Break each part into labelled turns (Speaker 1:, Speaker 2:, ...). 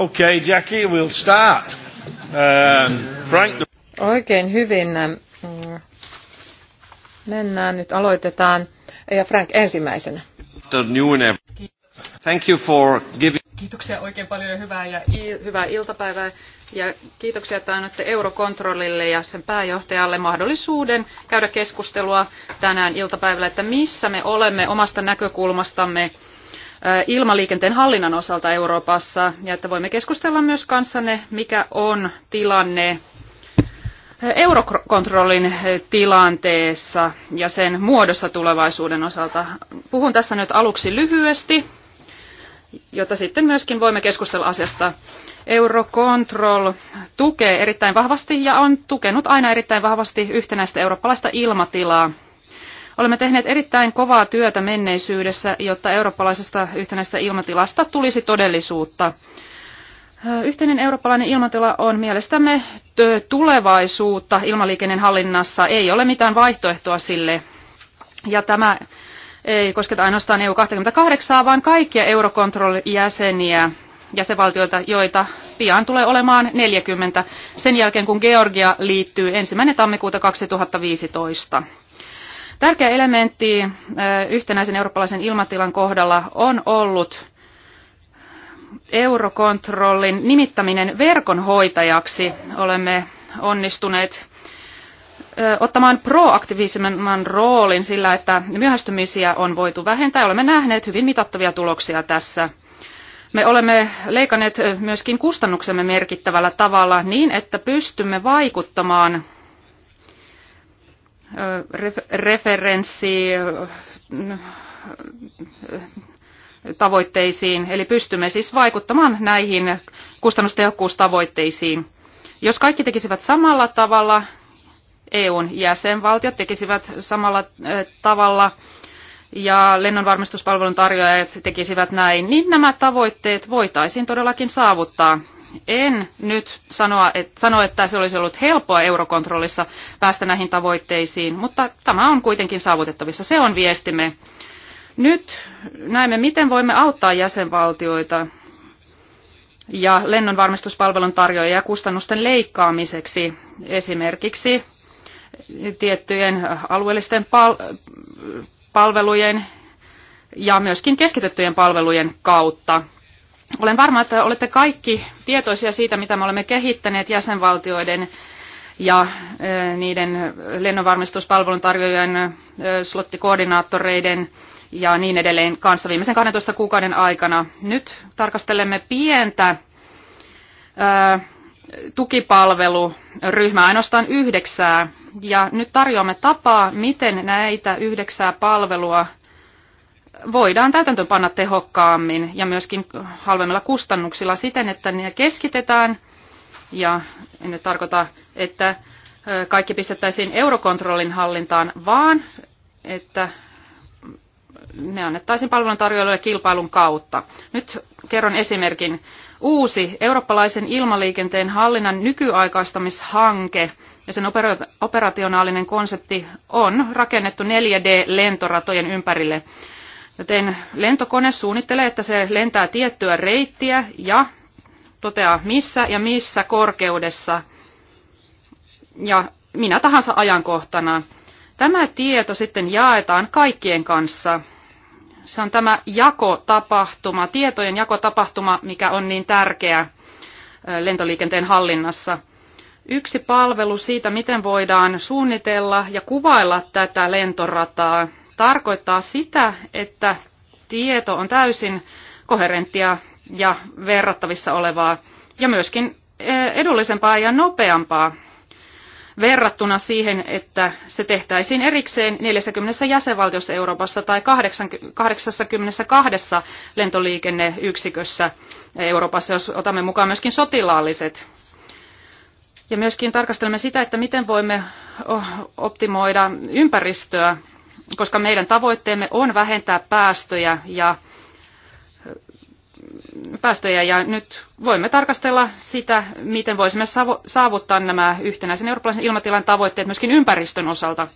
Speaker 1: Okay, Jackie, we'll start. Um, Frank...
Speaker 2: Oikein hyvin. Mm, mennään nyt, aloitetaan. Ja Frank ensimmäisenä.
Speaker 3: Eh, thank you for giving...
Speaker 4: Kiitoksia oikein paljon ja hyvää, ja hyvää iltapäivää. Ja kiitoksia, että annatte Eurokontrollille ja sen pääjohtajalle mahdollisuuden käydä keskustelua tänään iltapäivällä, että missä me olemme omasta näkökulmastamme ilmaliikenteen hallinnan osalta Euroopassa ja että voimme keskustella myös kanssanne, mikä on tilanne Eurokontrollin tilanteessa ja sen muodossa tulevaisuuden osalta. Puhun tässä nyt aluksi lyhyesti, jotta sitten myöskin voimme keskustella asiasta. Eurocontrol tukee erittäin vahvasti ja on tukenut aina erittäin vahvasti yhtenäistä eurooppalaista ilmatilaa Olemme tehneet erittäin kovaa työtä menneisyydessä, jotta eurooppalaisesta yhtenäistä ilmatilasta tulisi todellisuutta. Yhteinen eurooppalainen ilmatila on mielestämme tulevaisuutta ilmaliikenteen hallinnassa. Ei ole mitään vaihtoehtoa sille. Ja tämä ei kosketa ainoastaan EU28, vaan kaikkia Eurocontrol-jäseniä, jäsenvaltioita, joita pian tulee olemaan 40 sen jälkeen, kun Georgia liittyy ensimmäinen tammikuuta 2015. Tärkeä elementti yhtenäisen eurooppalaisen ilmatilan kohdalla on ollut eurokontrollin nimittäminen verkonhoitajaksi. Olemme onnistuneet ottamaan proaktiivisemman roolin sillä, että myöhästymisiä on voitu vähentää. Olemme nähneet hyvin mitattavia tuloksia tässä. Me olemme leikanneet myöskin kustannuksemme merkittävällä tavalla niin, että pystymme vaikuttamaan referenssi tavoitteisiin, eli pystymme siis vaikuttamaan näihin kustannustehokkuustavoitteisiin. Jos kaikki tekisivät samalla tavalla, EUn jäsenvaltiot tekisivät samalla eh, tavalla ja lennonvarmistuspalvelun tarjoajat tekisivät näin, niin nämä tavoitteet voitaisiin todellakin saavuttaa. En nyt sanoa, että sano, että se olisi ollut helppoa eurokontrollissa päästä näihin tavoitteisiin, mutta tämä on kuitenkin saavutettavissa. Se on viestimme. Nyt näemme, miten voimme auttaa jäsenvaltioita ja lennonvarmistuspalvelun tarjoajia kustannusten leikkaamiseksi esimerkiksi tiettyjen alueellisten pal- palvelujen ja myöskin keskitettyjen palvelujen kautta. Olen varma, että olette kaikki tietoisia siitä, mitä me olemme kehittäneet jäsenvaltioiden ja niiden lennonvarmistuspalvelun tarjoajien, slottikoordinaattoreiden ja niin edelleen kanssa viimeisen 12 kuukauden aikana. Nyt tarkastelemme pientä tukipalveluryhmää, ainoastaan yhdeksää. Ja nyt tarjoamme tapaa, miten näitä yhdeksää palvelua – voidaan täytäntöpanna tehokkaammin ja myöskin halvemmilla kustannuksilla siten, että ne keskitetään. Ja en nyt tarkoita, että kaikki pistettäisiin eurokontrollin hallintaan, vaan että ne annettaisiin palveluntarjoajille kilpailun kautta. Nyt kerron esimerkin. Uusi eurooppalaisen ilmaliikenteen hallinnan nykyaikaistamishanke ja sen operationaalinen konsepti on rakennettu 4D-lentoratojen ympärille. Joten lentokone suunnittelee, että se lentää tiettyä reittiä ja toteaa missä ja missä korkeudessa ja minä tahansa ajankohtana. Tämä tieto sitten jaetaan kaikkien kanssa. Se on tämä jakotapahtuma, tietojen jakotapahtuma, mikä on niin tärkeä lentoliikenteen hallinnassa. Yksi palvelu siitä, miten voidaan suunnitella ja kuvailla tätä lentorataa – tarkoittaa sitä, että tieto on täysin koherenttia ja verrattavissa olevaa ja myöskin e, edullisempaa ja nopeampaa verrattuna siihen, että se tehtäisiin erikseen 40 jäsenvaltiossa Euroopassa tai 82 lentoliikenneyksikössä Euroopassa, jos otamme mukaan myöskin sotilaalliset. Ja myöskin tarkastelemme sitä, että miten voimme optimoida ympäristöä koska meidän tavoitteemme on vähentää päästöjä ja päästöjä ja nyt voimme tarkastella sitä, miten voisimme saavuttaa nämä yhtenäisen eurooppalaisen ilmatilan tavoitteet myöskin ympäristön osalta.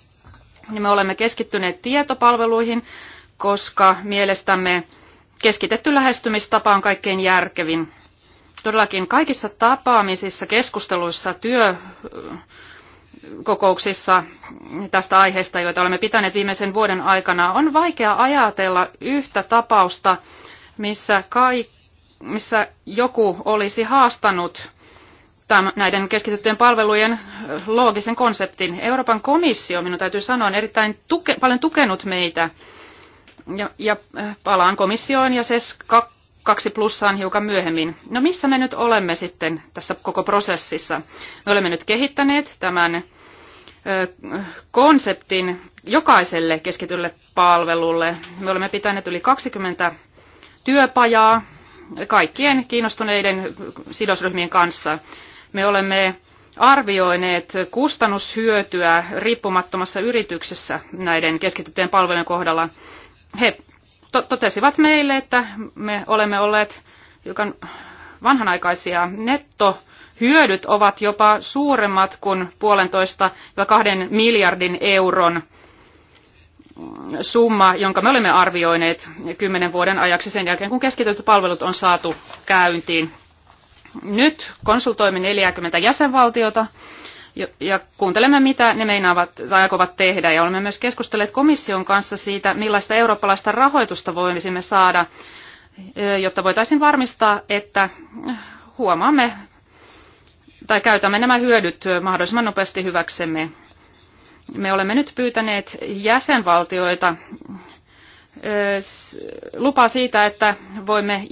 Speaker 4: Ja me olemme keskittyneet tietopalveluihin, koska mielestämme keskitetty lähestymistapa on kaikkein järkevin. Todellakin kaikissa tapaamisissa, keskusteluissa, työ, kokouksissa tästä aiheesta, joita olemme pitäneet viimeisen vuoden aikana, on vaikea ajatella yhtä tapausta, missä, kai, missä joku olisi haastanut tämän, näiden keskityttyjen palvelujen loogisen konseptin. Euroopan komissio, minun täytyy sanoa, on erittäin tuke, paljon tukenut meitä. Ja, ja palaan komissioon ja SES kaksi plussaan hiukan myöhemmin. No missä me nyt olemme sitten tässä koko prosessissa? Me olemme nyt kehittäneet tämän konseptin jokaiselle keskitylle palvelulle. Me olemme pitäneet yli 20 työpajaa kaikkien kiinnostuneiden sidosryhmien kanssa. Me olemme arvioineet kustannushyötyä riippumattomassa yrityksessä näiden keskityttyjen palvelujen kohdalla. He to- totesivat meille, että me olemme olleet hiukan vanhanaikaisia. Nettohyödyt ovat jopa suuremmat kuin puolentoista ja kahden miljardin euron summa, jonka me olemme arvioineet kymmenen vuoden ajaksi sen jälkeen, kun keskityt palvelut on saatu käyntiin. Nyt konsultoimme 40 jäsenvaltiota ja kuuntelemme, mitä ne meinaavat tai aikovat tehdä. Ja olemme myös keskustelleet komission kanssa siitä, millaista eurooppalaista rahoitusta voisimme saada, jotta voitaisiin varmistaa, että huomaamme tai käytämme nämä hyödyt mahdollisimman nopeasti hyväksemme. Me olemme nyt pyytäneet jäsenvaltioita lupaa siitä, että voimme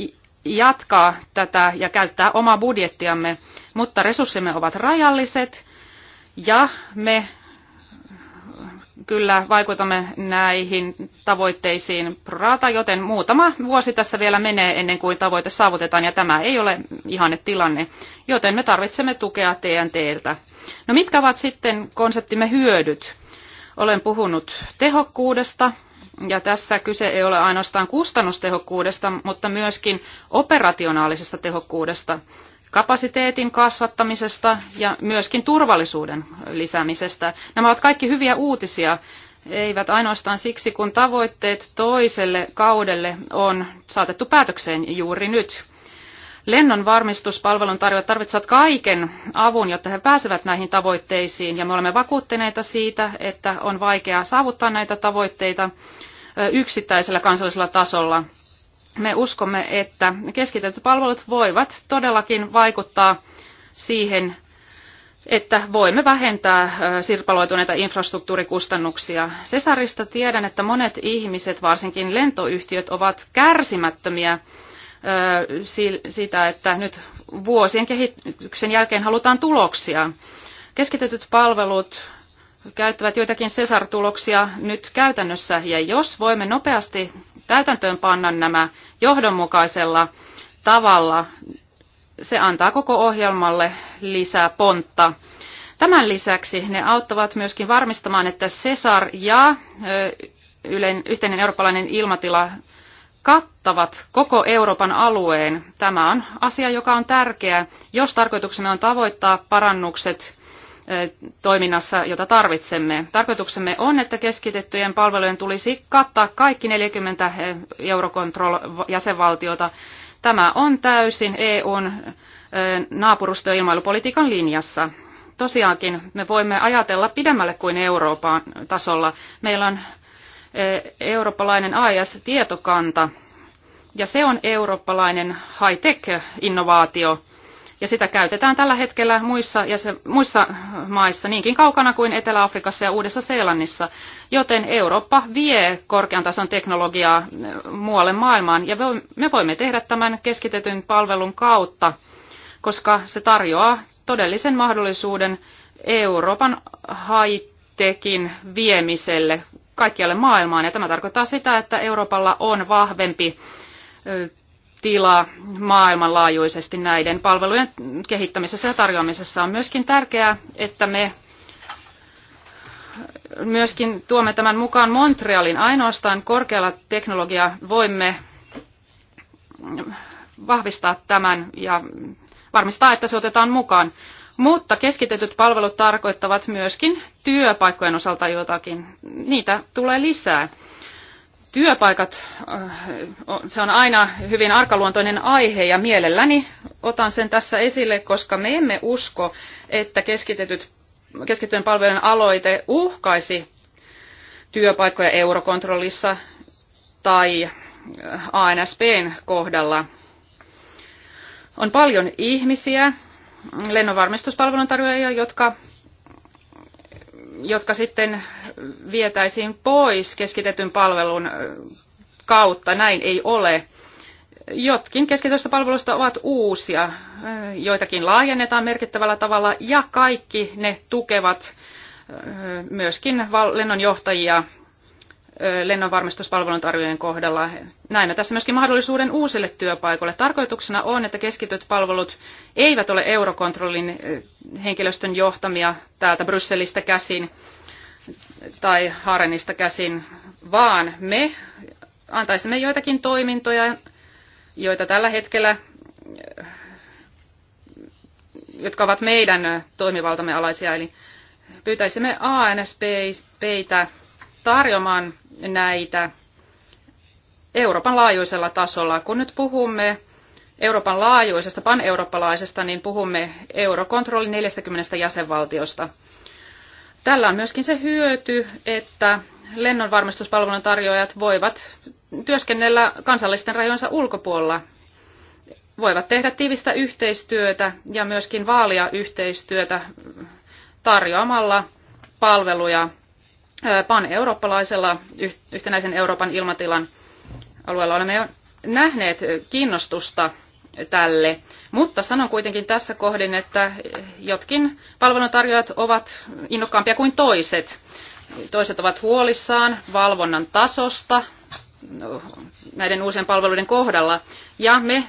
Speaker 4: jatkaa tätä ja käyttää omaa budjettiamme, mutta resurssimme ovat rajalliset ja me kyllä vaikutamme näihin tavoitteisiin prorata, joten muutama vuosi tässä vielä menee ennen kuin tavoite saavutetaan, ja tämä ei ole ihanne tilanne, joten me tarvitsemme tukea TNTltä. No mitkä ovat sitten konseptimme hyödyt? Olen puhunut tehokkuudesta, ja tässä kyse ei ole ainoastaan kustannustehokkuudesta, mutta myöskin operationaalisesta tehokkuudesta kapasiteetin kasvattamisesta ja myöskin turvallisuuden lisäämisestä. Nämä ovat kaikki hyviä uutisia, eivät ainoastaan siksi, kun tavoitteet toiselle kaudelle on saatettu päätökseen juuri nyt. Lennon varmistuspalvelun tarjoajat tarvitsevat kaiken avun, jotta he pääsevät näihin tavoitteisiin, ja me olemme vakuuttuneita siitä, että on vaikeaa saavuttaa näitä tavoitteita yksittäisellä kansallisella tasolla – me uskomme, että keskitetyt palvelut voivat todellakin vaikuttaa siihen, että voimme vähentää sirpaloituneita infrastruktuurikustannuksia. Cesarista tiedän, että monet ihmiset, varsinkin lentoyhtiöt, ovat kärsimättömiä sitä, että nyt vuosien kehityksen jälkeen halutaan tuloksia. Keskitetyt palvelut käyttävät joitakin sesartuloksia nyt käytännössä, ja jos voimme nopeasti täytäntöön panna nämä johdonmukaisella tavalla, se antaa koko ohjelmalle lisää pontta. Tämän lisäksi ne auttavat myöskin varmistamaan, että Cesar ja yleinen, yhteinen eurooppalainen ilmatila kattavat koko Euroopan alueen. Tämä on asia, joka on tärkeä, jos tarkoituksena on tavoittaa parannukset toiminnassa, jota tarvitsemme. Tarkoituksemme on, että keskitettyjen palvelujen tulisi kattaa kaikki 40 Eurocontrol-jäsenvaltiota. Tämä on täysin EUn naapurusto- ja ilmailupolitiikan linjassa. Tosiaankin me voimme ajatella pidemmälle kuin Euroopan tasolla. Meillä on eurooppalainen AIS-tietokanta, ja se on eurooppalainen high-tech-innovaatio, ja sitä käytetään tällä hetkellä muissa, ja se muissa maissa niinkin kaukana kuin Etelä-Afrikassa ja Uudessa-Seelannissa, joten Eurooppa vie korkean tason teknologiaa äh, muualle maailmaan ja me voimme tehdä tämän keskitetyn palvelun kautta, koska se tarjoaa todellisen mahdollisuuden Euroopan haitekin viemiselle kaikkialle maailmaan ja tämä tarkoittaa sitä, että Euroopalla on vahvempi tila maailmanlaajuisesti näiden palvelujen kehittämisessä ja tarjoamisessa. On myöskin tärkeää, että me myöskin tuomme tämän mukaan Montrealin. Ainoastaan korkealla teknologia voimme vahvistaa tämän ja varmistaa, että se otetaan mukaan. Mutta keskitetyt palvelut tarkoittavat myöskin työpaikkojen osalta jotakin. Niitä tulee lisää työpaikat, äh, se on aina hyvin arkaluontoinen aihe ja mielelläni otan sen tässä esille, koska me emme usko, että keskitetyt, keskittyen palvelujen aloite uhkaisi työpaikkoja eurokontrollissa tai äh, ANSPn kohdalla. On paljon ihmisiä, lennonvarmistuspalvelun tarjoajia, jotka jotka sitten vietäisiin pois keskitetyn palvelun kautta. Näin ei ole. Jotkin keskitystä palveluista ovat uusia, joitakin laajennetaan merkittävällä tavalla ja kaikki ne tukevat myöskin lennonjohtajia lennonvarmistuspalvelun tarjoajien kohdalla. Näemme tässä myöskin mahdollisuuden uusille työpaikoille. Tarkoituksena on, että keskityt palvelut eivät ole Eurokontrollin henkilöstön johtamia täältä Brysselistä käsin tai Harenista käsin, vaan me antaisimme joitakin toimintoja, joita tällä hetkellä jotka ovat meidän toimivaltamme alaisia, eli pyytäisimme ANSPitä tarjomaan näitä Euroopan laajuisella tasolla. Kun nyt puhumme Euroopan laajuisesta, pan-eurooppalaisesta, niin puhumme eurokontrollin 40 jäsenvaltiosta. Tällä on myöskin se hyöty, että lennonvarmistuspalvelun tarjoajat voivat työskennellä kansallisten rajojensa ulkopuolella, voivat tehdä tiivistä yhteistyötä ja myöskin vaalia yhteistyötä tarjoamalla palveluja pan-eurooppalaisella yhtenäisen Euroopan ilmatilan alueella olemme jo nähneet kiinnostusta tälle. Mutta sanon kuitenkin tässä kohdin, että jotkin palveluntarjoajat ovat innokkaampia kuin toiset. Toiset ovat huolissaan valvonnan tasosta näiden uusien palveluiden kohdalla. Ja me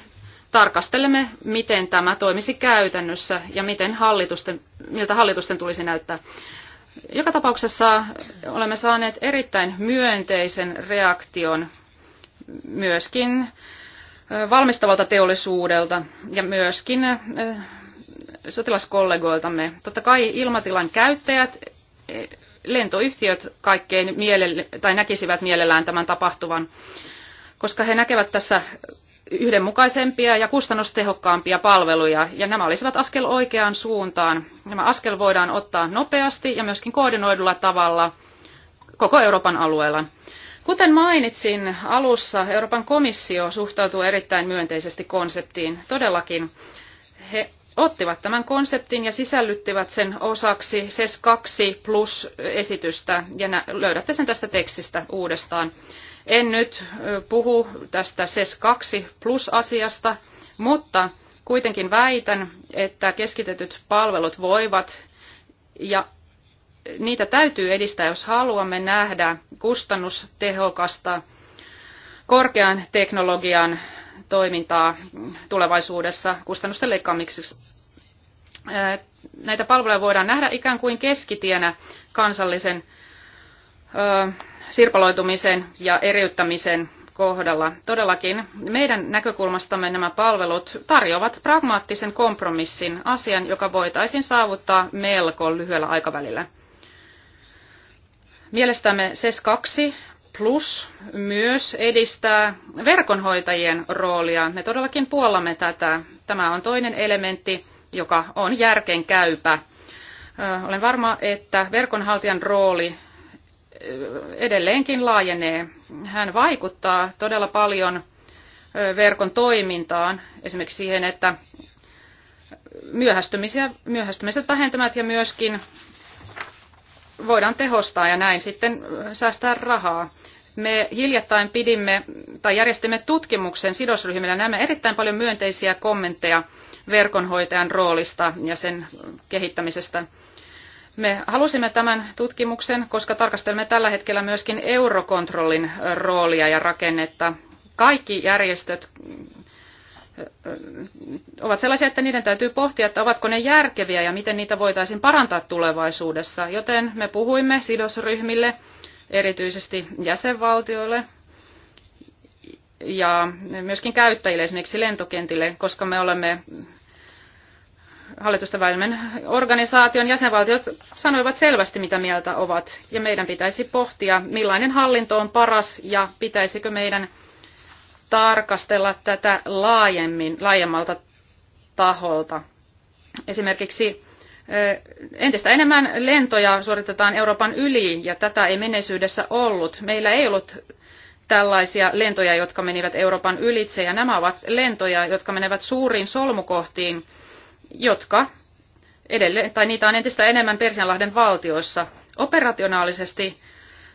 Speaker 4: tarkastelemme, miten tämä toimisi käytännössä ja miten hallitusten, miltä hallitusten tulisi näyttää. Joka tapauksessa olemme saaneet erittäin myönteisen reaktion myöskin valmistavalta teollisuudelta ja myöskin sotilaskollegoiltamme. Totta kai ilmatilan käyttäjät, e, lentoyhtiöt kaikkein mielelle, tai näkisivät mielellään tämän tapahtuvan, koska he näkevät tässä yhdenmukaisempia ja kustannustehokkaampia palveluja, ja nämä olisivat askel oikeaan suuntaan. Nämä askel voidaan ottaa nopeasti ja myöskin koordinoidulla tavalla koko Euroopan alueella. Kuten mainitsin alussa, Euroopan komissio suhtautuu erittäin myönteisesti konseptiin. Todellakin he ottivat tämän konseptin ja sisällyttivät sen osaksi SES 2 plus-esitystä, ja löydätte sen tästä tekstistä uudestaan. En nyt puhu tästä SES 2 plus-asiasta, mutta kuitenkin väitän, että keskitetyt palvelut voivat ja niitä täytyy edistää, jos haluamme nähdä kustannustehokasta korkean teknologian toimintaa tulevaisuudessa kustannusten leikkaamiseksi. Näitä palveluja voidaan nähdä ikään kuin keskitienä kansallisen sirpaloitumisen ja eriyttämisen kohdalla. Todellakin meidän näkökulmastamme nämä palvelut tarjoavat pragmaattisen kompromissin asian, joka voitaisiin saavuttaa melko lyhyellä aikavälillä. Mielestämme SES 2 Plus myös edistää verkonhoitajien roolia. Me todellakin puollamme tätä. Tämä on toinen elementti, joka on järkenkäypä. Olen varma, että verkonhaltijan rooli edelleenkin laajenee. Hän vaikuttaa todella paljon verkon toimintaan, esimerkiksi siihen, että myöhästymisiä, myöhästymiset vähentämät ja myöskin voidaan tehostaa ja näin sitten säästää rahaa. Me hiljattain pidimme tai järjestimme tutkimuksen sidosryhmillä. Näemme erittäin paljon myönteisiä kommentteja verkonhoitajan roolista ja sen kehittämisestä. Me halusimme tämän tutkimuksen, koska tarkastelemme tällä hetkellä myöskin eurokontrollin roolia ja rakennetta. Kaikki järjestöt ovat sellaisia, että niiden täytyy pohtia, että ovatko ne järkeviä ja miten niitä voitaisiin parantaa tulevaisuudessa. Joten me puhuimme sidosryhmille erityisesti jäsenvaltioille ja myöskin käyttäjille, esimerkiksi lentokentille, koska me olemme hallitusten välinen organisaation jäsenvaltiot sanoivat selvästi, mitä mieltä ovat, ja meidän pitäisi pohtia, millainen hallinto on paras, ja pitäisikö meidän tarkastella tätä laajemmin, laajemmalta taholta. Esimerkiksi Entistä enemmän lentoja suoritetaan Euroopan yli ja tätä ei menneisyydessä ollut. Meillä ei ollut tällaisia lentoja, jotka menivät Euroopan ylitse ja nämä ovat lentoja, jotka menevät suuriin solmukohtiin, jotka edelleen, tai niitä on entistä enemmän Persianlahden valtioissa. Operationaalisesti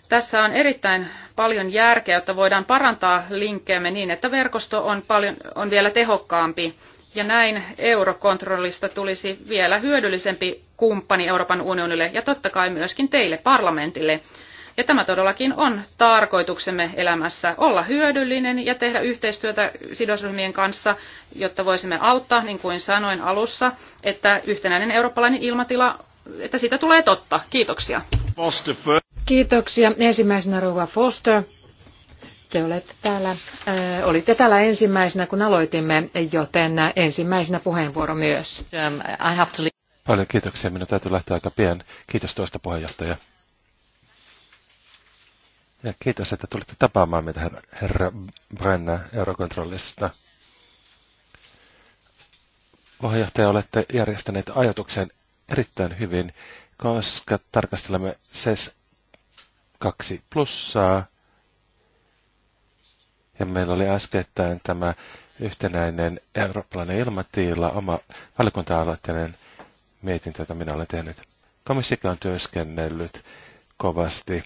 Speaker 4: tässä on erittäin paljon järkeä, jotta voidaan parantaa linkkejämme niin, että verkosto on, paljon, on vielä tehokkaampi ja näin eurokontrollista tulisi vielä hyödyllisempi kumppani Euroopan unionille ja totta kai myöskin teille parlamentille. Ja tämä todellakin on tarkoituksemme elämässä, olla hyödyllinen ja tehdä yhteistyötä sidosryhmien kanssa, jotta voisimme auttaa, niin kuin sanoin alussa, että yhtenäinen eurooppalainen ilmatila, että siitä tulee totta. Kiitoksia.
Speaker 2: Kiitoksia. Ensimmäisenä Rova Foster. Te olette täällä, äh, olitte täällä ensimmäisenä, kun aloitimme, joten ensimmäisenä puheenvuoro myös. Um, I have to leave.
Speaker 3: Paljon kiitoksia. Minun täytyy lähteä aika pian. Kiitos tuosta puheenjohtaja. Ja kiitos, että tulitte tapaamaan meitä, herra, herra Brenna Eurokontrollista. Puheenjohtaja, olette järjestäneet ajatuksen erittäin hyvin, koska tarkastelemme SES 2 plussaa ja meillä oli äskettäin tämä yhtenäinen eurooppalainen ilmatiila, oma valikunta-aloitteinen mietintö, jota minä olen tehnyt. Komissikin on työskennellyt kovasti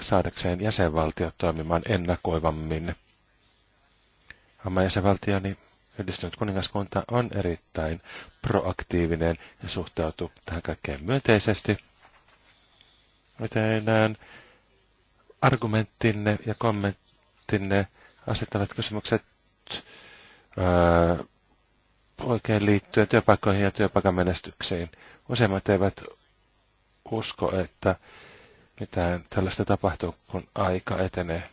Speaker 3: saadakseen jäsenvaltiot toimimaan ennakoivammin. Oma jäsenvaltioni yhdistynyt kuningaskunta on erittäin proaktiivinen ja suhtautuu tähän kaikkeen myönteisesti. Joten argumenttinne ja kommentti ne asettavat kysymykset öö, oikein liittyen työpaikkoihin ja työpaikan menestykseen. Useimmat eivät usko, että mitään tällaista tapahtuu, kun aika etenee.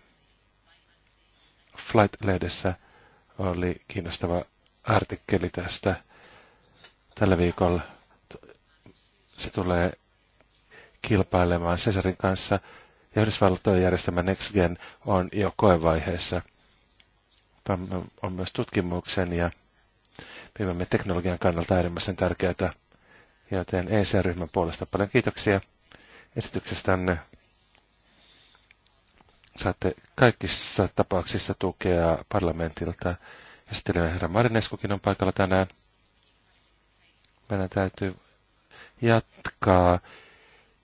Speaker 3: Flight-lehdessä oli kiinnostava artikkeli tästä tällä viikolla. Se tulee kilpailemaan Cesarin kanssa ja Yhdysvaltojen järjestämä NextGen on jo koevaiheessa. Tämä on myös tutkimuksen ja viimeemme teknologian kannalta äärimmäisen tärkeää, joten EC-ryhmän puolesta paljon kiitoksia esityksestänne. Saatte kaikissa tapauksissa tukea parlamentilta. Esittelijä herra Marineskukin on paikalla tänään. Meidän täytyy jatkaa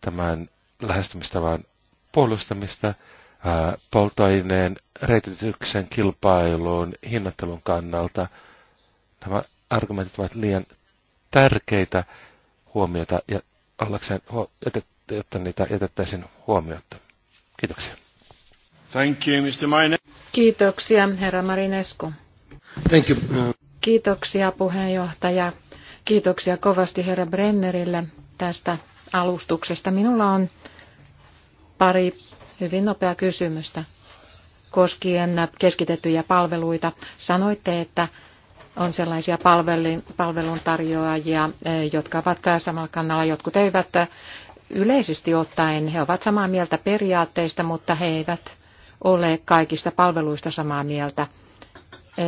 Speaker 3: tämän lähestymistavan puolustamista polttoaineen reitityksen kilpailuun hinnattelun kannalta. Nämä argumentit ovat liian tärkeitä huomiota ja ollakseen, jotta niitä jätettäisiin huomiota. Kiitoksia.
Speaker 1: Thank you, Mr. Maine.
Speaker 2: Kiitoksia, herra Marinescu.
Speaker 3: Thank you.
Speaker 2: Kiitoksia puheenjohtaja. Kiitoksia kovasti herra Brennerille tästä alustuksesta. Minulla on Pari hyvin nopeaa kysymystä koskien keskitettyjä palveluita. Sanoitte, että on sellaisia palveluntarjoajia, e, jotka ovat samalla kannalla. Jotkut eivät yleisesti ottaen, he ovat samaa mieltä periaatteista, mutta he eivät ole kaikista palveluista samaa mieltä. E,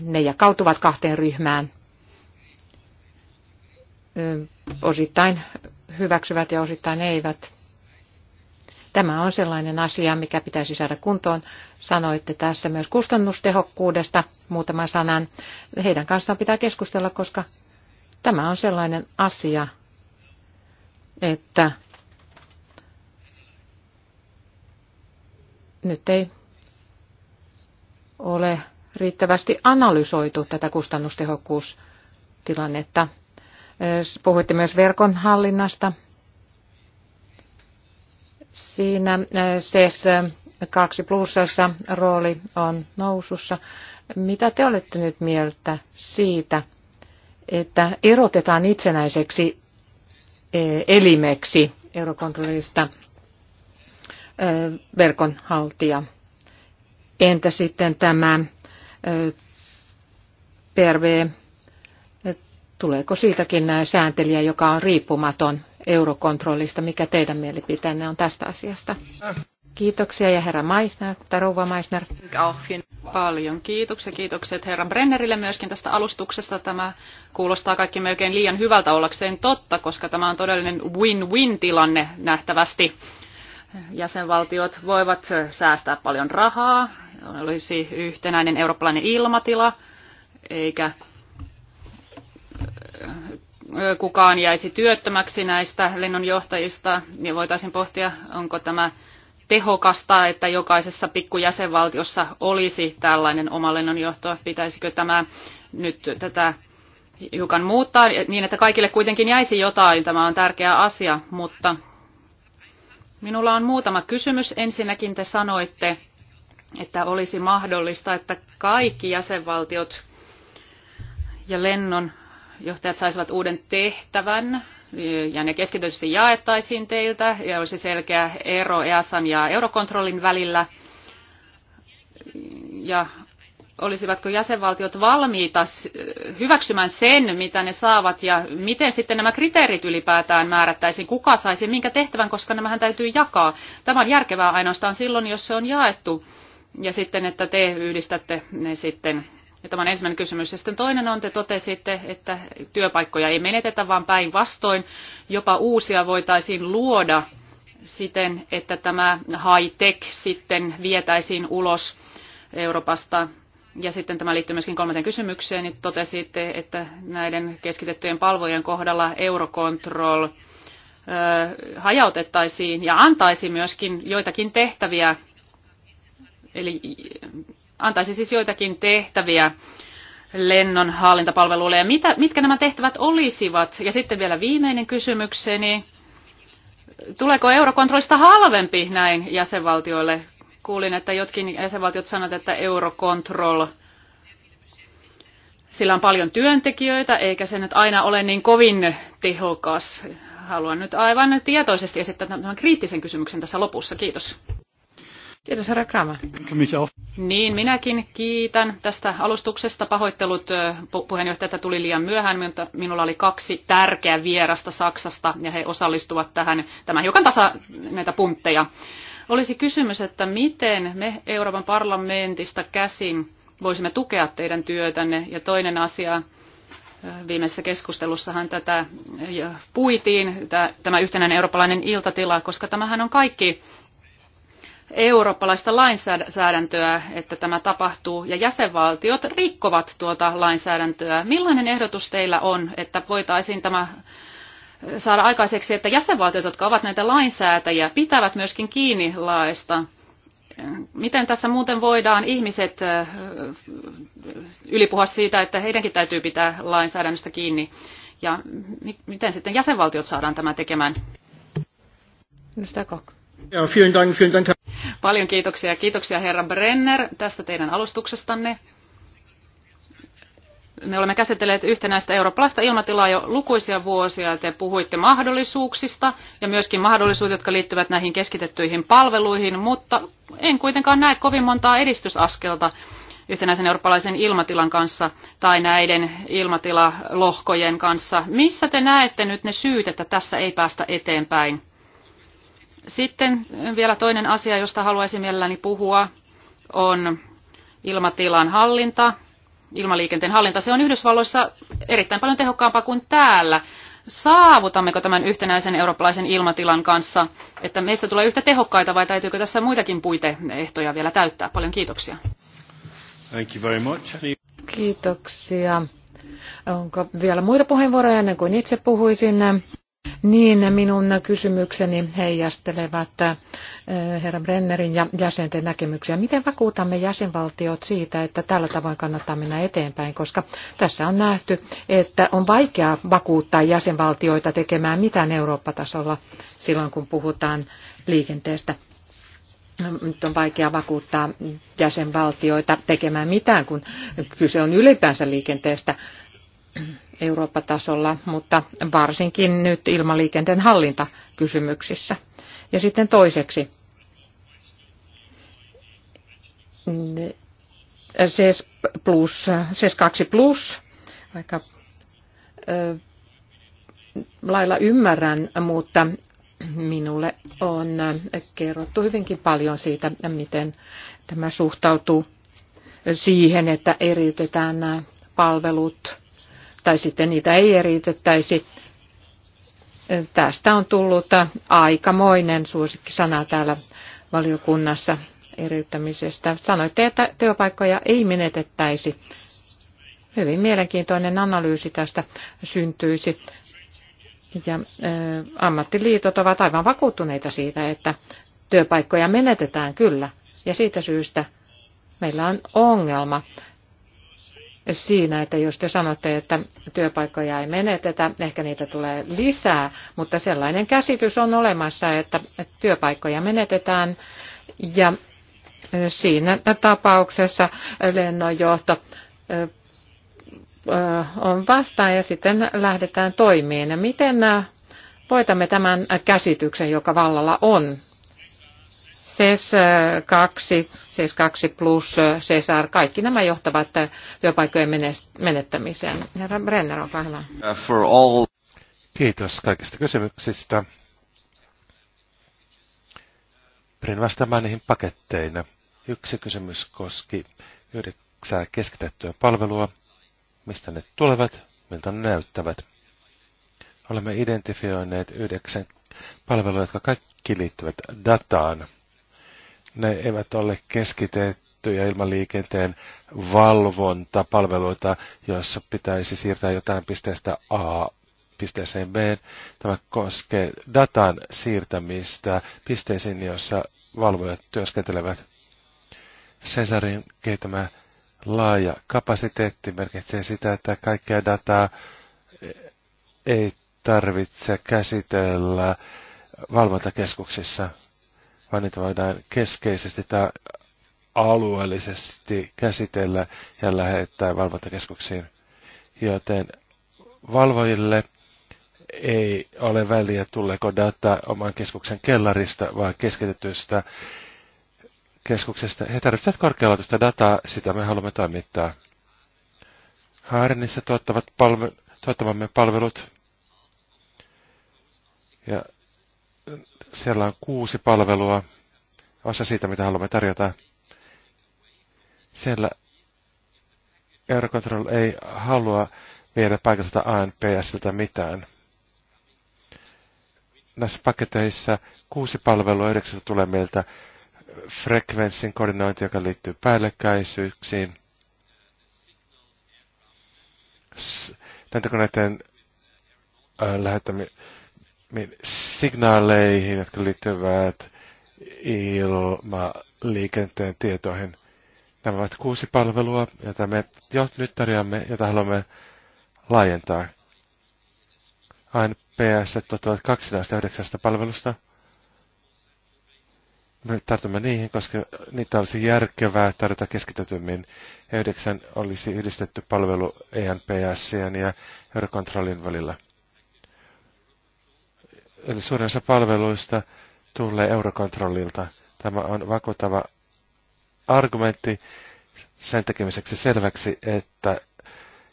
Speaker 2: ne jakautuvat kahteen ryhmään. E, osittain hyväksyvät ja osittain eivät. Tämä on sellainen asia, mikä pitäisi saada kuntoon. Sanoitte tässä myös kustannustehokkuudesta muutaman sanan. Heidän kanssaan pitää keskustella, koska tämä on sellainen asia, että nyt ei ole riittävästi analysoitu tätä kustannustehokkuustilannetta. Puhuitte myös verkon hallinnasta. Siinä SES 2 plussassa rooli on nousussa. Mitä te olette nyt mieltä siitä, että erotetaan itsenäiseksi elimeksi eurokontrollista verkonhaltija? Entä sitten tämä PRV, tuleeko siitäkin sääntelijä, joka on riippumaton eurokontrollista. Mikä teidän mielipiteenne on tästä asiasta? Kiitoksia ja herra Maisner, tai rouva Maisner.
Speaker 4: Paljon kiitoksia. Kiitokset herra Brennerille myöskin tästä alustuksesta. Tämä kuulostaa kaikki melkein liian hyvältä ollakseen totta, koska tämä on todellinen win-win-tilanne nähtävästi. Jäsenvaltiot voivat säästää paljon rahaa, olisi yhtenäinen eurooppalainen ilmatila, eikä kukaan jäisi työttömäksi näistä lennonjohtajista, niin voitaisiin pohtia, onko tämä tehokasta, että jokaisessa pikkujäsenvaltiossa olisi tällainen oma lennonjohto. Pitäisikö tämä nyt tätä hiukan muuttaa niin, että kaikille kuitenkin jäisi jotain. Tämä on tärkeä asia, mutta minulla on muutama kysymys. Ensinnäkin te sanoitte, että olisi mahdollista, että kaikki jäsenvaltiot ja lennon johtajat saisivat uuden tehtävän ja ne keskitysti jaettaisiin teiltä ja olisi selkeä ero EASan ja eurokontrollin välillä. Ja olisivatko jäsenvaltiot valmiita hyväksymään sen, mitä ne saavat ja miten sitten nämä kriteerit ylipäätään määrättäisiin, kuka saisi minkä tehtävän, koska nämähän täytyy jakaa. Tämä on järkevää ainoastaan silloin, jos se on jaettu ja sitten, että te yhdistätte ne sitten ja tämä on ensimmäinen kysymys. Ja sitten toinen on, te totesitte, että työpaikkoja ei menetetä, vaan päinvastoin jopa uusia voitaisiin luoda siten, että tämä high-tech sitten vietäisiin ulos Euroopasta. Ja sitten tämä liittyy myöskin kolmanteen kysymykseen, niin totesitte, että näiden keskitettyjen palvojen kohdalla Eurocontrol hajautettaisiin ja antaisi myöskin joitakin tehtäviä eli antaisi siis joitakin tehtäviä lennon hallintapalveluille. Ja mitä, mitkä nämä tehtävät olisivat? Ja sitten vielä viimeinen kysymykseni. Tuleeko eurokontrollista halvempi näin jäsenvaltioille? Kuulin, että jotkin jäsenvaltiot sanovat, että eurokontroll sillä on paljon työntekijöitä, eikä se nyt aina ole niin kovin tehokas. Haluan nyt aivan tietoisesti esittää tämän kriittisen kysymyksen tässä lopussa. Kiitos.
Speaker 2: Kiitos, herra Kramer.
Speaker 4: Niin, minäkin kiitän tästä alustuksesta. Pahoittelut puheenjohtaja, että tuli liian myöhään, mutta minulla oli kaksi tärkeää vierasta Saksasta ja he osallistuvat tähän. Tämä hiukan tasa näitä puntteja. Olisi kysymys, että miten me Euroopan parlamentista käsin voisimme tukea teidän työtänne. Ja toinen asia, viimeisessä keskustelussahan tätä puitiin, tämä yhtenäinen eurooppalainen iltatila, koska tämähän on kaikki eurooppalaista lainsäädäntöä, että tämä tapahtuu, ja jäsenvaltiot rikkovat tuota lainsäädäntöä. Millainen ehdotus teillä on, että voitaisiin tämä saada aikaiseksi, että jäsenvaltiot, jotka ovat näitä lainsäätäjiä, pitävät myöskin kiinni laista? Miten tässä muuten voidaan ihmiset ylipuhua siitä, että heidänkin täytyy pitää lainsäädännöstä kiinni? Ja miten sitten jäsenvaltiot saadaan tämä tekemään?
Speaker 2: Nyt Koch. Ja, vielen dank, vielen dank.
Speaker 4: Paljon kiitoksia. Kiitoksia herra Brenner tästä teidän alustuksestanne. Me olemme käsitelleet yhtenäistä eurooppalaista ilmatilaa jo lukuisia vuosia. Te puhuitte mahdollisuuksista ja myöskin mahdollisuudet, jotka liittyvät näihin keskitettyihin palveluihin, mutta en kuitenkaan näe kovin montaa edistysaskelta yhtenäisen eurooppalaisen ilmatilan kanssa tai näiden ilmatilalohkojen kanssa. Missä te näette nyt ne syyt, että tässä ei päästä eteenpäin? Sitten vielä toinen asia, josta haluaisin mielelläni puhua, on ilmatilan hallinta. Ilmaliikenteen hallinta, se on Yhdysvalloissa erittäin paljon tehokkaampaa kuin täällä. Saavutammeko tämän yhtenäisen eurooppalaisen ilmatilan kanssa, että meistä tulee yhtä tehokkaita vai täytyykö tässä muitakin puiteehtoja vielä täyttää? Paljon kiitoksia.
Speaker 1: Thank you very much.
Speaker 2: Kiitoksia. Onko vielä muita puheenvuoroja ennen kuin itse puhuisin? Niin, minun kysymykseni heijastelevat äh, herra Brennerin ja jäsenten näkemyksiä. Miten vakuutamme jäsenvaltiot siitä, että tällä tavoin kannattaa mennä eteenpäin, koska tässä on nähty, että on vaikea vakuuttaa jäsenvaltioita tekemään mitään Eurooppa-tasolla silloin, kun puhutaan liikenteestä. Nyt on vaikea vakuuttaa jäsenvaltioita tekemään mitään, kun kyse on ylipäänsä liikenteestä Eurooppa-tasolla, mutta varsinkin nyt ilmaliikenteen hallintakysymyksissä. Ja sitten toiseksi, SES, plus, SES 2 plus, vaikka ö, lailla ymmärrän, mutta minulle on kerrottu hyvinkin paljon siitä, miten tämä suhtautuu siihen, että eriytetään nämä palvelut tai sitten niitä ei eriytettäisi. Tästä on tullut aikamoinen suosikkisana täällä valiokunnassa eriyttämisestä. Sanoitte, että työpaikkoja ei menetettäisi. Hyvin mielenkiintoinen analyysi tästä syntyisi. Ja ammattiliitot ovat aivan vakuuttuneita siitä, että työpaikkoja menetetään kyllä. Ja siitä syystä meillä on ongelma siinä, että jos te sanotte, että työpaikkoja ei menetetä, ehkä niitä tulee lisää, mutta sellainen käsitys on olemassa, että työpaikkoja menetetään ja siinä tapauksessa lennonjohto on vastaan ja sitten lähdetään toimiin. Miten voitamme tämän käsityksen, joka vallalla on SES 2, SES 2 plus, eh, CSR, kaikki nämä johtavat eh, työpaikkojen menettämiseen. Herra Brenner, olkaa hyvä.
Speaker 3: Uh, for all... Kiitos kaikista kysymyksistä. Pyrin vastaamaan niihin paketteina. Yksi kysymys koski yhdeksää keskitettyä palvelua. Mistä ne tulevat? Miltä ne näyttävät? Olemme identifioineet yhdeksän palvelua, jotka kaikki liittyvät dataan. Ne eivät ole keskitettyjä ilmaliikenteen valvontapalveluita, joissa pitäisi siirtää jotain pisteestä A pisteeseen B. Tämä koskee datan siirtämistä pisteisiin, joissa valvojat työskentelevät. Cesarin kehittämä laaja kapasiteetti merkitsee sitä, että kaikkea dataa ei tarvitse käsitellä valvontakeskuksissa vaan niitä voidaan keskeisesti tai alueellisesti käsitellä ja lähettää valvontakeskuksiin. Joten valvojille ei ole väliä, tuleeko data oman keskuksen kellarista vai keskitetystä keskuksesta. He tarvitsevat korkealaatuista dataa, sitä me haluamme toimittaa. Haarnissa tuottavat palve- tuottamamme palvelut ja siellä on kuusi palvelua, osa siitä, mitä haluamme tarjota. Siellä Eurocontrol ei halua viedä paikalliselta ANPSiltä mitään. Näissä paketeissa kuusi palvelua, yhdeksästä tulee meiltä frekvenssin koordinointi, joka liittyy päällekkäisyyksiin, lentokoneiden äh, lähettämi- niin signaaleihin, jotka liittyvät ilmaliikenteen tietoihin. Nämä ovat kuusi palvelua, joita me jo nyt tarjoamme, jota haluamme laajentaa. ANPS tuottavat kaksi näistä yhdeksästä palvelusta. Me tartumme niihin, koska niitä olisi järkevää tarjota keskitetymmin. yhdeksän olisi yhdistetty palvelu ENPS ja Eurocontrolin välillä eli suurin osa palveluista tulee eurokontrollilta. Tämä on vakuuttava argumentti sen tekemiseksi selväksi, että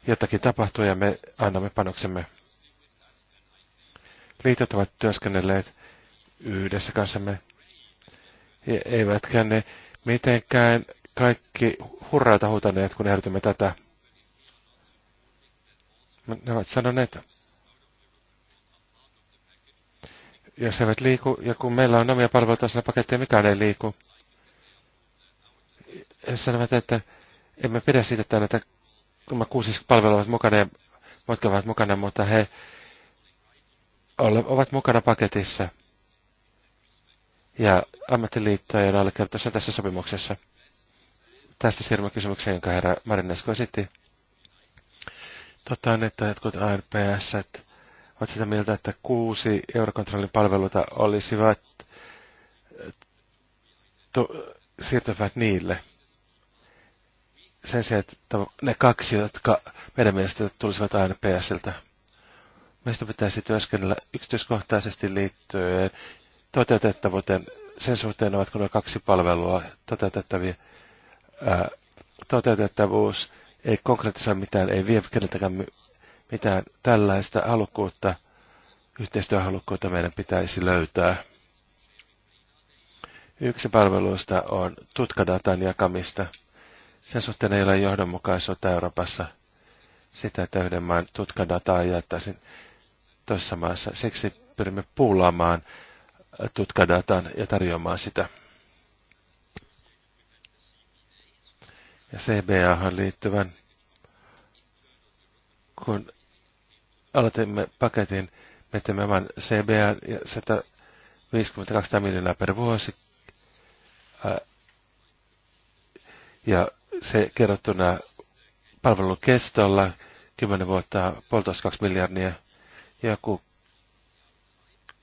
Speaker 3: jotakin tapahtuu ja me annamme panoksemme. Liitot ovat työskennelleet yhdessä kanssamme. Ja eivätkä ne mitenkään kaikki hurraata huutaneet, kun ehdotimme tätä. Ne ovat sanoneet, jos eivät liiku, ja kun meillä on omia palveluita siinä paketteja, mikään ei liiku. He sanovat, että emme pidä siitä, että näitä kuusi palvelua ovat mukana ja muutkin ovat mukana, mutta he ovat mukana paketissa. Ja ammattiliittojen allekirjoitus on tässä sopimuksessa. Tästä siirrymme kysymykseen, jonka herra Marinesko esitti. Totta on, että jotkut ARPS, että ovat sitä mieltä, että kuusi eurokontrollin palveluita olisivat to, siirtyvät niille. Sen sijaan, että ne kaksi, jotka meidän mielestä tulisivat aina PSLtä. Meistä pitäisi työskennellä yksityiskohtaisesti liittyen toteutettavuuteen sen suhteen, ovatko nuo kaksi palvelua toteutettavia. Ää, toteutettavuus ei konkreettisesti mitään, ei vie keneltäkään mitään tällaista halukkuutta, yhteistyöhalukkuutta meidän pitäisi löytää. Yksi palveluista on tutkadatan jakamista. Sen suhteen ei ole johdonmukaisuutta Euroopassa sitä, että yhden maan tutkadataa jaettaisiin toisessa maassa. Siksi pyrimme puulaamaan tutkadatan ja tarjoamaan sitä. Ja CBAhan liittyvän, kun aloitimme paketin, me teemme oman CBA ja 152 miljoonaa per vuosi. Ja se kerrottuna palvelun kestolla 10 vuotta puolitoista kaksi miljardia. Joku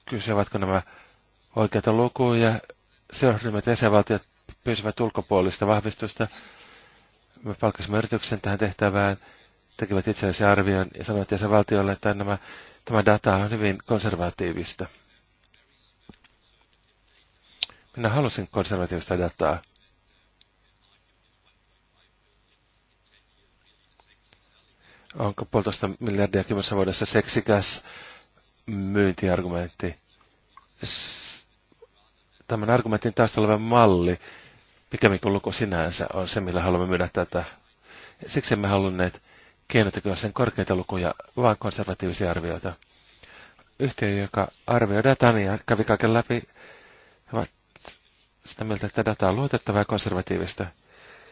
Speaker 3: kysyy, ovatko nämä oikeita lukuja. Seurausryhmät ja jäsenvaltiot pyysivät ulkopuolista vahvistusta. Me palkasimme yrityksen tähän tehtävään tekivät itse asiassa arvion ja sanoivat jäsenvaltiolle, että nämä, tämä data on hyvin konservatiivista. Minä halusin konservatiivista dataa. Onko puolitoista miljardia kymmenessä vuodessa seksikäs myyntiargumentti? Tämän argumentin taustalla oleva malli, pikemminkin kuin luku sinänsä, on se, millä haluamme myydä tätä. Siksi emme halunneet kiellettäkö sen korkeita lukuja, vaan konservatiivisia arvioita. Yhtiö, joka arvioi datan ja kävi kaiken läpi, ovat sitä mieltä, että data on luotettavaa ja konservatiivista.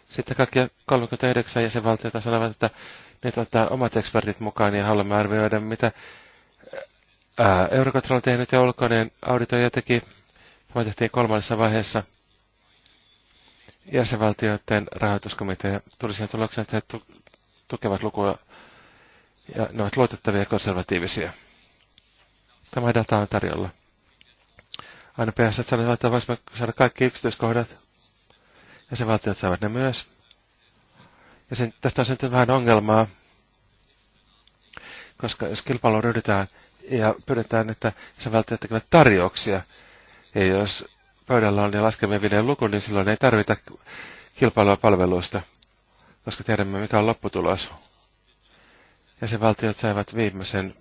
Speaker 3: Sitten kaikki 39 jäsenvaltiota sanovat, että nyt otetaan omat ekspertit mukaan ja haluamme arvioida, mitä Eurocontrol on tehnyt ja ulkoinen auditoija teki. Tämä tehtiin kolmannessa vaiheessa jäsenvaltioiden rahoituskomitea tuli siihen tulokseen, että he tukevat lukua ja ne ovat luotettavia ja konservatiivisia. Tämä data on tarjolla. Aina PS sanoo, että voisimme saada kaikki yksityiskohdat. Ja se valtiot saavat ne myös. Ja sen, tästä on syntynyt vähän ongelmaa, koska jos kilpailu ryhdytään ja pyydetään, että se valtiot tekevät tarjouksia, ja jos pöydällä on ne laskemien videon luku, niin silloin ei tarvita kilpailua palveluista koska tiedämme mikä on lopputulos. Jäsenvaltiot saivat viimeisenkin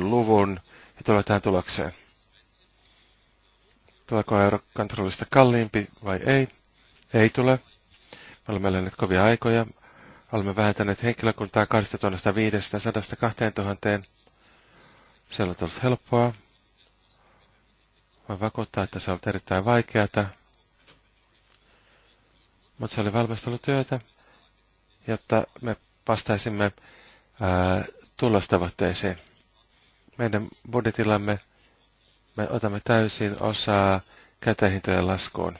Speaker 3: luvun ja tulee tähän tulokseen. Tuleeko eurokontrollista kalliimpi vai ei? Ei tule. Me olemme eläneet kovia aikoja. Olemme vähentäneet henkilökuntaa 2500-2000. Se on ollut helppoa. Voin vakuuttaa, että se on ollut erittäin vaikeata. Mutta se oli valmistelutyötä, jotta me vastaisimme ää, Meidän budjetillamme me otamme täysin osaa kätehintojen laskuun.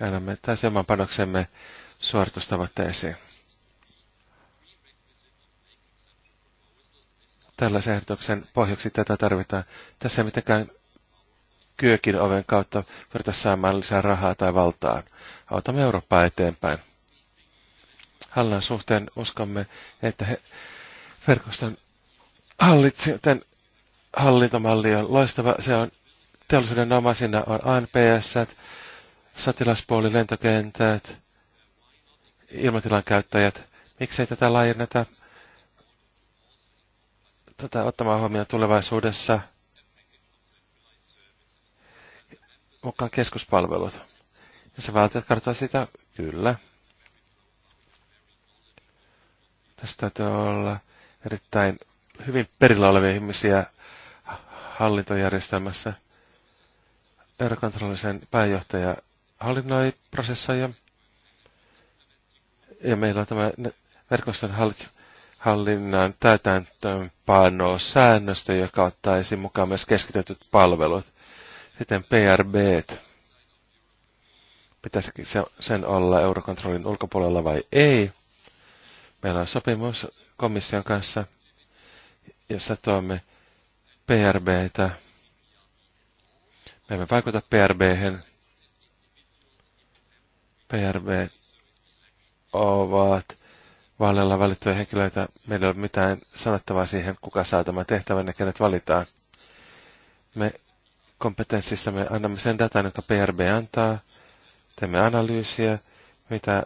Speaker 3: Ja annamme täysin oman panoksemme suoritustavoitteisiin. Tällaisen ehdotuksen pohjaksi tätä tarvitaan. Tässä ei mitenkään kyökin oven kautta pyritä saamaan lisää rahaa tai valtaan. Autamme Eurooppaa eteenpäin. Hallan suhteen uskomme, että he, verkoston hallitsijoiden hallintomalli on loistava. Se on teollisuuden oma, on ANPS, satilaspuoli, lentokentät, ilmatilan käyttäjät. Miksei tätä laajenneta tätä ottamaan huomioon tulevaisuudessa? mukaan keskuspalvelut. Ja se vältät kartoa sitä, kyllä. Tästä täytyy olla erittäin hyvin perillä olevia ihmisiä hallintojärjestelmässä. Eurokontrollisen pääjohtaja hallinnoi prosesseja. Ja meillä on tämä verkoston hallit, hallinnan täytäntöönpano säännöstö, joka ottaisi mukaan myös keskitetyt palvelut. Sitten PRB. Pitäisikö sen olla eurokontrollin ulkopuolella vai ei? Meillä on sopimus komission kanssa, jossa tuomme PRBtä. Me emme vaikuta PRBhen. PRB ovat vaaleilla valittuja henkilöitä. Meillä ei ole mitään sanottavaa siihen, kuka saa tämän tehtävän ja kenet valitaan. Me kompetenssissa me annamme sen datan, jonka PRB antaa, teemme analyysiä, mitä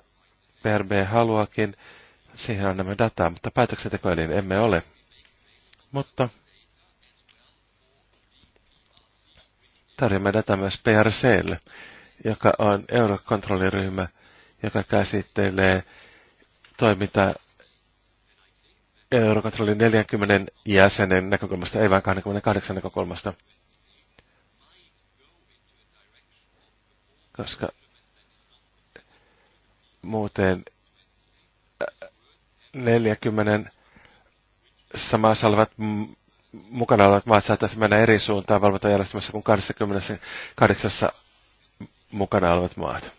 Speaker 3: PRB haluakin, siihen annamme dataa, mutta päätöksentekoelin emme ole. Mutta tarjoamme dataa myös PRClle, joka on eurokontrolliryhmä, joka käsittelee toimintaa eurokontrollin 40 jäsenen näkökulmasta, ei vain 28 näkökulmasta. koska muuten 40 äh, samassa olevat mukana olevat maat saattaisi mennä eri suuntaan valvontajärjestelmässä kuin 28 mukana olevat maat.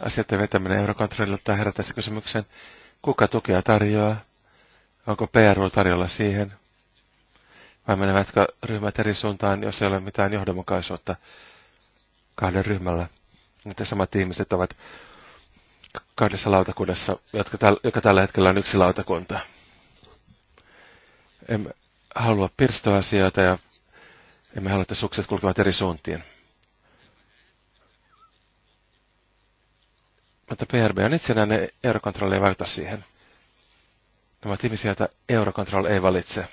Speaker 3: Asioiden vetäminen eurokontrollilta herättää kysymyksen, kuka tukea tarjoaa, onko PRU tarjolla siihen – vai menevätkö ryhmät eri suuntaan, jos ei ole mitään johdonmukaisuutta kahden ryhmällä? Että samat ihmiset ovat kahdessa lautakunnassa, jotka täl, joka tällä hetkellä on yksi lautakunta. Emme halua pirstoa asioita ja emme halua, että sukset kulkevat eri suuntiin. Mutta PRB on itsenäinen, eurokontrolli ei vaikuta siihen. Nämä ovat ihmisiä, joita eurokontrolli ei valitse.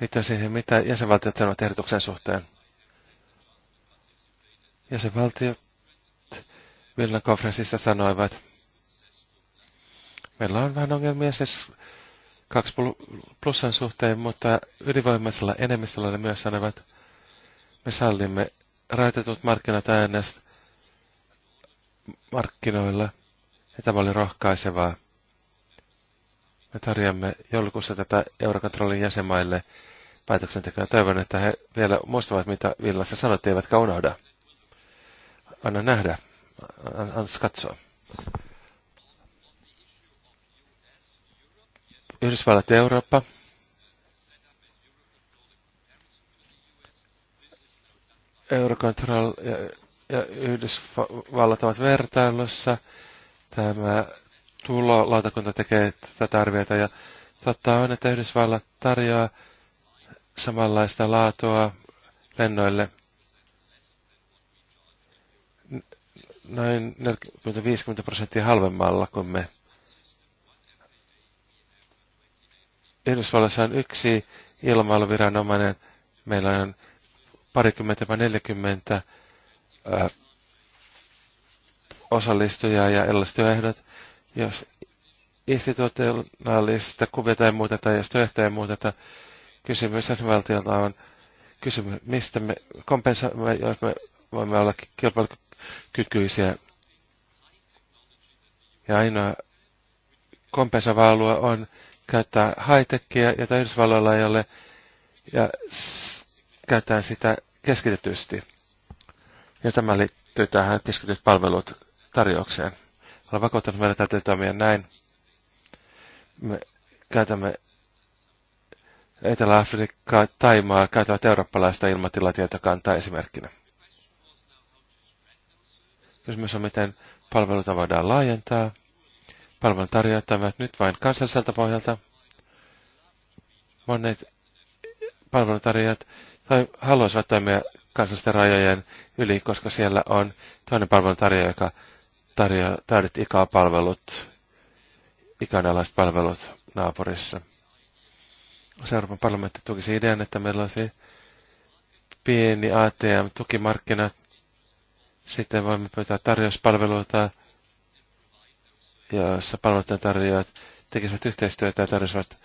Speaker 3: liittyen siihen, mitä jäsenvaltiot sanovat ehdotuksen suhteen. Jäsenvaltiot Vilnan konferenssissa sanoivat, meillä on vähän ongelmia siis kaksi plussan suhteen, mutta ylivoimaisella enemmistöllä ne myös sanovat, me sallimme rajoitetut markkinat äänestä markkinoilla, ja tämä oli rohkaisevaa. Me tarjoamme joulukuussa tätä Eurokontrollin jäsenmaille päätöksentekoja. Toivon, että he vielä muistavat, mitä Villassa sanot, eivätkä unohda. Anna nähdä. Anna katsoa. Yhdysvallat ja Eurooppa. Eurocontrol ja, ja Yhdysvallat ovat vertailussa. Tämä tulolautakunta tekee tätä arviota ja totta on, että Yhdysvallat tarjoaa samanlaista laatua lennoille. Noin 40-50 prosenttia halvemmalla kuin me. Yhdysvalloissa on yksi ilmailuviranomainen, meillä on parikymmentä vai neljäkymmentä osallistujaa ja työehdot. Jos institutionaalista kuvia tai muuteta ja jos työehtoja muuteta, kysymys jäsenvaltiolta on kysymys, mistä me kompensoimme, jos me voimme olla kilpailukykyisiä. Ja ainoa kompensoiva alue on käyttää high-techia, jota Yhdysvalloilla ei ole, ja käytetään sitä keskitetysti. Ja tämä liittyy tähän keskityt palvelut tarjoukseen. Olen vakuuttanut, että meidän täytyy toimia näin. Me käytämme etelä afrikka Taimaa käytävät eurooppalaista ilmatilatietokantaa esimerkkinä. Kysymys on, miten palveluita voidaan laajentaa. Palvelun tarjoajat nyt vain kansalliselta pohjalta. Monet palveluntarjoajat tai haluaisivat toimia kansallisten rajojen yli, koska siellä on toinen palveluntarjoaja, joka tarjoaa täydet ikäpalvelut, ikäänalaiset palvelut naapurissa se Euroopan parlamentti tukisi idean, että meillä olisi pieni ATM-tukimarkkina. Sitten voimme pyytää tarjouspalveluita, joissa palveluiden tarjoajat tekisivät yhteistyötä ja tarjosivat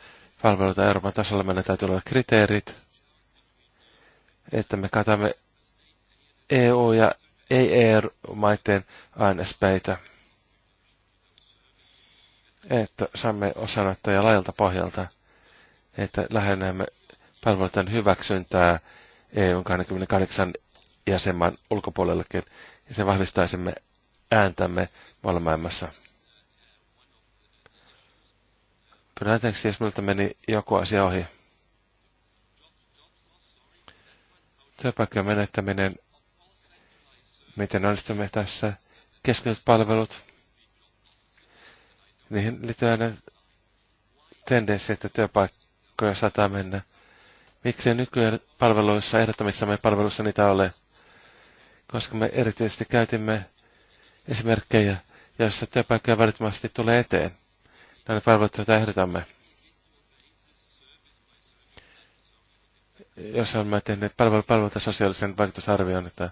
Speaker 3: palveluita Euroopan tasolla. Meillä täytyy olla kriteerit, että me katamme EU- ja ei-EU-maiden ainespäitä. Että saamme osanottoja laajalta pohjalta että lähennämme palveluiden hyväksyntää EU 28 jäsenmaan ulkopuolellekin, ja se vahvistaisimme ääntämme maailmassa. Pyydän anteeksi, jos minulta meni joku asia ohi. Työpaikkojen menettäminen, miten onnistumme tässä, keskityt palvelut, niihin liittyy aina tendenssi, että työpaikka joukkoja saattaa mennä. Miksi nykyään palveluissa, ehdottamissamme palveluissa niitä ole? Koska me erityisesti käytimme esimerkkejä, joissa työpaikkoja välittömästi tulee eteen. Nämä palvelut, joita ehdotamme. Jos olemme tehneet palvelu, palveluita sosiaalisen vaikutusarvion, että,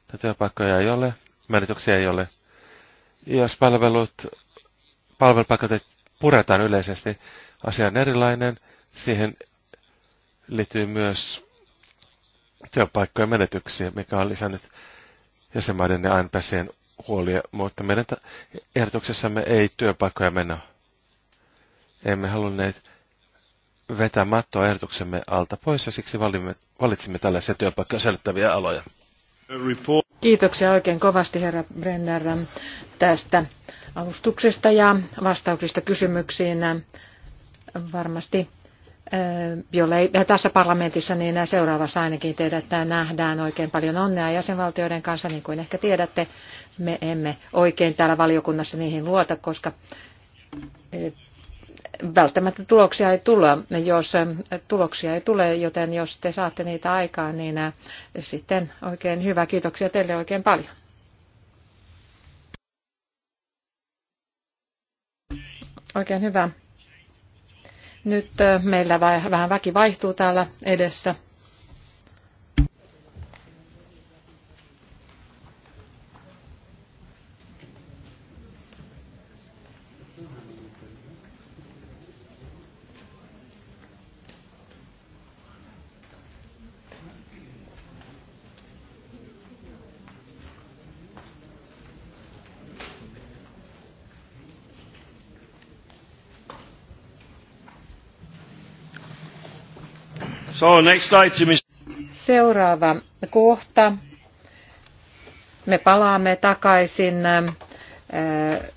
Speaker 3: että työpaikkoja ei ole, määrityksiä ei ole. Jos palvelut, palvelupaikat puretaan yleisesti, asia on erilainen – Siihen liittyy myös työpaikkojen menetyksiä, mikä on lisännyt jäsenmaiden ja ANPSien huolia, mutta meidän ehdotuksessamme ei työpaikkoja mennä. Emme halunneet vetää mattoa ehdotuksemme alta pois ja siksi valimme, valitsimme tällaisia työpaikkoja säilyttäviä aloja.
Speaker 2: Kiitoksia oikein kovasti herra Brenner tästä avustuksesta ja vastauksista kysymyksiin. Varmasti jollei tässä parlamentissa, niin seuraavassa ainakin teidät nähdään oikein paljon onnea jäsenvaltioiden kanssa, niin kuin ehkä tiedätte. Me emme oikein täällä valiokunnassa niihin luota, koska välttämättä tuloksia ei tule, jos tuloksia ei tule, joten jos te saatte niitä aikaan, niin sitten oikein hyvä. Kiitoksia teille oikein paljon. Oikein hyvä. Nyt äh, meillä vähän väki vaihtuu täällä edessä.
Speaker 1: So, oh, next item is...
Speaker 2: Seuraava kohta. Me palaamme takaisin äh,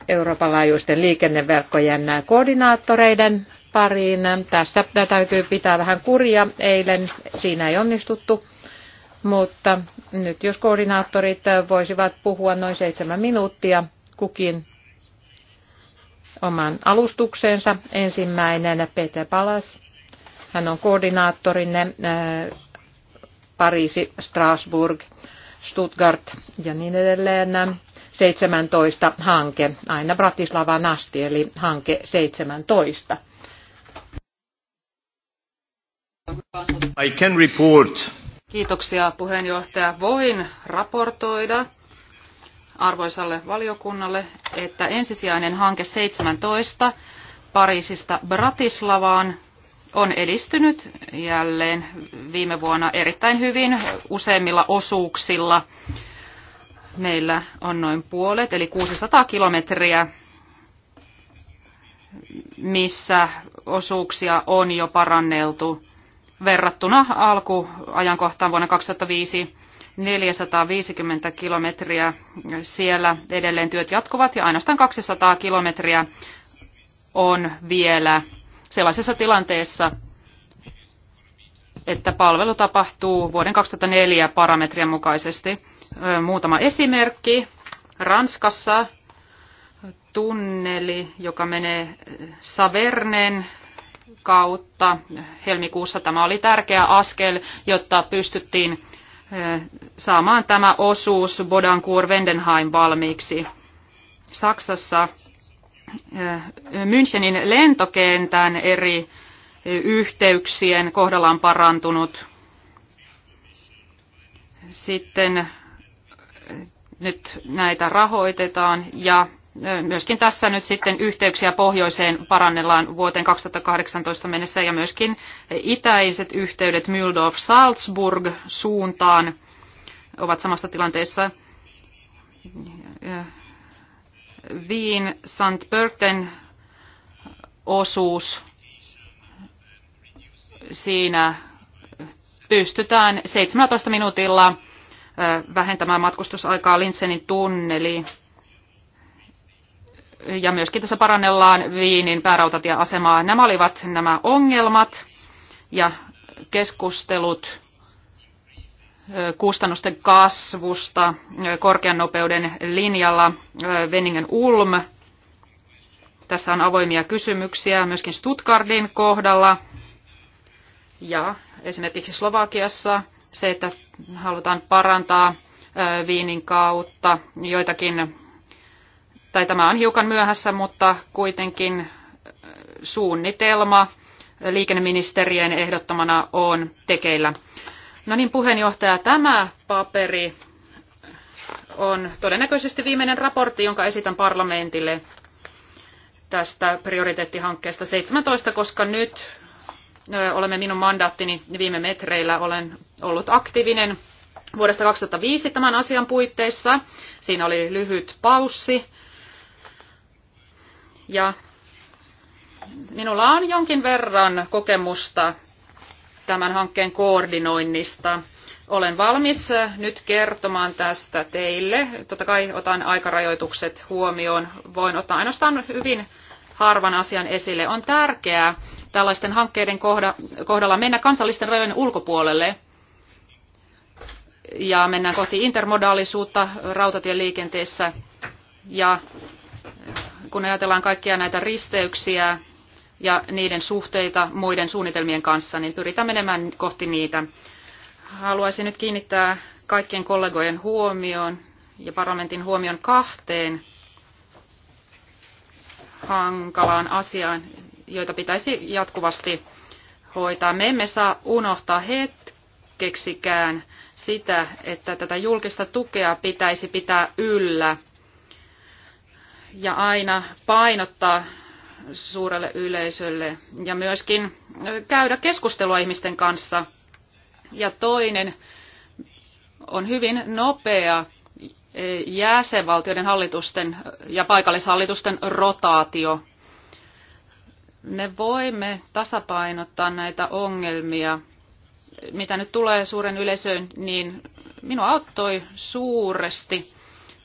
Speaker 2: Euroopan laajuisten liikenneverkkojen koordinaattoreiden pariin. Tässä täytyy pitää vähän kuria. Eilen siinä ei onnistuttu, mutta nyt jos koordinaattorit voisivat puhua noin seitsemän minuuttia kukin oman alustuksensa. Ensimmäinen Peter Palas hän on koordinaattorinne äh, Pariisi, Strasbourg, Stuttgart ja niin edelleen. 17 hanke aina Bratislavaan asti, eli hanke 17.
Speaker 1: I can
Speaker 5: report.
Speaker 4: Kiitoksia puheenjohtaja. Voin raportoida arvoisalle valiokunnalle, että ensisijainen hanke 17 Pariisista Bratislavaan on edistynyt jälleen viime vuonna erittäin hyvin useimmilla osuuksilla. Meillä on noin puolet, eli 600 kilometriä, missä osuuksia on jo paranneltu verrattuna alkuajankohtaan vuonna 2005 450 kilometriä. Siellä edelleen työt jatkuvat ja ainoastaan 200 kilometriä on vielä sellaisessa tilanteessa, että palvelu tapahtuu vuoden 2004 parametrien mukaisesti. Muutama esimerkki. Ranskassa tunneli, joka menee Savernen kautta. Helmikuussa tämä oli tärkeä askel, jotta pystyttiin saamaan tämä osuus bodankur vendenheim valmiiksi. Saksassa Äh, Münchenin lentokentän eri e, yhteyksien kohdalla on parantunut. Sitten e, nyt näitä rahoitetaan ja e, myöskin tässä nyt sitten yhteyksiä pohjoiseen parannellaan vuoteen 2018 mennessä ja myöskin itäiset yhteydet Mühldorf-Salzburg suuntaan ovat samassa tilanteessa Wien St. Pörten osuus siinä pystytään 17 minuutilla vähentämään matkustusaikaa Linsenin tunneli. Ja myöskin tässä parannellaan Viinin päärautatieasemaa. Nämä olivat nämä ongelmat ja keskustelut kustannusten kasvusta korkean nopeuden linjalla Venningen Ulm. Tässä on avoimia kysymyksiä myöskin Stuttgartin kohdalla ja esimerkiksi Slovakiassa se, että halutaan parantaa viinin kautta joitakin, tai tämä on hiukan myöhässä, mutta kuitenkin suunnitelma liikenneministerien ehdottamana on tekeillä. No niin, puheenjohtaja, tämä paperi on todennäköisesti viimeinen raportti, jonka esitän parlamentille tästä prioriteettihankkeesta 17, koska nyt olemme minun mandaattini viime metreillä. Olen ollut aktiivinen vuodesta 2005 tämän asian puitteissa. Siinä oli lyhyt paussi. Ja minulla on jonkin verran kokemusta tämän hankkeen koordinoinnista. Olen valmis äh, nyt kertomaan tästä teille. Totta kai otan aikarajoitukset huomioon. Voin ottaa ainoastaan hyvin harvan asian esille. On tärkeää tällaisten hankkeiden kohdalla mennä kansallisten rajojen ulkopuolelle ja mennään kohti intermodaalisuutta rautatieliikenteessä ja kun ajatellaan kaikkia näitä risteyksiä ja niiden suhteita muiden suunnitelmien kanssa, niin pyritään menemään kohti niitä. Haluaisin nyt kiinnittää kaikkien kollegojen huomioon ja parlamentin huomion kahteen hankalaan asiaan, joita pitäisi jatkuvasti hoitaa. Me emme saa unohtaa hetkeksikään sitä, että tätä julkista tukea pitäisi pitää yllä ja aina painottaa suurelle yleisölle ja myöskin käydä keskustelua ihmisten kanssa. Ja toinen on hyvin nopea e, jäsenvaltioiden hallitusten ja paikallishallitusten rotaatio. Me voimme tasapainottaa näitä ongelmia. Mitä nyt tulee suuren yleisöön, niin minua auttoi suuresti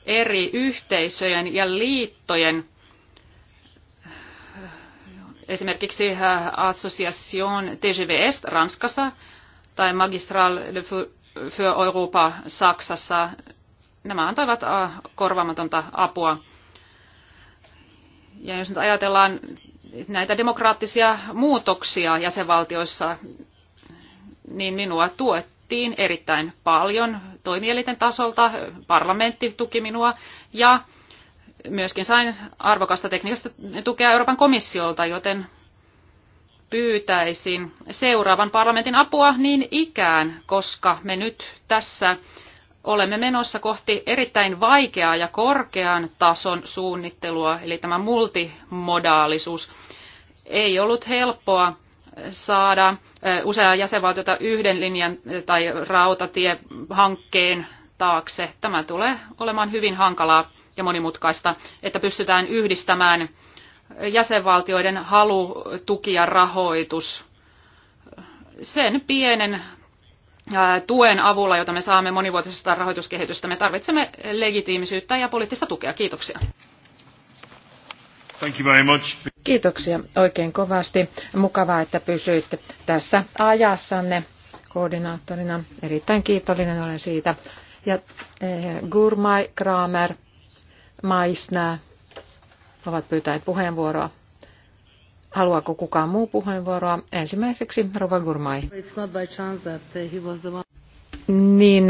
Speaker 4: eri yhteisöjen ja liittojen Esimerkiksi äh, Association TGVS Ranskassa tai Magistral de für Europa Saksassa. Nämä antoivat äh, korvaamatonta apua. Ja jos nyt ajatellaan näitä demokraattisia muutoksia jäsenvaltioissa, niin minua tuettiin erittäin paljon toimielinten tasolta. Parlamentti tuki minua ja myöskin sain arvokasta teknistä tukea Euroopan komissiolta, joten pyytäisin seuraavan parlamentin apua niin ikään, koska me nyt tässä olemme menossa kohti erittäin vaikeaa ja korkean tason suunnittelua, eli tämä multimodaalisuus. Ei ollut helppoa saada useaa jäsenvaltiota yhden linjan tai rautatiehankkeen taakse. Tämä tulee olemaan hyvin hankalaa ja monimutkaista, että pystytään yhdistämään jäsenvaltioiden halu tukia rahoitus sen pienen tuen avulla, jota me saamme monivuotisesta rahoituskehitystä. Me tarvitsemme legitiimisyyttä ja poliittista tukea. Kiitoksia.
Speaker 2: Thank you very much. Kiitoksia oikein kovasti. Mukavaa, että pysyitte tässä ajassanne koordinaattorina. Erittäin kiitollinen olen siitä. Ja eh, Gurmai Kramer. Maisnää ovat pyytäneet puheenvuoroa. Haluaako kukaan muu puheenvuoroa? Ensimmäiseksi Rova Gurmai. Niin,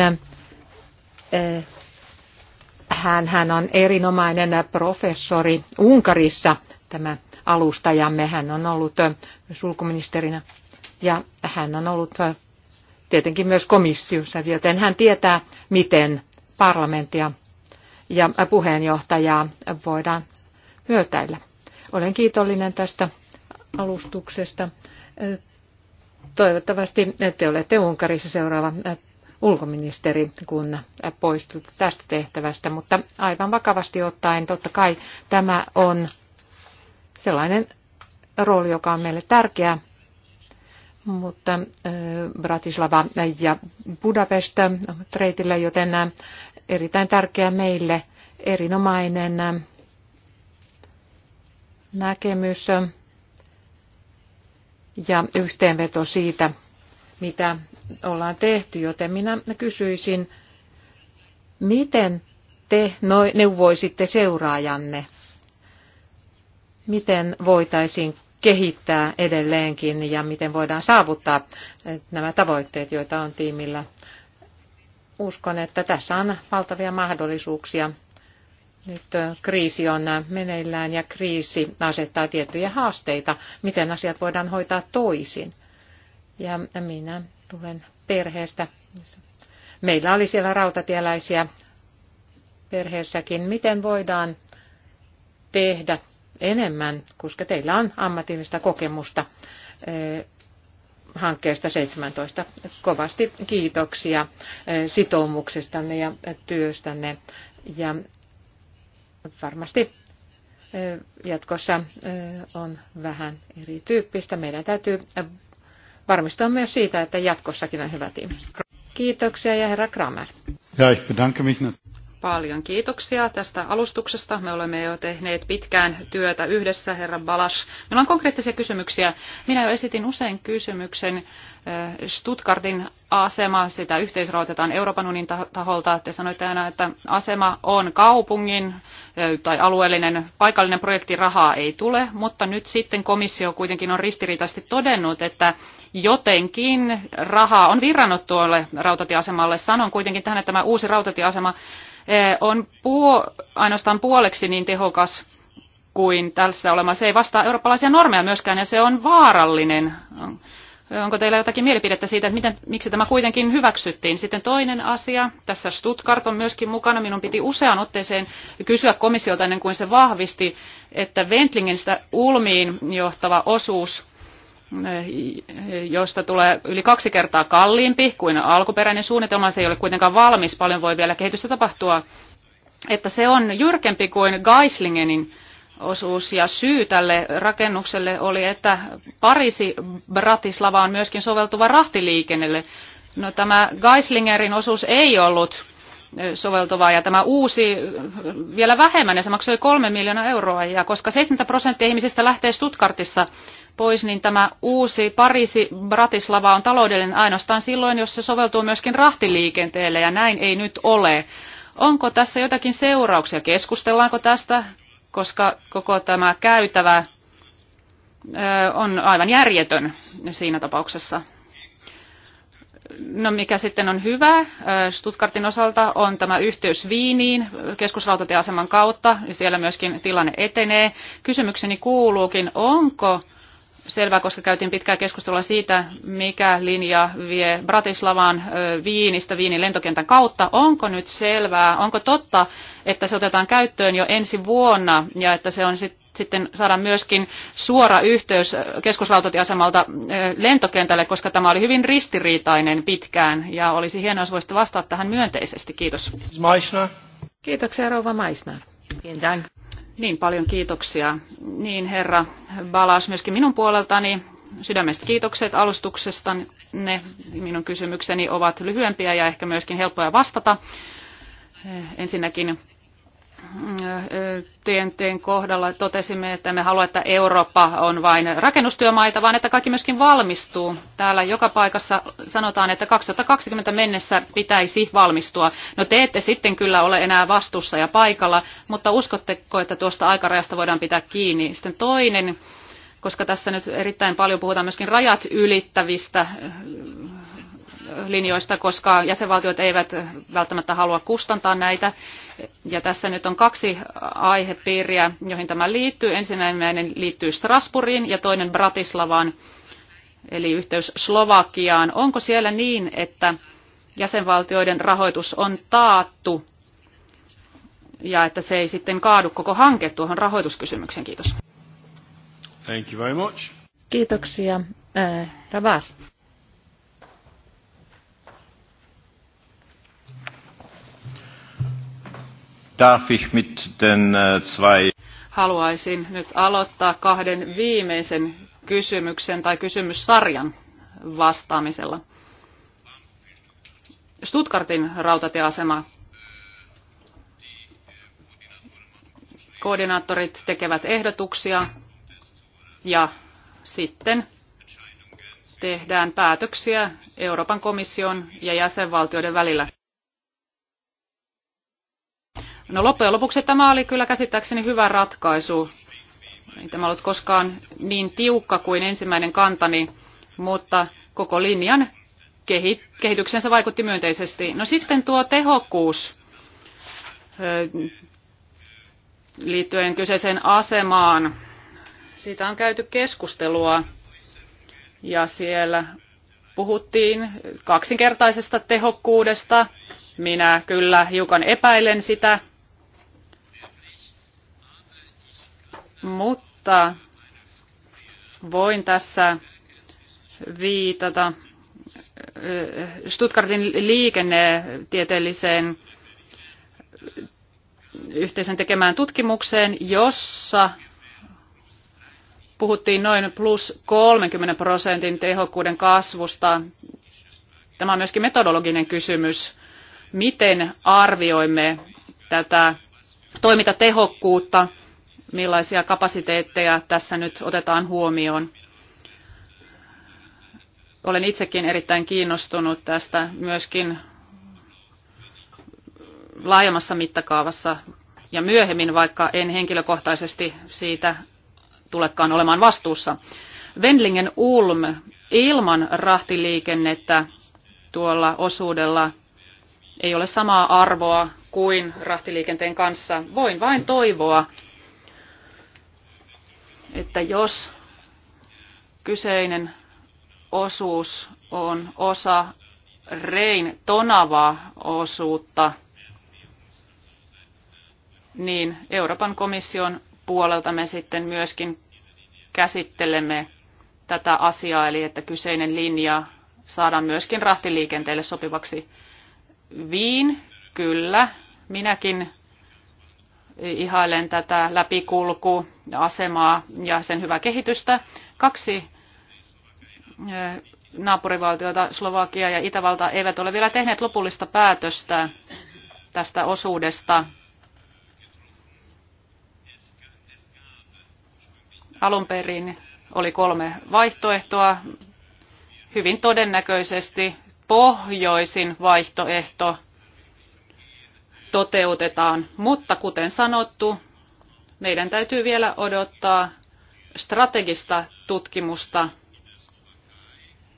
Speaker 2: hän, hän on erinomainen professori Unkarissa, tämä alustajamme. Hän on ollut eh, myös ulkoministerinä ja hän on ollut eh, tietenkin myös komissiossa, joten hän tietää, miten parlamentti ja puheenjohtajaa voidaan myötäillä. Olen kiitollinen tästä alustuksesta. Toivottavasti te olette Unkarissa seuraava ulkoministeri, kun poistut tästä tehtävästä, mutta aivan vakavasti ottaen totta kai tämä on sellainen rooli, joka on meille tärkeä, mutta Bratislava ja Budapest reitillä, joten erittäin tärkeä meille, erinomainen näkemys ja yhteenveto siitä, mitä ollaan tehty, joten minä kysyisin, miten te neuvoisitte seuraajanne? Miten voitaisiin kehittää edelleenkin ja miten voidaan saavuttaa nämä tavoitteet, joita on tiimillä uskon, että tässä on valtavia mahdollisuuksia. Nyt kriisi on meneillään ja kriisi asettaa tiettyjä haasteita, miten asiat voidaan hoitaa toisin. Ja minä tulen perheestä. Meillä oli siellä rautatieläisiä perheessäkin. Miten voidaan tehdä enemmän, koska teillä on ammatillista kokemusta hankkeesta 17. Kovasti kiitoksia eh, sitoumuksestanne ja työstänne ja varmasti eh, jatkossa eh, on vähän erityyppistä. Meidän täytyy varmistua myös siitä, että jatkossakin on hyvä tiimi. Kiitoksia ja herra Kramer.
Speaker 5: Ja, ich bedanke mich
Speaker 2: paljon kiitoksia
Speaker 4: tästä alustuksesta. Me olemme jo tehneet pitkään työtä yhdessä, herra Balas. Meillä on konkreettisia kysymyksiä. Minä jo esitin usein kysymyksen eh, Stuttgartin asema, sitä yhteisrahoitetaan Euroopan unionin taholta. Te sanoitte aina, että asema on kaupungin eh, tai alueellinen, paikallinen projekti, rahaa ei tule, mutta nyt sitten komissio kuitenkin on ristiriitaisesti todennut, että jotenkin rahaa on virrannut tuolle rautatieasemalle. Sanon kuitenkin tähän, että tämä uusi rautatieasema Eh, on puo, ainoastaan puoleksi niin tehokas kuin tässä olemassa. Se ei vastaa eurooppalaisia normeja myöskään ja se on vaarallinen. Onko teillä jotakin mielipidettä siitä, että miten, miksi tämä kuitenkin hyväksyttiin? Sitten toinen asia, tässä Stuttgart on myöskin mukana. Minun piti useaan otteeseen kysyä komissiolta ennen kuin se vahvisti, että sitä Ulmiin johtava osuus Äh, josta tulee yli kaksi kertaa kalliimpi kuin alkuperäinen suunnitelma. Se ei ole kuitenkaan valmis, paljon voi vielä kehitystä tapahtua. Että se on jyrkempi kuin Geislingenin osuus ja syy tälle rakennukselle oli, että Pariisi Bratislava on myöskin soveltuva rahtiliikennelle. No tämä Geislingerin osuus ei ollut äh, soveltuvaa ja tämä uusi äh, vielä vähemmän ja se maksoi kolme miljoonaa euroa ja koska 70 prosenttia ihmisistä lähtee Stuttgartissa pois, niin tämä uusi Pariisi-Bratislava on taloudellinen ainoastaan silloin, jos se soveltuu myöskin rahtiliikenteelle, ja näin ei nyt ole. Onko tässä jotakin seurauksia? Keskustellaanko tästä? Koska koko tämä käytävä on aivan järjetön siinä tapauksessa. No mikä sitten on hyvä Stuttgartin osalta on tämä yhteys Viiniin keskusrautatieaseman kautta ja siellä myöskin tilanne etenee. Kysymykseni kuuluukin, onko selvää, koska käytiin pitkää keskustelua siitä, mikä linja vie Bratislavaan Viinistä Viinin lentokentän kautta. Onko nyt selvää, onko totta, että se otetaan käyttöön jo ensi vuonna ja että se on sit, sitten saada myöskin suora yhteys keskuslautatieasemalta lentokentälle, koska tämä oli hyvin ristiriitainen pitkään ja olisi hienoa, jos voisitte vastata tähän myönteisesti. Kiitos.
Speaker 2: Maisner. Kiitoksia, rouva
Speaker 4: Maisner. Kiitän. Niin paljon kiitoksia. Niin herra Balas, myöskin minun puoleltani sydämestä kiitokset alustuksesta. Ne minun kysymykseni ovat lyhyempiä ja ehkä myöskin helppoja vastata. Ensinnäkin TNTn kohdalla totesimme, että me haluamme, että Eurooppa on vain rakennustyömaita, vaan että kaikki myöskin valmistuu. Täällä joka paikassa sanotaan, että 2020 mennessä pitäisi valmistua. No te ette sitten kyllä ole enää vastuussa ja paikalla, mutta uskotteko, että tuosta aikarajasta voidaan pitää kiinni? Sitten toinen, koska tässä nyt erittäin paljon puhutaan myöskin rajat ylittävistä äh, linjoista, koska jäsenvaltiot eivät välttämättä halua kustantaa näitä ja tässä nyt on kaksi aihepiiriä, joihin tämä liittyy. Ensimmäinen liittyy Strasburiin ja toinen Bratislavaan, eli yhteys Slovakiaan. Onko siellä niin, että jäsenvaltioiden rahoitus on taattu ja että se ei sitten kaadu koko hanke tuohon rahoituskysymykseen? Kiitos.
Speaker 1: Thank you very much.
Speaker 2: Kiitoksia. Äh, Ravas.
Speaker 5: darf ich mit den äh, zwei
Speaker 4: Haluaisin nyt aloittaa kahden viimeisen kysymyksen tai kysymyssarjan vastaamisella. Stuttgartin rautatieasema. Koordinaattorit tekevät ehdotuksia ja sitten tehdään päätöksiä Euroopan komission ja jäsenvaltioiden välillä. No loppujen lopuksi tämä oli kyllä käsittääkseni hyvä ratkaisu. Ei tämä ollut koskaan niin tiukka kuin ensimmäinen kantani, mutta koko linjan kehityksensä vaikutti myönteisesti. No sitten tuo tehokkuus liittyen kyseiseen asemaan. Siitä on käyty keskustelua ja siellä puhuttiin kaksinkertaisesta tehokkuudesta. Minä kyllä hiukan epäilen sitä, mutta voin tässä viitata äh, Stuttgartin liikennetieteelliseen äh, yhteisen tekemään tutkimukseen, jossa puhuttiin noin plus 30 prosentin tehokkuuden kasvusta. Tämä on myöskin metodologinen kysymys. Miten arvioimme tätä toimintatehokkuutta millaisia kapasiteetteja tässä nyt otetaan huomioon. Olen itsekin erittäin kiinnostunut tästä myöskin laajemmassa mittakaavassa ja myöhemmin, vaikka en henkilökohtaisesti siitä tulekaan olemaan vastuussa. Wendlingen Ulm ilman rahtiliikennettä tuolla osuudella ei ole samaa arvoa kuin rahtiliikenteen kanssa. Voin vain toivoa, että jos kyseinen osuus on osa Rein tonavaa osuutta, niin Euroopan komission puolelta me sitten myöskin käsittelemme tätä asiaa, eli että kyseinen linja saadaan myöskin rahtiliikenteelle sopivaksi. Viin, kyllä, minäkin ihailen tätä läpikulkuasemaa ja sen hyvää kehitystä. Kaksi naapurivaltiota, Slovakia ja Itävalta, eivät ole vielä tehneet lopullista päätöstä tästä osuudesta. Alun perin oli kolme vaihtoehtoa. Hyvin todennäköisesti pohjoisin vaihtoehto toteutetaan. Mutta kuten sanottu, meidän täytyy vielä odottaa strategista tutkimusta,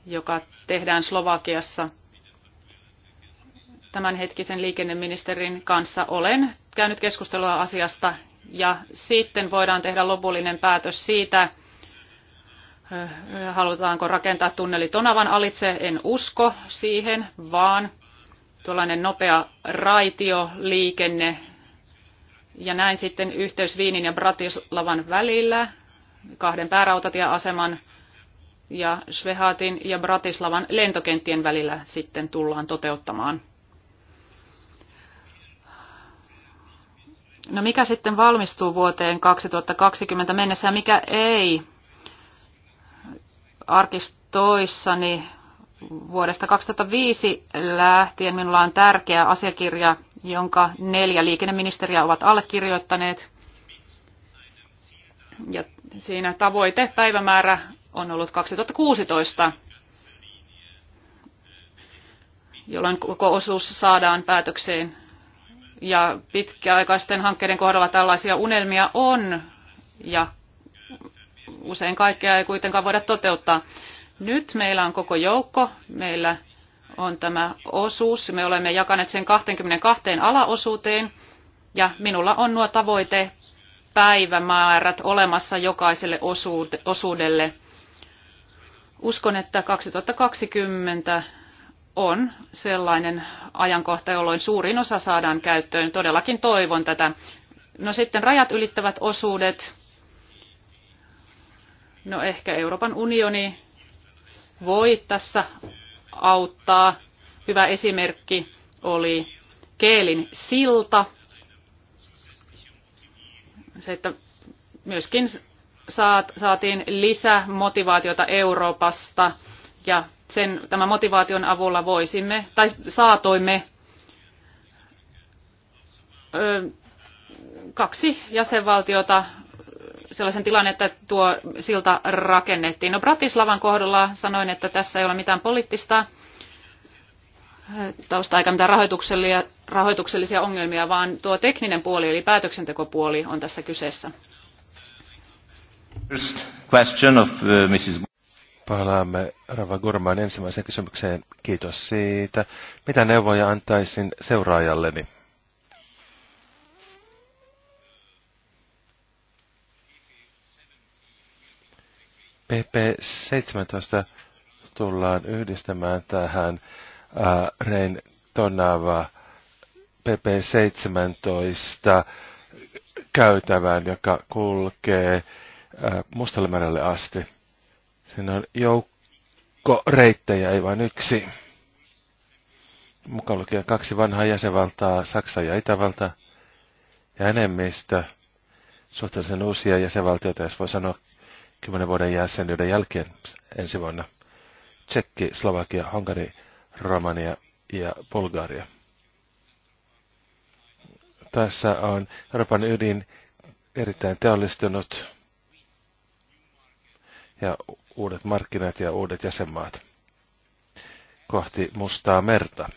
Speaker 4: joka tehdään Slovakiassa. Tämänhetkisen liikenneministerin kanssa olen käynyt keskustelua asiasta ja sitten voidaan tehdä lopullinen päätös siitä, halutaanko rakentaa tunneli Tonavan alitse. En usko siihen, vaan tuollainen nopea raitioliikenne ja näin sitten yhteys Viinin ja Bratislavan välillä kahden päärautatieaseman ja Svehatin ja Bratislavan lentokenttien välillä sitten tullaan toteuttamaan. No mikä sitten valmistuu vuoteen 2020 mennessä ja mikä ei? Arkistoissani vuodesta 2005 lähtien minulla on tärkeä asiakirja, jonka neljä liikenneministeriä ovat allekirjoittaneet. Ja siinä tavoite päivämäärä on ollut 2016, jolloin koko osuus saadaan päätökseen. Ja pitkäaikaisten hankkeiden kohdalla tällaisia unelmia on, ja usein kaikkea ei kuitenkaan voida toteuttaa. Nyt meillä on koko joukko, meillä on tämä osuus, me olemme jakaneet sen 22 alaosuuteen ja minulla on nuo tavoite päivämäärät olemassa jokaiselle osuudelle. Uskon, että 2020 on sellainen ajankohta, jolloin suurin osa saadaan käyttöön. Todellakin toivon tätä. No sitten rajat ylittävät osuudet. No ehkä Euroopan unioni voi tässä auttaa. Hyvä esimerkki oli Keelin silta. Se, että myöskin saat, saatiin lisämotivaatiota Euroopasta ja sen, tämän motivaation avulla voisimme tai saatoimme ö, kaksi jäsenvaltiota sellaisen tilanne, että tuo silta rakennettiin. No Bratislavan kohdalla sanoin, että tässä ei ole mitään poliittista eh, tausta eikä mitään rahoituksellisia, rahoituksellisia ongelmia, vaan tuo tekninen puoli eli päätöksentekopuoli on tässä kyseessä.
Speaker 1: First question of eh,
Speaker 3: Mrs. Palaamme Rava Gurman ensimmäiseen kysymykseen. Kiitos siitä. Mitä neuvoja antaisin seuraajalleni? PP17 tullaan yhdistämään tähän äh, Rein Tonava PP17 käytävään, joka kulkee Mustallemerelle asti. Siinä on joukko reittejä, ei vain yksi. Mukaan lukien kaksi vanhaa jäsenvaltaa, Saksa ja Itävalta, ja enemmistö suhteellisen uusia jäsenvaltioita, jos voi sanoa kymmenen vuoden jäsenyyden jälkeen ensi vuonna. Tsekki, Slovakia, Hungary, Romania ja Bulgaria. Tässä on Euroopan ydin erittäin teollistunut ja uudet markkinat ja uudet jäsenmaat kohti mustaa merta.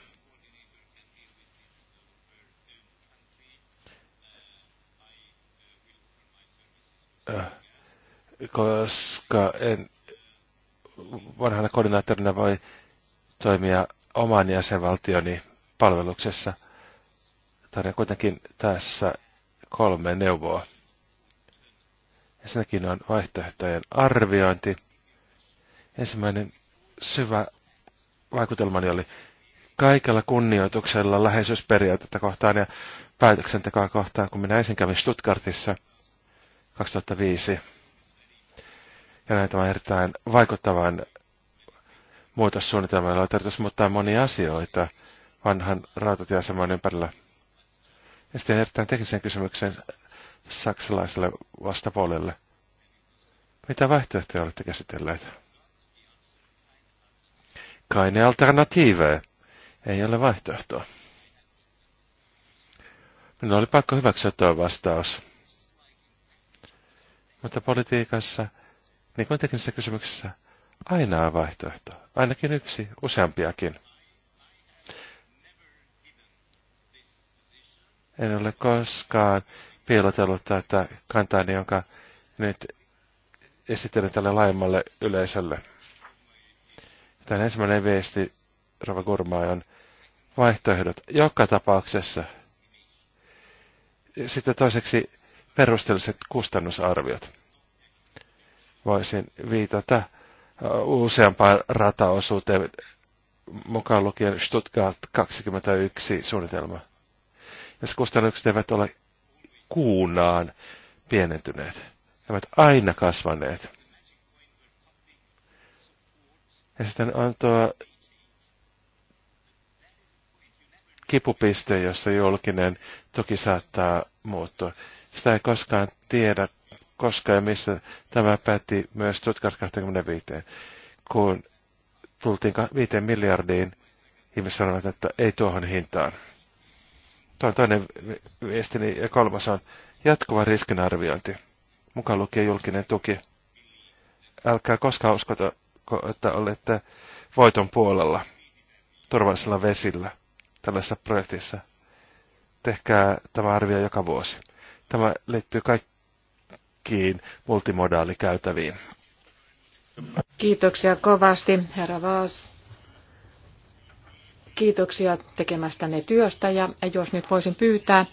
Speaker 3: Uh koska en vanhana koordinaattorina voi toimia oman jäsenvaltioni palveluksessa. Tarjan kuitenkin tässä kolme neuvoa. Ensinnäkin on vaihtoehtojen arviointi. Ensimmäinen syvä vaikutelmani oli kaikella kunnioituksella läheisyysperiaatetta kohtaan ja päätöksentekoa kohtaan, kun minä ensin kävin Stuttgartissa 2005 ja näin tämän erittäin vaikuttavan muutossuunnitelman, jolla tarvitsisi muuttaa monia asioita vanhan rautatieaseman ympärillä. Ja sitten erittäin teknisen kysymyksen saksalaiselle vastapuolelle. Mitä vaihtoehtoja olette käsitelleet? Kai ne alternatiiveja. Ei ole vaihtoehtoa. Minun oli pakko hyväksyä tuo vastaus. Mutta politiikassa niin kuin teknisessä kysymyksessä, aina on vaihtoehto. Ainakin yksi, useampiakin. En ole koskaan piilotellut tätä kantaa, jonka nyt esittelen tälle laajemmalle yleisölle. Tämän ensimmäinen viesti Rova Gurmai on vaihtoehdot joka tapauksessa. Sitten toiseksi perusteelliset kustannusarviot voisin viitata useampaan rataosuuteen, mukaan lukien Stuttgart 21 suunnitelma. Jos kustannukset eivät ole kuunaan pienentyneet, eivät ovat aina kasvaneet. Ja sitten on tuo kipupiste, jossa julkinen toki saattaa muuttua. Sitä ei koskaan tiedä, koska ja missä tämä päätti myös Stuttgart 25, kun tultiin 5 miljardiin, ihmiset sanovat, että ei tuohon hintaan. Tuo on toinen viestini ja kolmas on jatkuva riskinarviointi, mukaan lukien julkinen tuki. Älkää koskaan uskota, että olette voiton puolella, turvallisella vesillä tällaisessa projektissa. Tehkää tämä arvio joka vuosi. Tämä liittyy kaikki kaikkiin multimodaalikäytäviin.
Speaker 2: Kiitoksia kovasti, herra Vaas. Kiitoksia tekemästänne työstä ja jos nyt voisin pyytää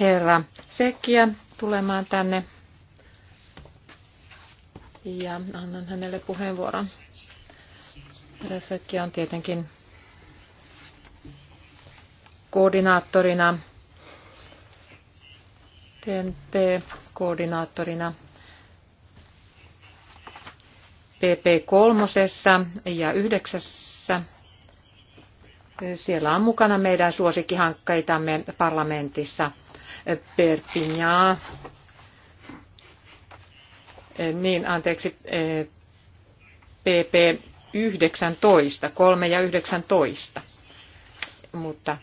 Speaker 2: herra Sekkiä tulemaan tänne ja annan hänelle puheenvuoron. Herra Sekki on tietenkin koordinaattorina TNT-koordinaattorina PP3 ja 9. Siellä on mukana meidän suosikkihankkeitamme parlamentissa Perpignan. Niin, anteeksi, PP 19, 3 ja 19. Mutta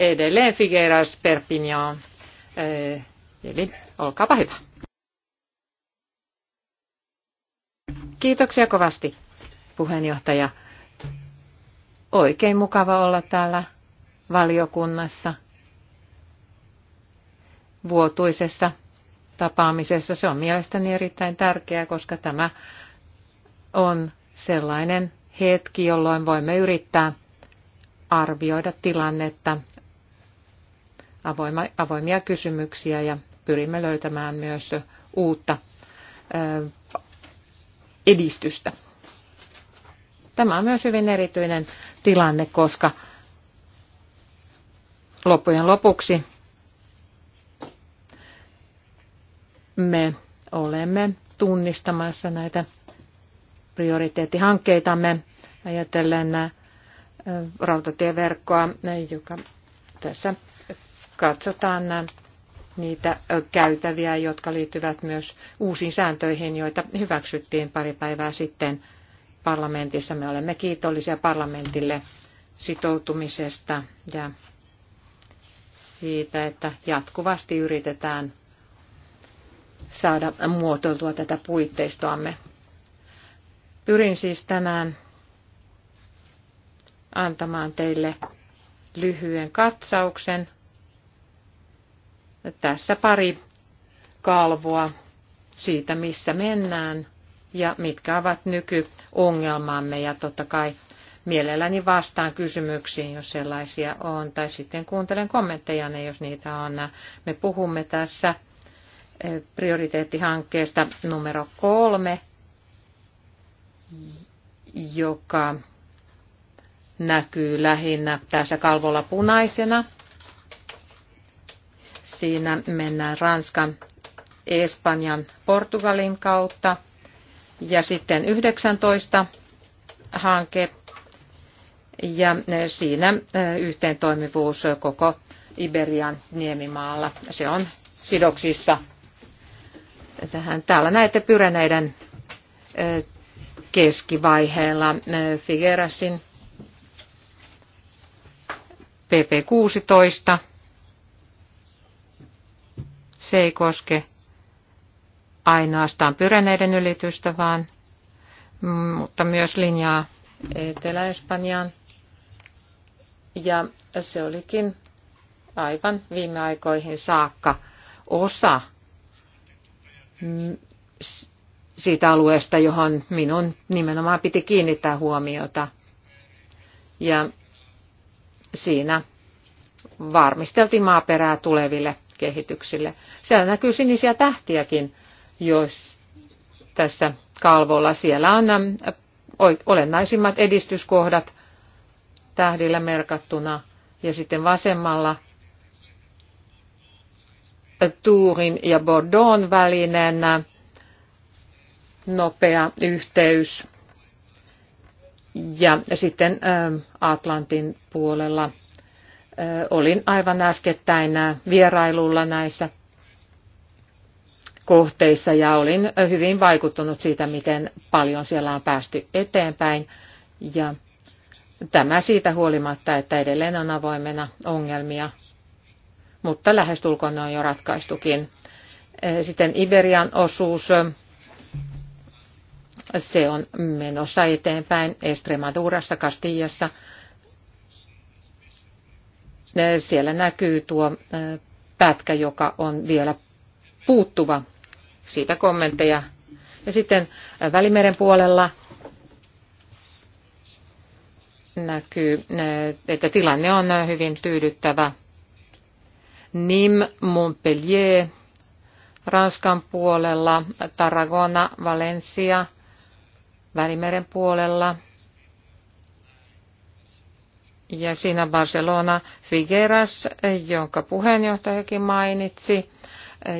Speaker 2: edelleen Figueras Perpignan Elin, olkaapa hyvä. Kiitoksia kovasti, puheenjohtaja. Oikein mukava olla täällä valiokunnassa vuotuisessa tapaamisessa. Se on mielestäni erittäin tärkeää, koska tämä on sellainen hetki, jolloin voimme yrittää arvioida tilannetta avoimia kysymyksiä ja pyrimme löytämään myös uutta edistystä. Tämä on myös hyvin erityinen tilanne, koska loppujen lopuksi me olemme tunnistamassa näitä prioriteettihankkeitamme ajatellen rautatieverkkoa, joka tässä katsotaan äh, niitä käytäviä, jotka liittyvät myös uusiin sääntöihin, joita hyväksyttiin pari päivää sitten parlamentissa. Me olemme kiitollisia parlamentille sitoutumisesta ja siitä, että jatkuvasti yritetään saada muotoiltua tätä puitteistoamme. Pyrin siis tänään antamaan teille lyhyen katsauksen tässä pari kalvoa siitä, missä mennään ja mitkä ovat nykyongelmamme. Ja totta kai mielelläni vastaan kysymyksiin, jos sellaisia on, tai sitten kuuntelen kommentteja, jos niitä on. Me puhumme tässä eh, prioriteettihankkeesta numero kolme, joka näkyy lähinnä tässä kalvolla punaisena. Siinä mennään Ranskan, Espanjan, Portugalin kautta. Ja sitten 19 hanke. Ja eh, siinä eh, yhteentoimivuus koko Iberian niemimaalla. Se on sidoksissa tähän. Täällä näette Pyreneiden eh, keskivaiheella Figuerasin PP16 se ei koske ainoastaan pyreneiden ylitystä, vaan mm, mutta myös linjaa Etelä-Espanjaan. Ja se olikin aivan viime aikoihin saakka osa mm, siitä alueesta, johon minun nimenomaan piti kiinnittää huomiota. Ja siinä varmisteltiin maaperää tuleville kehityksille. Siellä näkyy sinisiä tähtiäkin, jos tässä kalvolla siellä on olennaisimmat edistyskohdat tähdillä merkattuna ja sitten vasemmalla Tuurin ja bordon välinen nopea yhteys. Ja sitten Atlantin puolella Olin aivan äskettäin vierailulla näissä kohteissa ja olin hyvin vaikuttunut siitä, miten paljon siellä on päästy eteenpäin. Ja tämä siitä huolimatta, että edelleen on avoimena ongelmia, mutta lähestulkoon ne on jo ratkaistukin. Sitten Iberian osuus, se on menossa eteenpäin Estremadurassa, Kastijassa – siellä näkyy tuo pätkä, joka on vielä puuttuva. Siitä kommentteja. Ja sitten Välimeren puolella näkyy, että tilanne on hyvin tyydyttävä. nim Montpellier, Ranskan puolella, Tarragona, Valencia, Välimeren puolella – ja siinä Barcelona Figueras, jonka puheenjohtajakin mainitsi,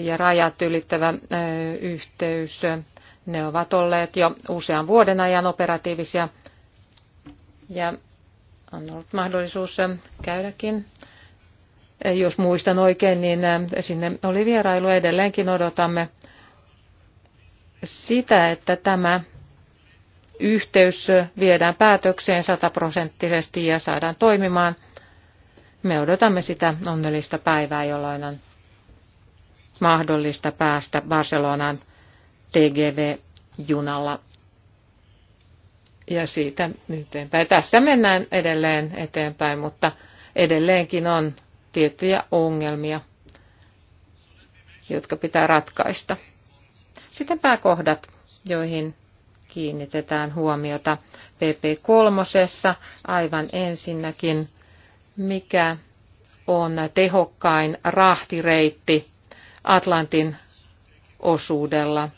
Speaker 2: ja rajat ylittävä yhteys. Ne ovat olleet jo usean vuoden ajan operatiivisia ja on ollut mahdollisuus käydäkin. Jos muistan oikein, niin sinne oli vierailu. Edelleenkin odotamme sitä, että tämä yhteys viedään päätökseen sataprosenttisesti ja saadaan toimimaan. Me odotamme sitä onnellista päivää, jolloin on mahdollista päästä Barcelonan TGV-junalla ja siitä eteenpäin. Tässä mennään edelleen eteenpäin, mutta edelleenkin on tiettyjä ongelmia, jotka pitää ratkaista. Sitten pääkohdat, joihin kiinnitetään huomiota PP3. Aivan ensinnäkin, mikä on tehokkain rahtireitti Atlantin osuudella.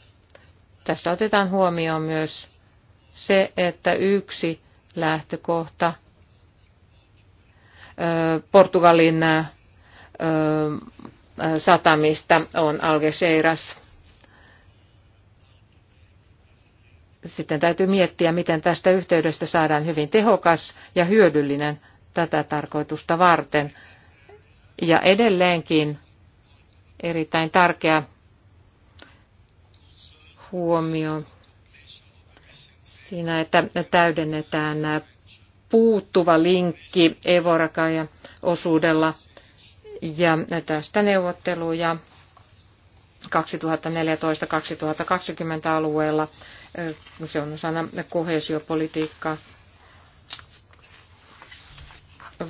Speaker 2: Tässä otetaan huomioon myös se, että yksi lähtökohta Portugalin satamista on Algeciras sitten täytyy miettiä, miten tästä yhteydestä saadaan hyvin tehokas ja hyödyllinen tätä tarkoitusta varten. Ja edelleenkin erittäin tärkeä huomio siinä, että täydennetään puuttuva linkki Evorakaja osuudella ja tästä neuvotteluja 2014-2020 alueella se on osana kohesiopolitiikkaa.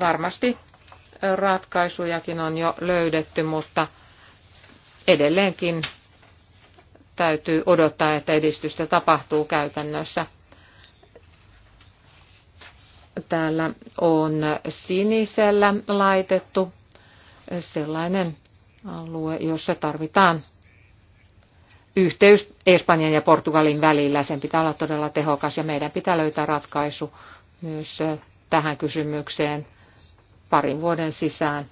Speaker 2: Varmasti ratkaisujakin on jo löydetty, mutta edelleenkin täytyy odottaa, että edistystä tapahtuu käytännössä. Täällä on sinisellä laitettu sellainen alue, jossa tarvitaan yhteys Espanjan ja Portugalin välillä, sen pitää olla todella tehokas ja meidän pitää löytää ratkaisu myös tähän kysymykseen parin vuoden sisään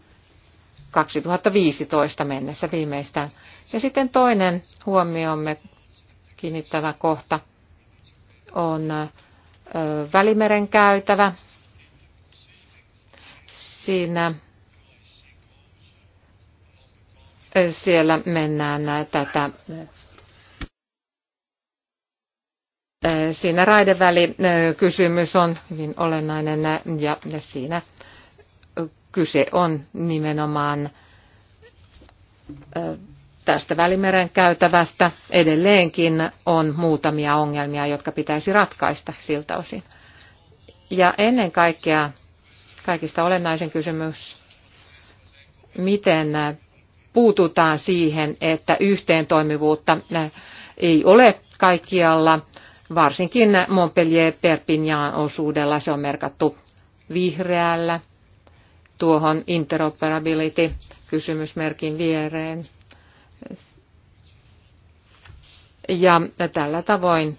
Speaker 2: 2015 mennessä viimeistään. Ja sitten toinen huomiomme kiinnittävä kohta on Välimeren käytävä. Siinä siellä mennään tätä Siinä raidevälikysymys on hyvin olennainen ja siinä kyse on nimenomaan tästä Välimeren käytävästä. Edelleenkin on muutamia ongelmia, jotka pitäisi ratkaista siltä osin. Ja ennen kaikkea kaikista olennaisen kysymys, miten puututaan siihen, että yhteentoimivuutta ei ole kaikkialla – varsinkin Montpellier-Perpignan osuudella se on merkattu vihreällä tuohon interoperability kysymysmerkin viereen. Ja tällä tavoin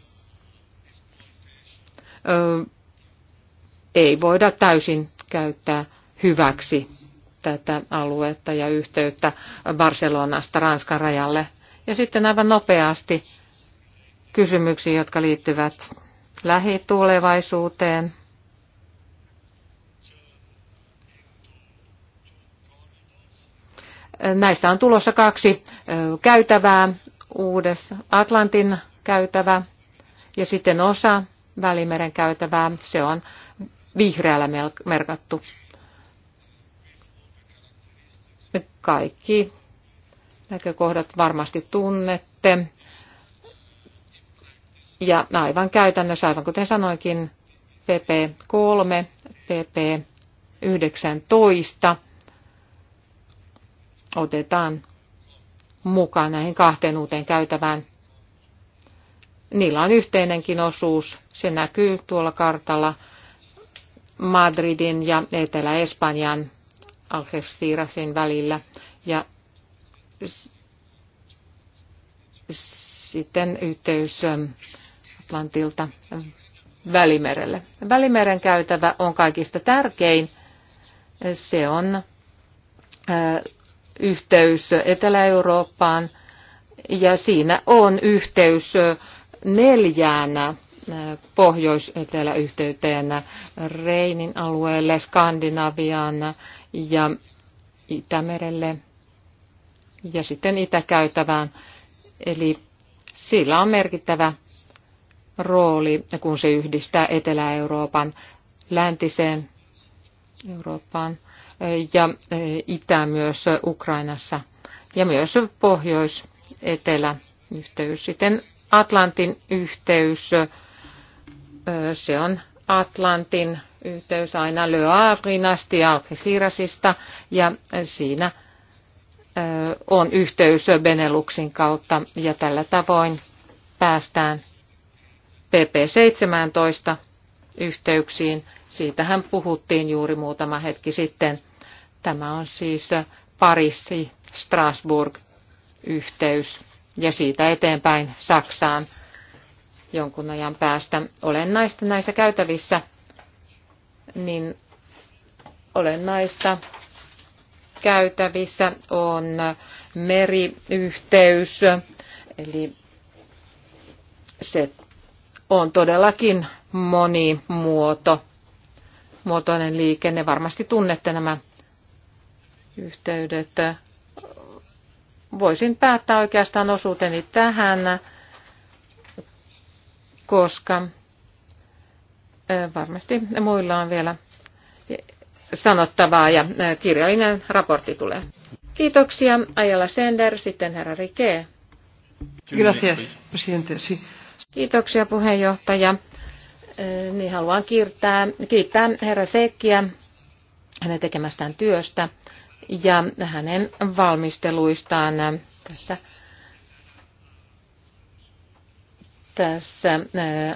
Speaker 2: ö, ei voida täysin käyttää hyväksi tätä aluetta ja yhteyttä Barcelonasta Ranskan rajalle. Ja sitten aivan nopeasti kysymyksiin, jotka liittyvät lähitulevaisuuteen. Näistä on tulossa kaksi käytävää, uudessa Atlantin käytävä ja sitten osa Välimeren käytävää. Se on vihreällä merkattu. Kaikki näkökohdat varmasti tunnette. Ja aivan käytännössä, aivan kuten sanoinkin, PP3, PP19 otetaan mukaan näihin kahteen uuteen käytävään. Niillä on yhteinenkin osuus, se näkyy tuolla kartalla Madridin ja Etelä-Espanjan Algeciirasin välillä. Ja sitten yhteys Atlantilta Välimerelle. Välimeren käytävä on kaikista tärkein. Se on yhteys Etelä-Eurooppaan ja siinä on yhteys neljään pohjois eteläyhteyteen Reinin alueelle, Skandinaviaan ja Itämerelle ja sitten itäkäytävään. Eli sillä on merkittävä rooli, kun se yhdistää Etelä-Euroopan läntiseen Eurooppaan ja e, itä myös Ukrainassa ja myös pohjois-etelä-yhteys. Sitten Atlantin yhteys, e, se on Atlantin yhteys aina Le Havrin asti Algecirsista ja siinä e, on yhteys Beneluxin kautta ja tällä tavoin päästään PP17 yhteyksiin. Siitähän puhuttiin juuri muutama hetki sitten. Tämä on siis Pariisi, Strasbourg yhteys ja siitä eteenpäin Saksaan jonkun ajan päästä. Olennaista näissä käytävissä, niin olennaista käytävissä on meriyhteys, eli se on todellakin monimuoto, muotoinen liikenne. Varmasti tunnette nämä yhteydet. Voisin päättää oikeastaan osuuteni tähän, koska varmasti muilla on vielä sanottavaa ja kirjallinen raportti tulee. Kiitoksia Ajalla Sender, sitten herra Rike. Gracias, presidente. Sí. Kiitoksia puheenjohtaja. Niin haluan kiittää, kiittää herra Sekkiä hänen tekemästään työstä ja hänen valmisteluistaan tässä, tässä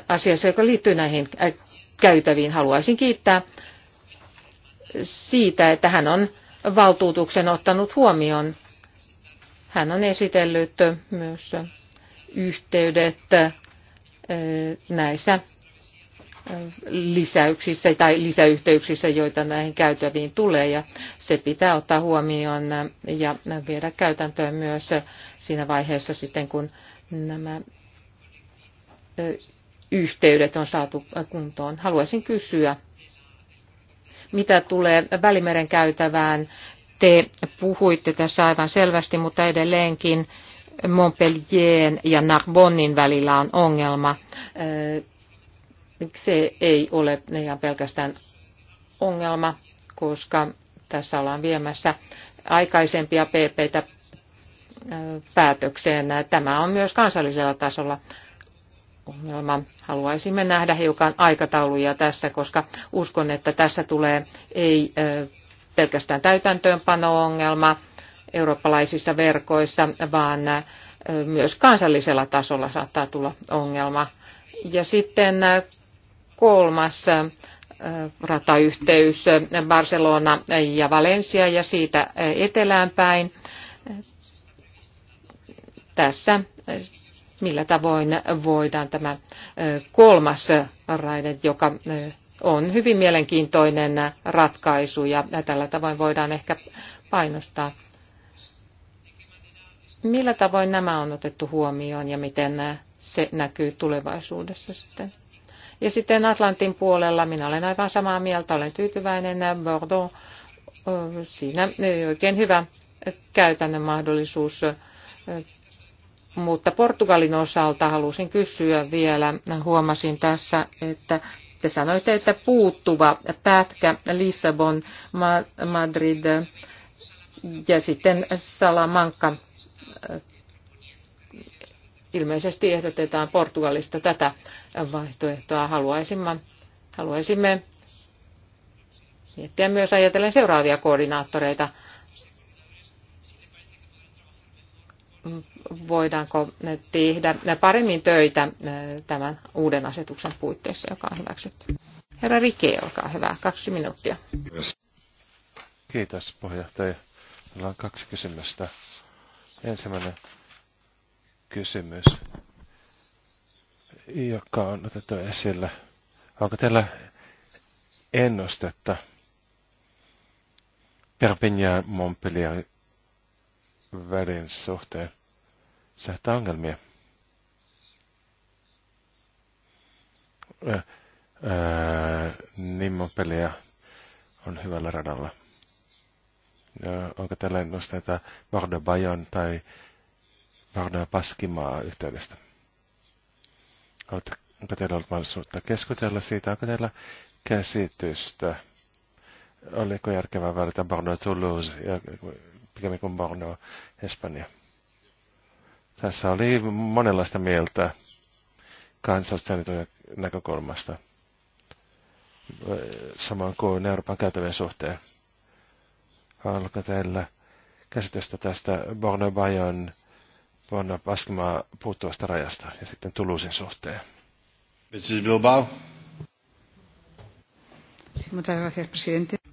Speaker 2: asiassa, joka liittyy näihin käytäviin. Haluaisin kiittää siitä, että hän on valtuutuksen ottanut huomioon. Hän on esitellyt myös yhteydet näissä lisäyksissä tai lisäyhteyksissä, joita näihin käytäviin tulee. Ja se pitää ottaa huomioon ja viedä käytäntöön myös siinä vaiheessa sitten, kun nämä yhteydet on saatu kuntoon. Haluaisin kysyä, mitä tulee Välimeren käytävään. Te puhuitte tässä aivan selvästi, mutta edelleenkin Montpellierin ja Narbonnin välillä on ongelma. Se ei ole ihan pelkästään ongelma, koska tässä ollaan viemässä aikaisempia PPtä päätökseen. Tämä on myös kansallisella tasolla ongelma. Haluaisimme nähdä hiukan aikatauluja tässä, koska uskon, että tässä tulee ei pelkästään täytäntöönpano-ongelma, eurooppalaisissa verkoissa, vaan myös kansallisella tasolla saattaa tulla ongelma. Ja sitten kolmas ratayhteys Barcelona ja Valencia ja siitä etelään päin. Tässä millä tavoin voidaan tämä kolmas raide, joka on hyvin mielenkiintoinen ratkaisu ja tällä tavoin voidaan ehkä painostaa Millä tavoin nämä on otettu huomioon ja miten se näkyy tulevaisuudessa sitten? Ja sitten Atlantin puolella minä olen aivan samaa mieltä, olen tyytyväinen. Bordeaux, siinä oikein hyvä käytännön mahdollisuus. Mutta Portugalin osalta halusin kysyä vielä, huomasin tässä, että te sanoitte, että puuttuva pätkä Lissabon, Madrid ja sitten Salamanca ilmeisesti ehdotetaan Portugalista tätä vaihtoehtoa. Haluaisimme, haluaisimme miettiä myös ajatellen seuraavia koordinaattoreita. Voidaanko tehdä paremmin töitä tämän uuden asetuksen puitteissa, joka on hyväksytty? Herra Rike, olkaa hyvä. Kaksi minuuttia.
Speaker 3: Kiitos, puheenjohtaja. Meillä on kaksi kysymystä. Ensimmäinen kysymys, joka on otettu esille. Onko teillä ennustetta Perpignan Montpellier välin suhteen? Sähtää ongelmia. Ää, ää, niin Montpellier on hyvällä radalla onko tällä nosteita Varda Bayon tai Varda Paskimaa yhteydestä? Onko teillä ollut mahdollisuutta keskustella siitä? Onko teillä käsitystä? Oliko järkevää välttää Bordeaux Toulouse ja pikemmin kuin Bordeaux Espanja? Tässä oli monenlaista mieltä kansallisten näkökulmasta, samoin kuin Euroopan käytävien suhteen. Onko teillä käsitystä tästä Bornebajon vuonna Paskimaa puuttuvasta rajasta ja sitten Tuluusin suhteen?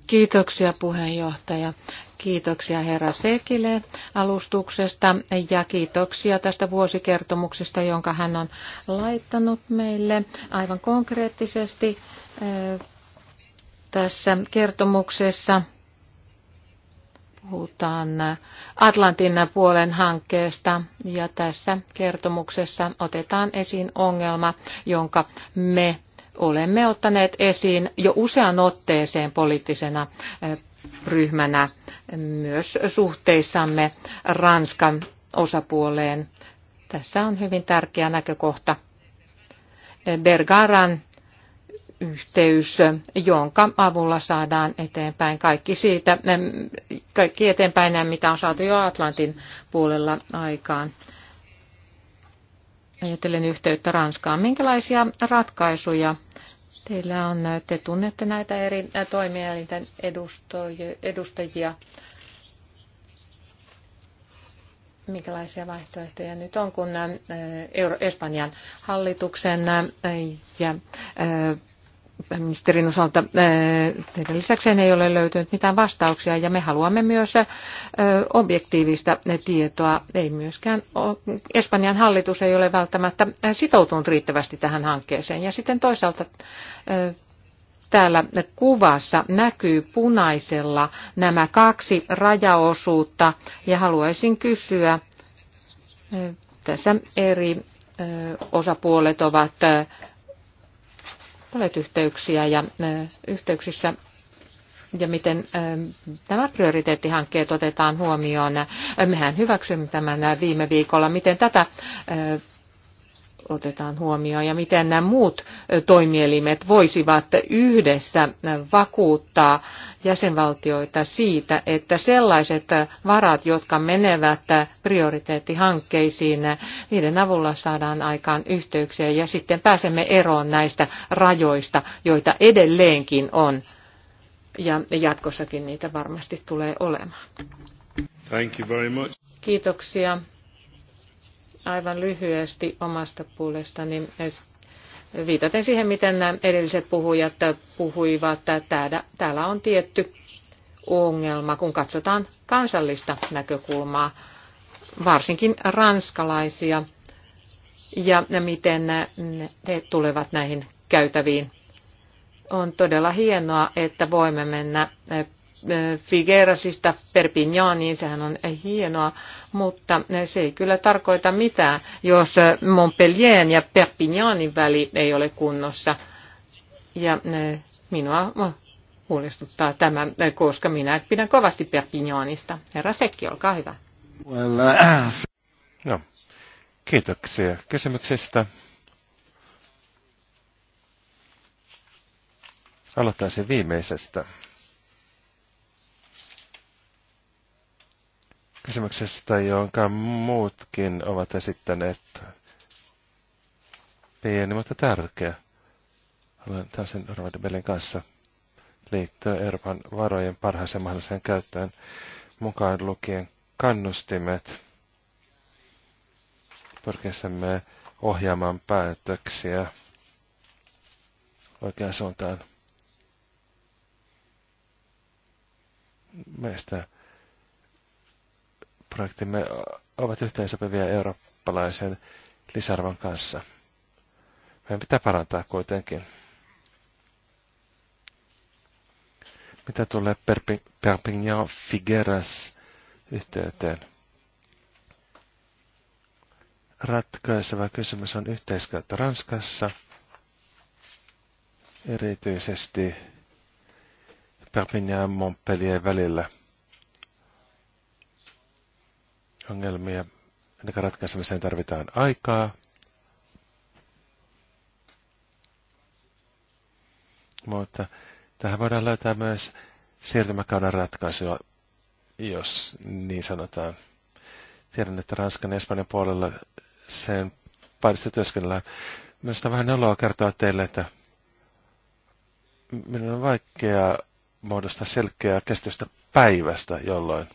Speaker 2: Kiitoksia puheenjohtaja. Kiitoksia herra Sekille alustuksesta ja kiitoksia tästä vuosikertomuksesta, jonka hän on laittanut meille aivan konkreettisesti eh, tässä kertomuksessa puhutaan Atlantin puolen hankkeesta ja tässä kertomuksessa otetaan esiin ongelma, jonka me olemme ottaneet esiin jo usean otteeseen poliittisena eh, ryhmänä myös suhteissamme Ranskan osapuoleen. Tässä on hyvin tärkeä näkökohta. Bergaran yhteys, jonka avulla saadaan eteenpäin kaikki siitä, kaikki eteenpäin, mitä on saatu jo Atlantin puolella aikaan. Ajattelen yhteyttä Ranskaan. Minkälaisia ratkaisuja teillä on? Te tunnette näitä eri toimielinten edustajia. minkälaisia vaihtoehtoja nyt on, kun Espanjan hallituksen ja pääministerin osalta teidän lisäkseen ei ole löytynyt mitään vastauksia ja me haluamme myös objektiivista tietoa. Ei myöskään Espanjan hallitus ei ole välttämättä sitoutunut riittävästi tähän hankkeeseen. Ja sitten toisaalta täällä kuvassa näkyy punaisella nämä kaksi rajaosuutta ja haluaisin kysyä, tässä eri osapuolet ovat paljon yhteyksiä ja yhteyksissä ja miten tämä prioriteettihankkeet otetaan huomioon. Mehän hyväksymme tämän viime viikolla. Miten tätä otetaan huomioon ja miten nämä muut toimielimet voisivat yhdessä vakuuttaa jäsenvaltioita siitä, että sellaiset varat, jotka menevät prioriteettihankkeisiin, niiden avulla saadaan aikaan yhteyksiä ja sitten pääsemme eroon näistä rajoista, joita edelleenkin on. Ja jatkossakin niitä varmasti tulee olemaan.
Speaker 1: Thank you very much.
Speaker 2: Kiitoksia Aivan lyhyesti omasta puolestani viitaten siihen, miten nämä edelliset puhujat puhuivat, että täällä on tietty ongelma, kun katsotaan kansallista näkökulmaa, varsinkin ranskalaisia, ja miten he tulevat näihin käytäviin. On todella hienoa, että voimme mennä Figuerasista Perpignaniin, sehän on hienoa, mutta se ei kyllä tarkoita mitään, jos Montpellierin ja Perpignanin väli ei ole kunnossa. Ja eh, minua huolestuttaa tämä, eh, koska minä pidän kovasti Perpignanista. Herra Sekki, olkaa hyvä.
Speaker 3: Well, uh... no, kiitoksia kysymyksestä. Aloittaisin viimeisestä. kysymyksestä, jonka muutkin ovat esittäneet. Pieni, mutta tärkeä. Olen täysin Bellin kanssa liittyä Euroopan varojen parhaaseen mahdolliseen käyttöön mukaan lukien kannustimet. Pyrkisemme ohjaamaan päätöksiä oikeaan suuntaan. Meistä projektimme ovat yhteensopivia eurooppalaisen lisäarvon kanssa. Meidän pitää parantaa kuitenkin. Mitä tulee Perpignan Figueras yhteyteen? Ratkaiseva kysymys on yhteiskäyttö Ranskassa, erityisesti Perpignan Montpellier välillä ongelmia. Ennen ratkaisemiseen tarvitaan aikaa. Mutta tähän voidaan löytää myös siirtymäkauden ratkaisua, jos niin sanotaan. Tiedän, että Ranskan ja Espanjan puolella sen parissa työskennellään. Minusta vähän oloa kertoa teille, että minun on vaikea muodostaa selkeää kestystä päivästä, jolloin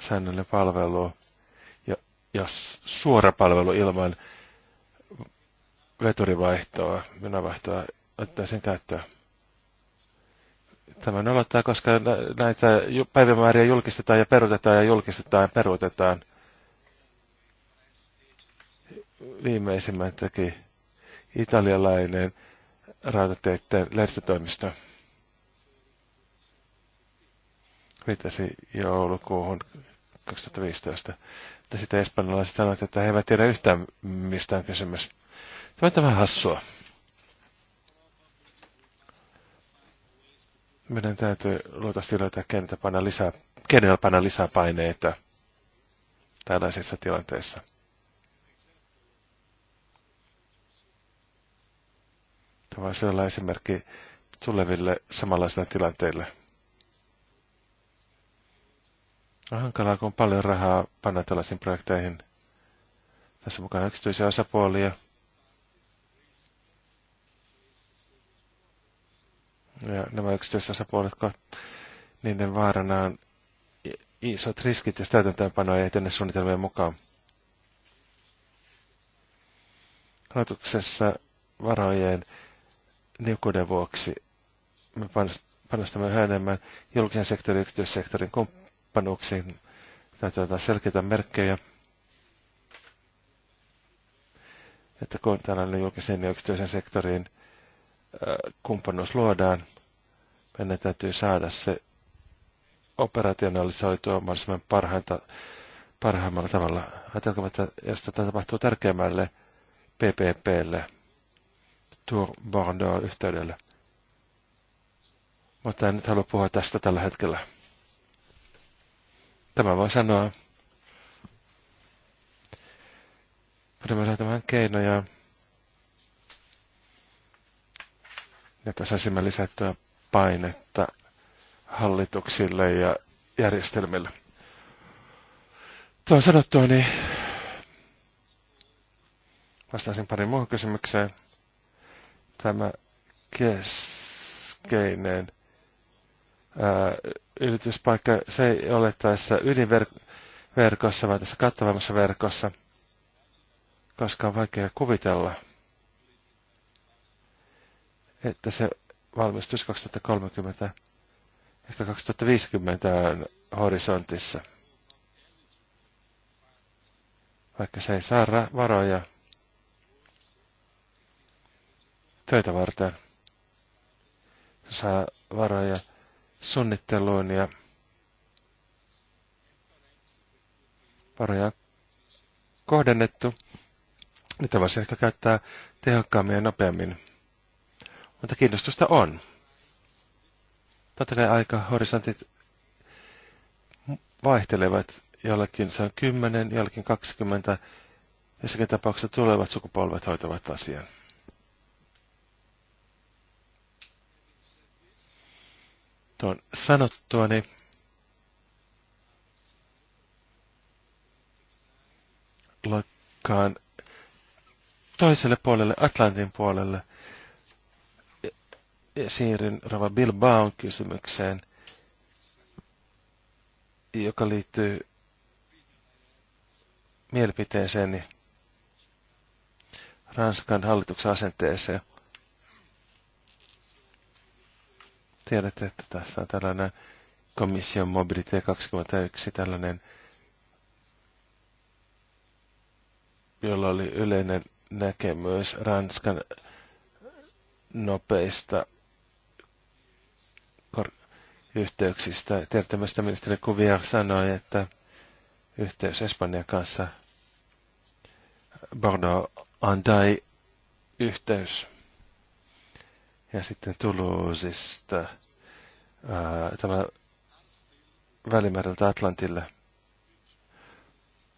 Speaker 3: säännöllinen palvelu ja, ja suora palvelu ilman veturivaihtoa, junavaihtoa, ottaa sen käyttöön. Tämän aloittaa, koska näitä päivämääriä julkistetaan ja peruutetaan ja julkistetaan ja peruutetaan. Viimeisimmän teki italialainen rautateiden lehdistötoimisto. viittasi joulukuuhun 2015. että sitten espanjalaiset sanoivat, että he eivät tiedä yhtään mistä on kysymys. Tämä on vähän hassua. Meidän täytyy luultavasti löytää kenellä painaa lisää, kenellä painaa lisää paineita tällaisissa tilanteissa. Tämä voisi olla esimerkki tuleville samanlaisille tilanteille. On no, hankalaa, kun paljon rahaa panna tällaisiin projekteihin. Tässä mukana yksityisiä osapuolia. Ja nämä yksityiset osapuolet, niiden vaarana on isot riskit, jos täytäntöönpano ei etene suunnitelmien mukaan. Hallituksessa varojen niukkuuden vuoksi me panostamme yhä enemmän julkisen sektorin ja yksityissektorin kumppanuuteen kumppanuuksiin täytyy olla selkeitä merkkejä. Että kun tällainen julkisen ja yksityisen sektorin kumppanuus luodaan, meidän täytyy saada se operationalisoitua mahdollisimman parhainta, parhaimmalla tavalla. Ajatelkaa, että jos tätä tapahtuu tärkeimmälle PPPlle, Tour Bordeaux-yhteydelle. Mutta en nyt halua puhua tästä tällä hetkellä. Tämä voi sanoa. Pyrimme löytämään keinoja, jotta saisimme lisättyä painetta hallituksille ja järjestelmille. Tuo sanottua, niin vastaisin pari muuhun kysymykseen. Tämä keskeinen ylityspaikka. Se ei ole tässä ydinverkossa, vaan tässä kattavammassa verkossa, koska on vaikea kuvitella, että se valmistus 2030, ehkä 2050 horisontissa. Vaikka se ei saa varoja töitä varten, se saa varoja suunnitteluun ja varoja kohdennettu. Niitä voisi ehkä käyttää tehokkaammin ja nopeammin. Mutta kiinnostusta on. Totta kai aika horisontit vaihtelevat. Jollakin se on 10, jollakin 20. Jossakin tapauksessa tulevat sukupolvet hoitavat asian. Tuon sanottuani loikkaan toiselle puolelle, Atlantin puolelle, ja siirryn Rava Bilbaon kysymykseen, joka liittyy mielipiteeseeni Ranskan hallituksen asenteeseen – Tiedätte, että tässä on tällainen komission Mobility 21, tällainen, jolla oli yleinen näkemys Ranskan nopeista yhteyksistä. Tiedätte, ministeri Kuvia sanoi, että yhteys Espanjan kanssa Bordeaux-Andai yhteys ja sitten Tuluusista tämä välimereltä Atlantille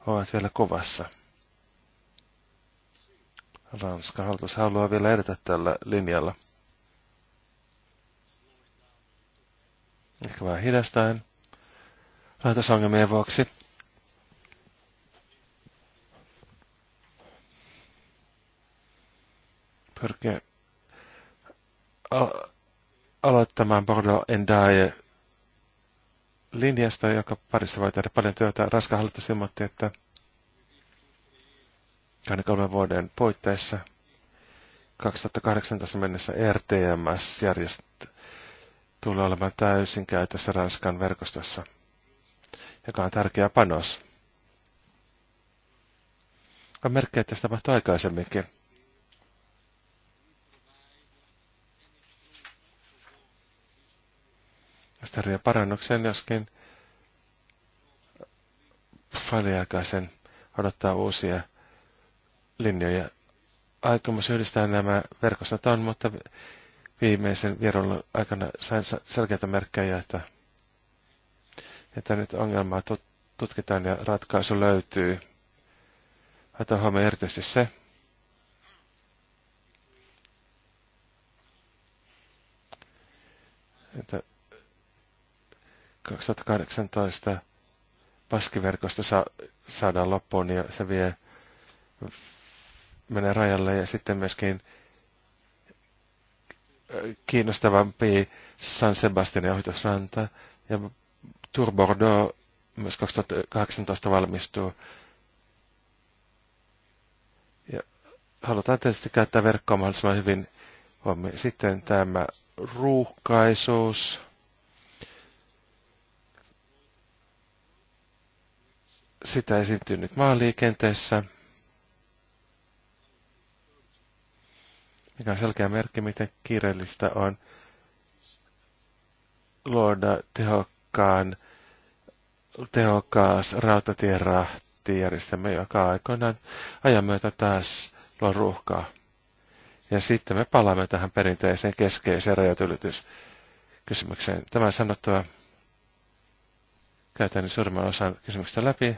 Speaker 3: ovat vielä kovassa. Ranskan hallitus haluaa vielä edetä tällä linjalla. Ehkä vähän hidastaen laitosongelmien vuoksi. Pyrkiä al- aloittamaan Bordeaux Endaye linjasta, joka parissa voi tehdä paljon työtä. Ranskan hallitus ilmoitti, että 23 vuoden poitteissa 2018 mennessä RTMS-järjest tulee olemaan täysin käytössä Ranskan verkostossa, joka on tärkeä panos. On merkkejä, että se tapahtui aikaisemminkin. ja parannuksen, joskin väliaikaisen odottaa uusia linjoja. Aikomus yhdistää nämä verkostot on, mutta viimeisen vierailun aikana sain selkeitä merkkejä, että, että nyt ongelmaa tutkitaan ja ratkaisu löytyy. Otan huomioon erityisesti se, että 2018 paskiverkosta sa- saadaan loppuun ja se vie, menee rajalle ja sitten myöskin äh, kiinnostavampi San Sebastianin ohitusranta ja Tour Bordeaux myös 2018 valmistuu. Ja halutaan tietysti käyttää verkkoa mahdollisimman hyvin. Sitten tämä ruuhkaisuus. Sitä esiintyy nyt maaliikenteessä, mikä on selkeä merkki, miten kiireellistä on luoda tehokkaan, tehokkaas rautatierahtijärjestelmä, joka aikoinaan ajan myötä taas luo ruuhkaa. Ja sitten me palaamme tähän perinteiseen keskeiseen rajatylityskysymykseen. tämä sanottua käytän suurimman osan kysymyksistä läpi.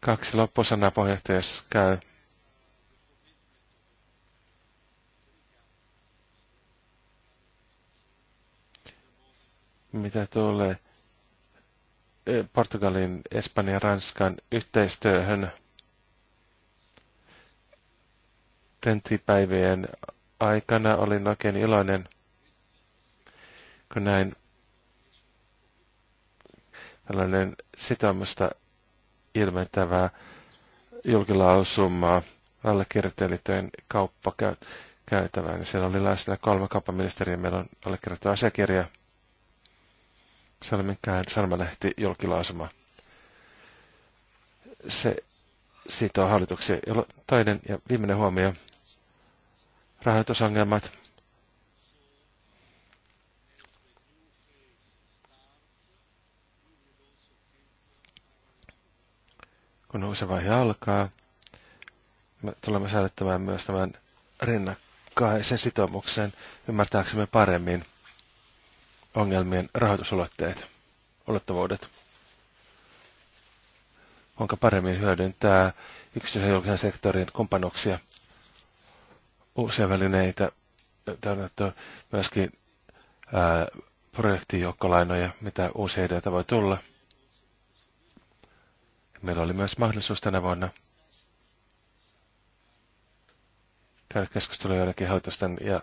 Speaker 3: Kaksi loppusanaa puheenjohtajas käy. Mitä tulee eh, Portugalin, Espanjan ja Ranskan yhteistyöhön tenttipäivien aikana olin oikein iloinen, kun näin tällainen sitoumusta ilmentävää julkilausumaa allekirjoittajaliittojen kauppakäytävää, Niin siellä oli läsnä kolme kauppaministeriä. Meillä on allekirjoitettu asiakirja. Se oli minkään sanomalehti julkilausuma. Se sitoo hallituksia. Toinen ja viimeinen huomio. Rahoitusongelmat. kun se vaihe alkaa, me tulemme säilyttämään myös tämän rinnakkaisen sitoumuksen ymmärtääksemme paremmin ongelmien rahoitusulotteet, ulottuvuudet. Onko paremmin hyödyntää yksityisen ja julkisen sektorin kumppanuuksia, uusia välineitä, myöskin projektijoukkolainoja, mitä uusia ideoita voi tulla – Meillä oli myös mahdollisuus tänä vuonna käydä keskustelua joidenkin hallitusten ja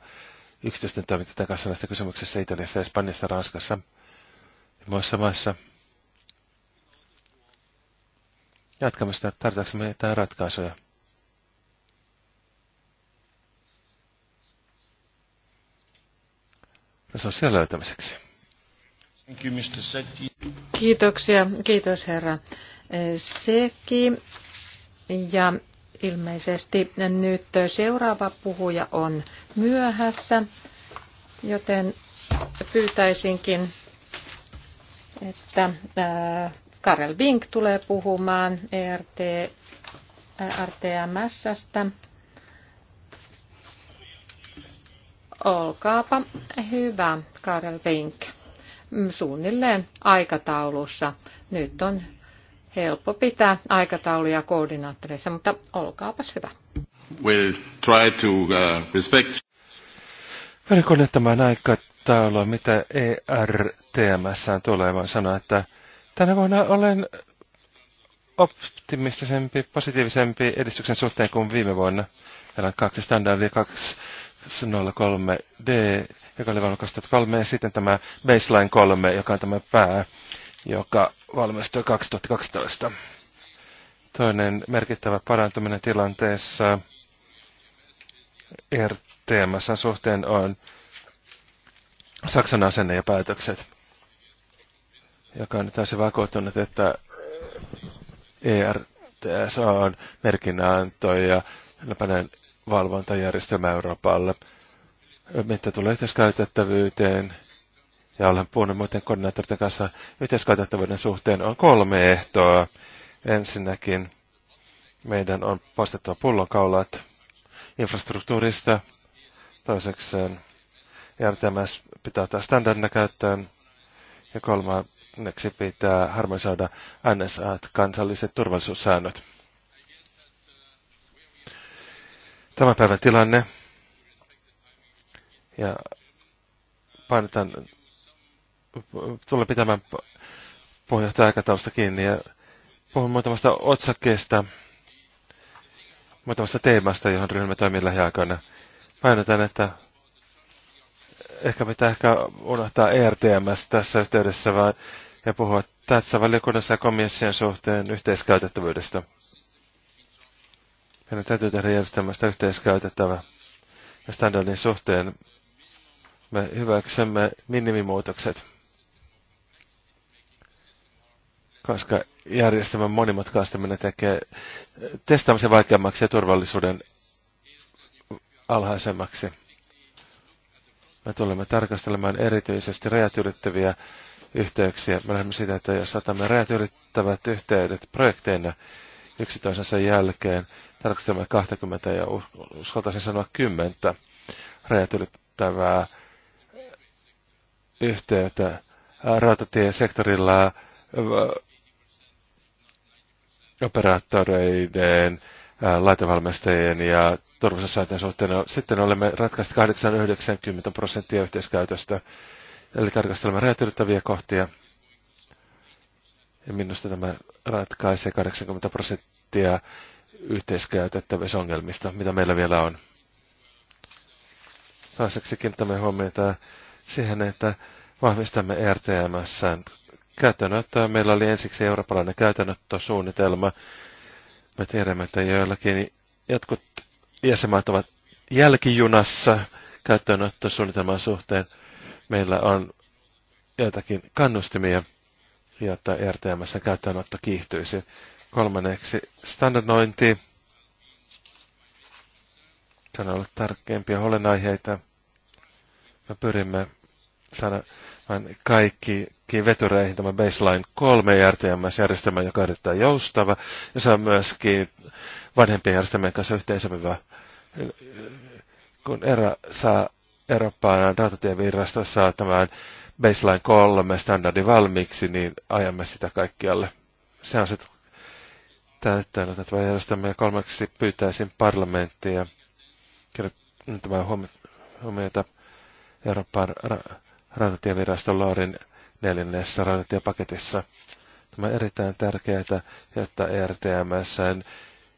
Speaker 3: yksityisten toimintojen kanssa näistä kysymyksissä Italiassa, Espanjassa, Ranskassa ja muissa maissa. Jatkamme sitä, tarvitaanko jotain ratkaisuja. resurssien löytämiseksi.
Speaker 2: Kiitoksia. Kiitos herra Seki. Ja ilmeisesti nyt seuraava puhuja on myöhässä, joten pyytäisinkin, että äh, Karel Vink tulee puhumaan ERT, äh, RTMSstä. Olkaapa hyvä, Karel Vink. Suunnilleen aikataulussa. Nyt on helppo pitää aikatauluja koordinaattoreissa, mutta olkaapas hyvä.
Speaker 3: We'll try to uh, respect. Verkon, että tämän aikataulua, mitä ERTMS on tulee, vaan sanoa, että tänä vuonna olen optimistisempi, positiivisempi edistyksen suhteen kuin viime vuonna. Täällä on kaksi standardia, 203D, joka oli vuonna 2003, ja sitten tämä baseline 3, joka on tämä pää, joka valmistui 2012. Toinen merkittävä parantuminen tilanteessa RTMS suhteen on Saksan asenne ja päätökset, joka on täysin vakuuttunut, että ERTS on ja läpäinen valvontajärjestelmä Euroopalle. Mitä tulee yhteiskäytettävyyteen, ja olen puhunut muiden koordinaattorien kanssa yhteiskäytettävyyden suhteen, on kolme ehtoa. Ensinnäkin meidän on poistettava pullonkaulat infrastruktuurista. Toisekseen järjestelmässä pitää ottaa standardina käyttöön. Ja kolmanneksi pitää harmonisoida NSA kansalliset turvallisuussäännöt. Tämän päivän tilanne ja painetaan tulla pitämään puheenjohtaja aikataulusta kiinni ja puhun muutamasta otsakkeesta, muutamasta teemasta, johon ryhmä toimii lähiaikoina. Painotan, että ehkä pitää ehkä unohtaa ERTMS tässä yhteydessä vaan ja puhua tässä valiokunnassa ja komission suhteen yhteiskäytettävyydestä. Meidän täytyy tehdä järjestelmästä yhteiskäytettävä ja standardin suhteen me hyväksymme minimimuutokset. koska järjestelmän monimutkaistaminen tekee testaamisen vaikeammaksi ja turvallisuuden alhaisemmaksi. Me tulemme tarkastelemaan erityisesti rajat ylittäviä yhteyksiä. Me lähdemme sitä, että jos otamme rajat ylittävät yhteydet projekteina yksi toisensa jälkeen, tarkastelemme 20 ja uskaltaisin sanoa 10 rajat ylittävää yhteyttä rautatiesektorilla operaattoreiden, laitevalmistajien ja turvallisuusaitojen suhteen. No, sitten olemme ratkaista 80 90 prosenttia yhteiskäytöstä, eli tarkastelemme räätyydyttäviä kohtia. Ja minusta tämä ratkaisee 80 prosenttia yhteiskäytettävissä ongelmista, mitä meillä vielä on. Toiseksi kiinnitämme huomiota siihen, että vahvistamme e RTMS käytönottoa. Äh, meillä oli ensiksi eurooppalainen käytönottosuunnitelma. Me tiedämme, että joillakin jotkut jäsenmaat ovat jälkijunassa käyttöönottosuunnitelman suhteen. Meillä on joitakin kannustimia, jotta RTMSn käyttöönotto kiihtyisi. Kolmanneksi standardointi. Tämä on ollut tarkempia huolenaiheita. Me pyrimme saada vain kaikki vetureihin tämä baseline 3 RTMS-järjestelmä, joka on erittäin joustava, ja saa myöskin vanhempien järjestelmien kanssa yhteensopiva, kun erä saa eroppaana datatievirrasta saa tämän baseline 3 standardi valmiiksi, niin ajamme sitä kaikkialle. Se on se otettava järjestelmä ja Kolmeksi pyytäisin parlamenttia kirjoittamaan huomiota Eurooppaan ra- rautatieviraston Laurin neljännessä rautatiepaketissa. Tämä on erittäin tärkeää, jotta ERTMSn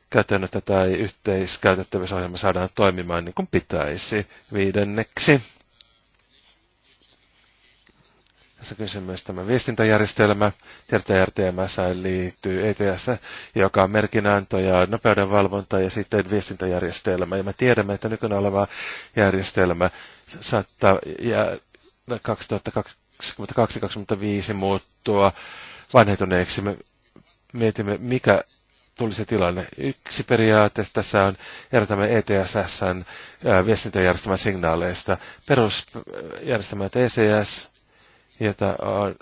Speaker 3: käytännötä tai yhteiskäytettävyysohjelma saadaan toimimaan niin kuin pitäisi. Viidenneksi. Tässä kysymys tämä viestintäjärjestelmä. E RTMS liittyy ETS, joka on merkinanto ja nopeuden valvonta ja sitten viestintäjärjestelmä. Ja me tiedämme, että nykyinen oleva järjestelmä saattaa 2022-2025 muuttua vanhentuneeksi. Me mietimme, mikä tuli se tilanne. Yksi periaate tässä on, erotamme ETSSn viestintäjärjestelmän signaaleista. Perusjärjestelmä TCS, e jota on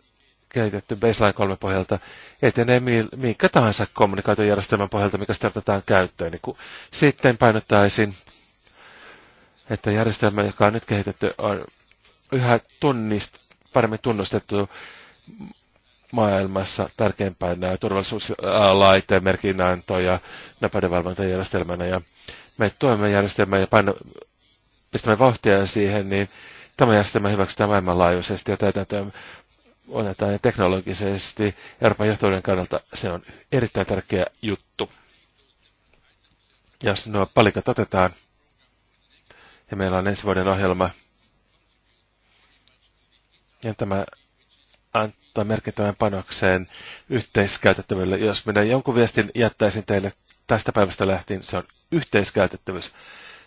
Speaker 3: kehitetty baseline 3 pohjalta, etenee minkä tahansa kommunikaatiojärjestelmän pohjalta, mikä startataan käyttöön. Niin sitten painottaisin, että järjestelmä, joka on nyt kehitetty, on yhä tunnist, paremmin tunnustettu maailmassa tärkeimpänä turvallisuuslaite, ja napaidenvalvontajärjestelmänä ja me tuemme järjestelmää ja paino, pistämme vauhtia siihen, niin tämä järjestelmä hyväksytään maailmanlaajuisesti ja täytäntöön otetaan ja teknologisesti Euroopan johtajuuden kannalta se on erittäin tärkeä juttu. Jos nuo palikat otetaan, ja meillä on ensi vuoden ohjelma, ja tämä antaa merkittävän panokseen yhteiskäytettävyydelle. Jos minä jonkun viestin jättäisin teille tästä päivästä lähtien, se on yhteiskäytettävyys.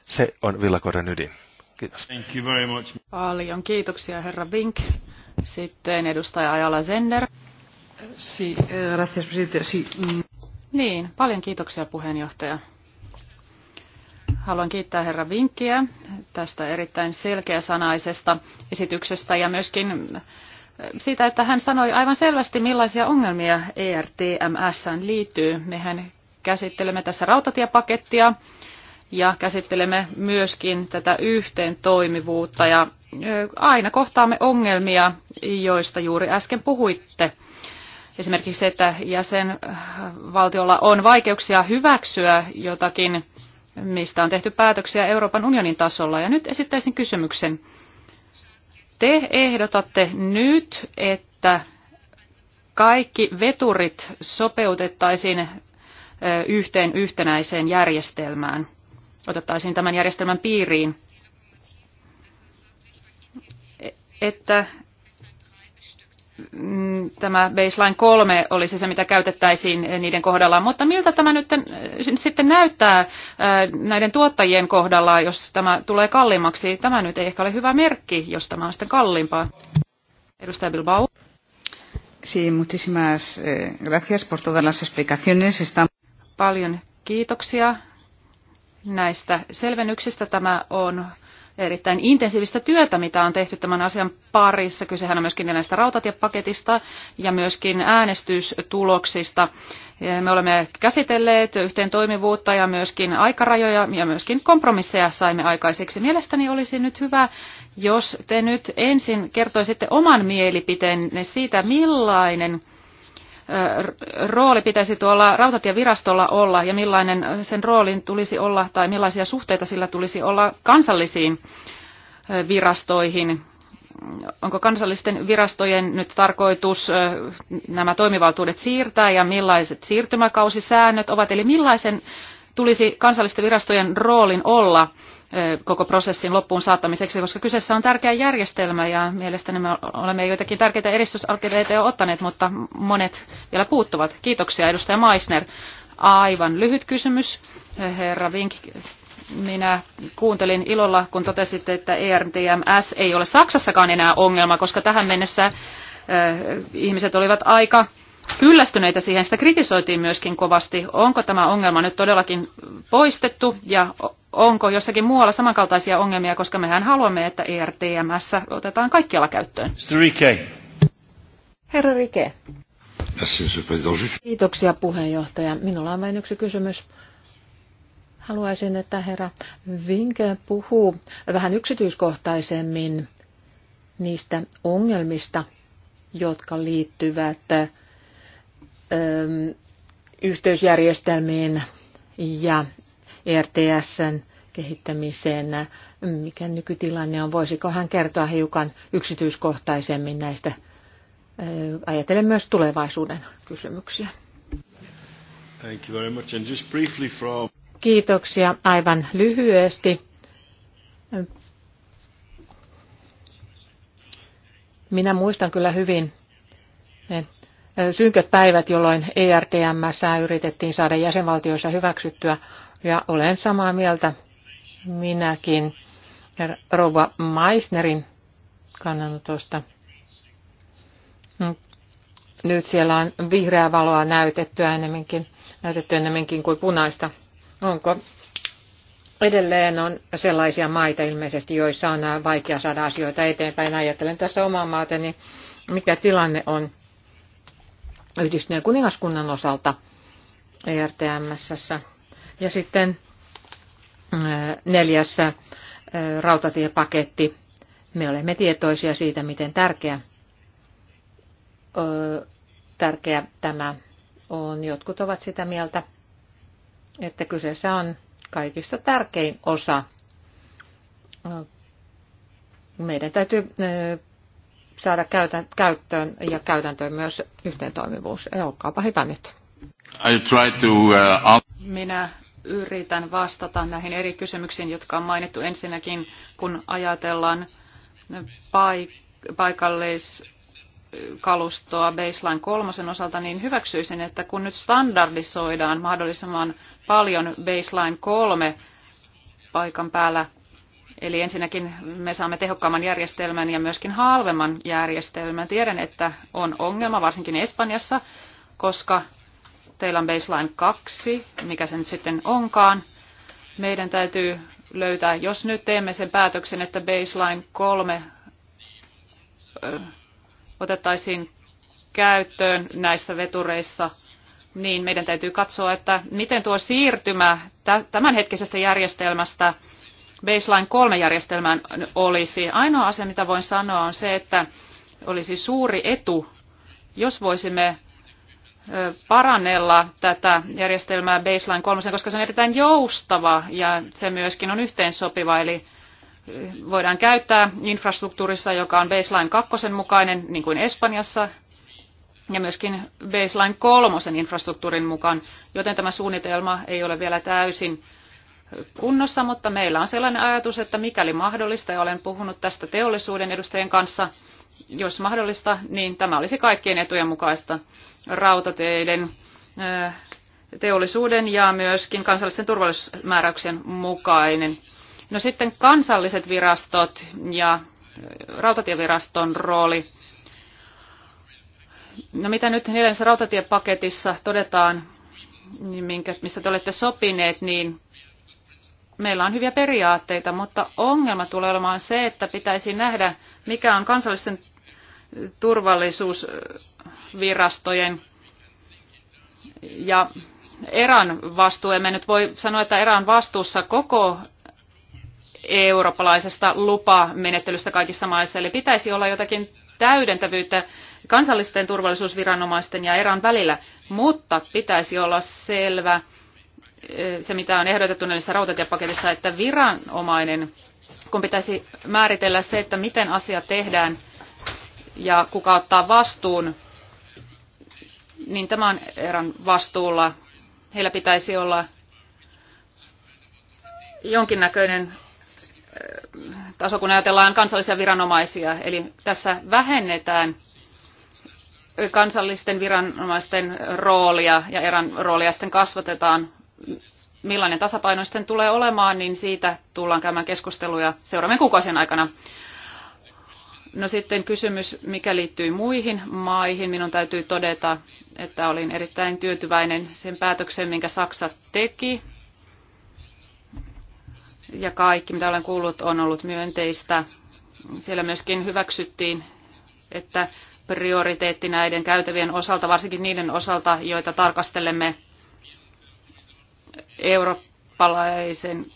Speaker 3: Se on villakorren ydin.
Speaker 1: Kiitos. Thank you very much.
Speaker 4: Paljon kiitoksia, herra Vink. Sitten edustaja Ajala Zender.
Speaker 2: Si, eh, gracias, presidente. Si. Mm.
Speaker 4: Niin, paljon kiitoksia, puheenjohtaja. Haluan kiittää herra Vinkkiä tästä erittäin selkeäsanaisesta esityksestä ja myöskin eh, siitä, että hän sanoi aivan selvästi, millaisia ongelmia ERTMS liittyy. Mehän käsittelemme tässä rautatiepakettia ja käsittelemme myöskin tätä yhteen toimivuutta ja eh, aina kohtaamme ongelmia, joista juuri äsken puhuitte. Esimerkiksi se, että jäsenvaltiolla on vaikeuksia hyväksyä jotakin mistä on tehty päätöksiä Euroopan unionin tasolla. Ja nyt esittäisin kysymyksen. Te ehdotatte nyt, että kaikki veturit sopeutettaisiin yhteen yhtenäiseen järjestelmään. Otettaisiin tämän järjestelmän piiriin. E, että Mm, tämä baseline 3 olisi se, mitä käytettäisiin niiden kohdalla. Mutta miltä tämä nyt äh, sitten näyttää äh, näiden tuottajien kohdalla, jos tämä tulee kalliimmaksi? Tämä nyt ei ehkä ole hyvä merkki, jos tämä on sitten kalliimpaa. Edustaja Bilbao. Sí, muchísimas eh, gracias por todas las explicaciones. Está... Paljon kiitoksia näistä selvennyksistä. Tämä on erittäin intensiivistä työtä, mitä on tehty tämän asian parissa. Kysehän on myöskin näistä rautatiepaketista ja myöskin äänestystuloksista. Me olemme käsitelleet yhteen toimivuutta ja myöskin aikarajoja ja myöskin kompromisseja saimme aikaiseksi. Mielestäni olisi nyt hyvä, jos te nyt ensin kertoisitte oman mielipiteenne siitä, millainen rooli pitäisi tuolla rautatievirastolla olla ja millainen sen roolin tulisi olla tai millaisia suhteita sillä tulisi olla kansallisiin virastoihin. Onko kansallisten virastojen nyt tarkoitus nämä toimivaltuudet siirtää ja millaiset siirtymäkausisäännöt ovat, eli millaisen tulisi kansallisten virastojen roolin olla koko prosessin loppuun saattamiseksi, koska kyseessä on tärkeä järjestelmä ja mielestäni me olemme joitakin tärkeitä edistysalkeita jo ottaneet, mutta monet vielä puuttuvat. Kiitoksia edustaja Meissner. Aivan lyhyt kysymys. Herra Vink, minä kuuntelin ilolla, kun totesitte, että ERTMS ei ole Saksassakaan enää ongelma, koska tähän mennessä ihmiset olivat aika kyllästyneitä siihen. Sitä kritisoitiin myöskin kovasti. Onko tämä ongelma nyt todellakin poistettu ja onko jossakin muualla samankaltaisia ongelmia, koska mehän haluamme, että ERTMS otetaan kaikkialla käyttöön.
Speaker 1: Rike.
Speaker 2: Herra Rike. Kiitoksia puheenjohtaja. Minulla on vain yksi kysymys. Haluaisin, että herra Vinke puhuu vähän yksityiskohtaisemmin niistä ongelmista, jotka liittyvät ö, yhteysjärjestelmiin ja ERTSn kehittämiseen. Mikä nykytilanne on? Voisiko hän kertoa hiukan yksityiskohtaisemmin näistä? Ajatellen myös tulevaisuuden kysymyksiä.
Speaker 1: Thank you very much. And just briefly
Speaker 2: from... Kiitoksia aivan lyhyesti. Minä muistan kyllä hyvin ne synkät päivät, jolloin ERTMS yritettiin saada jäsenvaltioissa hyväksyttyä ja olen samaa mieltä minäkin rouva Meissnerin kannanotosta. Nyt siellä on vihreää valoa näytetty enemmänkin, näytetty enemmänkin kuin punaista. Onko edelleen on sellaisia maita ilmeisesti, joissa on vaikea saada asioita eteenpäin. Ajattelen tässä omaa maatani, niin mikä tilanne on yhdistyneen kuningaskunnan osalta ERTMS. Ja sitten äh, neljäs äh, rautatiepaketti. Me olemme tietoisia siitä, miten tärkeä, tärkeä tämä on. Jotkut ovat sitä mieltä, että kyseessä on kaikista tärkein osa. Meidän täytyy saada käyttöön ja käytäntöön myös yhteentoimivuus. Olkaapa hyvä nyt.
Speaker 5: I try to, uh...
Speaker 2: Minä
Speaker 4: yritän vastata näihin eri kysymyksiin, jotka on mainittu ensinnäkin, kun ajatellaan paik- paikalliskalustoa baseline kolmosen osalta, niin hyväksyisin, että kun nyt standardisoidaan mahdollisimman paljon baseline kolme paikan päällä, eli ensinnäkin me saamme tehokkaamman järjestelmän ja myöskin halvemman järjestelmän. Tiedän, että on ongelma, varsinkin Espanjassa, koska Teillä on baseline 2, mikä se nyt sitten onkaan. Meidän täytyy löytää, jos nyt teemme sen päätöksen, että baseline 3 otettaisiin käyttöön näissä vetureissa, niin meidän täytyy katsoa, että miten tuo siirtymä tämänhetkisestä järjestelmästä baseline 3 järjestelmään olisi. Ainoa asia, mitä voin sanoa, on se, että olisi suuri etu, jos voisimme parannella tätä järjestelmää baseline 3, koska se on erittäin joustava ja se myöskin on yhteensopiva, eli voidaan käyttää infrastruktuurissa, joka on baseline 2 mukainen, niin kuin Espanjassa, ja myöskin baseline 3 infrastruktuurin mukaan, joten tämä suunnitelma ei ole vielä täysin kunnossa, mutta meillä on sellainen ajatus, että mikäli mahdollista, ja olen puhunut tästä teollisuuden edustajien kanssa, jos mahdollista, niin tämä olisi kaikkien etujen mukaista rautateiden teollisuuden ja myöskin kansallisten turvallisuusmääräyksien mukainen. No sitten kansalliset virastot ja rautatieviraston rooli. No mitä nyt neljännessä rautatiepaketissa todetaan, niin minkä, mistä te olette sopineet, niin meillä on hyviä periaatteita, mutta ongelma tulee olemaan se, että pitäisi nähdä, mikä on kansallisten turvallisuus virastojen ja Eran vastuu. Emme nyt voi sanoa, että Eran vastuussa koko eurooppalaisesta lupamenettelystä kaikissa maissa. Eli pitäisi olla jotakin täydentävyyttä kansallisten turvallisuusviranomaisten ja Eran välillä, mutta pitäisi olla selvä eh, se, mitä on ehdotettu näissä rautatiepaketissa, että viranomainen, kun pitäisi määritellä se, että miten asia tehdään ja kuka ottaa vastuun niin tämä on erän vastuulla. Heillä pitäisi olla jonkinnäköinen taso, kun ajatellaan kansallisia viranomaisia. Eli tässä vähennetään kansallisten viranomaisten roolia ja erän roolia sitten kasvatetaan. Millainen tasapaino sitten tulee olemaan, niin siitä tullaan käymään keskusteluja seuraavien kuukausien aikana. No sitten kysymys, mikä liittyy muihin maihin. Minun täytyy todeta, että olin erittäin tyytyväinen sen päätökseen, minkä Saksa teki. Ja kaikki, mitä olen kuullut, on ollut myönteistä. Siellä myöskin hyväksyttiin, että prioriteetti näiden käytävien osalta, varsinkin niiden osalta, joita tarkastelemme eurooppalaisen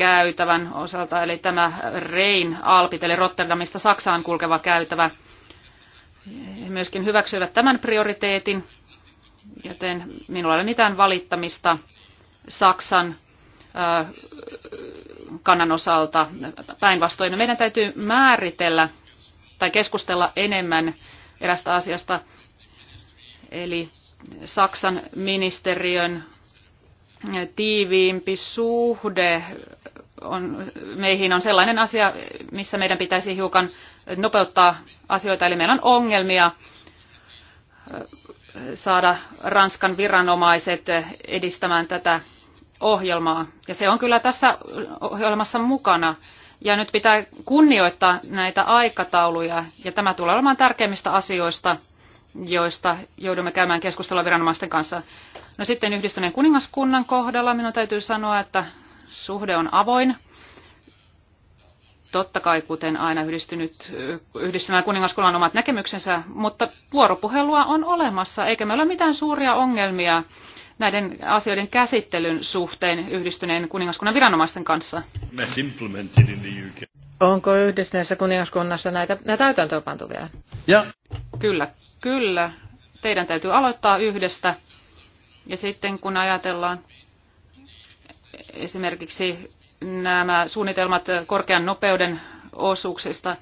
Speaker 4: käytävän osalta, eli tämä Rein Alpit, eli Rotterdamista Saksaan kulkeva käytävä. He myöskin hyväksyivät tämän prioriteetin, joten minulla ei ole mitään valittamista Saksan kannan osalta. Päinvastoin meidän täytyy määritellä tai keskustella enemmän erästä asiasta, eli Saksan ministeriön tiiviimpi suhde on, meihin on sellainen asia, missä meidän pitäisi hiukan nopeuttaa asioita. Eli meillä on ongelmia saada Ranskan viranomaiset edistämään tätä ohjelmaa. Ja se on kyllä tässä ohjelmassa mukana. Ja nyt pitää kunnioittaa näitä aikatauluja. Ja tämä tulee olemaan tärkeimmistä asioista, joista joudumme käymään keskustelua viranomaisten kanssa. No sitten yhdistyneen kuningaskunnan kohdalla minun täytyy sanoa, että suhde on avoin. Totta kai, kuten aina yhdistynyt, yhdistymään kuningaskunnan omat näkemyksensä, mutta vuoropuhelua on olemassa, eikä meillä ole mitään suuria ongelmia näiden asioiden käsittelyn suhteen
Speaker 2: yhdistyneen kuningaskunnan
Speaker 4: viranomaisten kanssa.
Speaker 2: Onko yhdistyneessä kuningaskunnassa näitä, näitä täytäntöön pantu vielä?
Speaker 4: Ja. Kyllä, kyllä. Teidän täytyy aloittaa yhdestä. Ja sitten kun ajatellaan esimerkiksi nämä suunnitelmat korkean nopeuden osuuksista.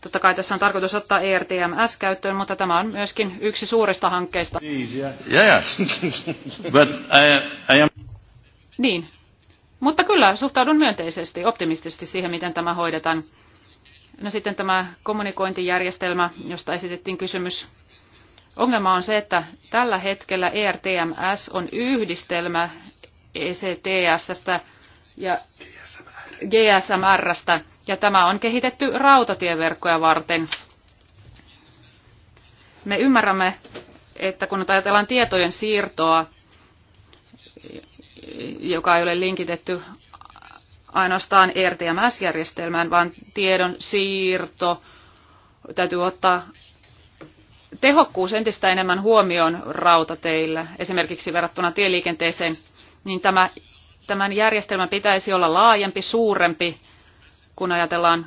Speaker 4: Totta kai tässä on tarkoitus ottaa ERTMS käyttöön, mutta tämä on myöskin yksi suurista hankkeista.
Speaker 5: Yeah. But I, I am...
Speaker 4: Niin. Mutta kyllä, suhtaudun myönteisesti, optimistisesti siihen, miten tämä hoidetaan. No sitten tämä kommunikointijärjestelmä, josta esitettiin kysymys. Ongelma on se, että tällä hetkellä ERTMS on yhdistelmä ECTS-stä ja GSMR-stä, ja tämä on kehitetty rautatieverkkoja varten. Me ymmärrämme, että kun ajatellaan tietojen siirtoa, joka ei ole linkitetty ainoastaan RTMS-järjestelmään, vaan tiedon siirto täytyy ottaa tehokkuus entistä enemmän huomioon rautateillä, esimerkiksi verrattuna tieliikenteeseen – niin tämä, tämän järjestelmän pitäisi olla laajempi, suurempi, kun ajatellaan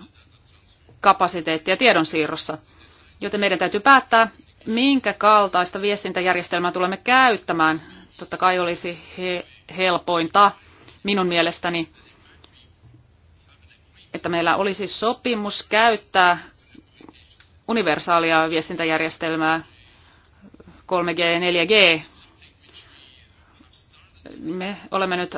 Speaker 4: kapasiteettia tiedonsiirrossa. Joten meidän täytyy päättää, minkä kaltaista viestintäjärjestelmää tulemme käyttämään. Totta kai olisi he, helpointa minun mielestäni, että meillä olisi sopimus käyttää universaalia viestintäjärjestelmää 3G, 4G me olemme nyt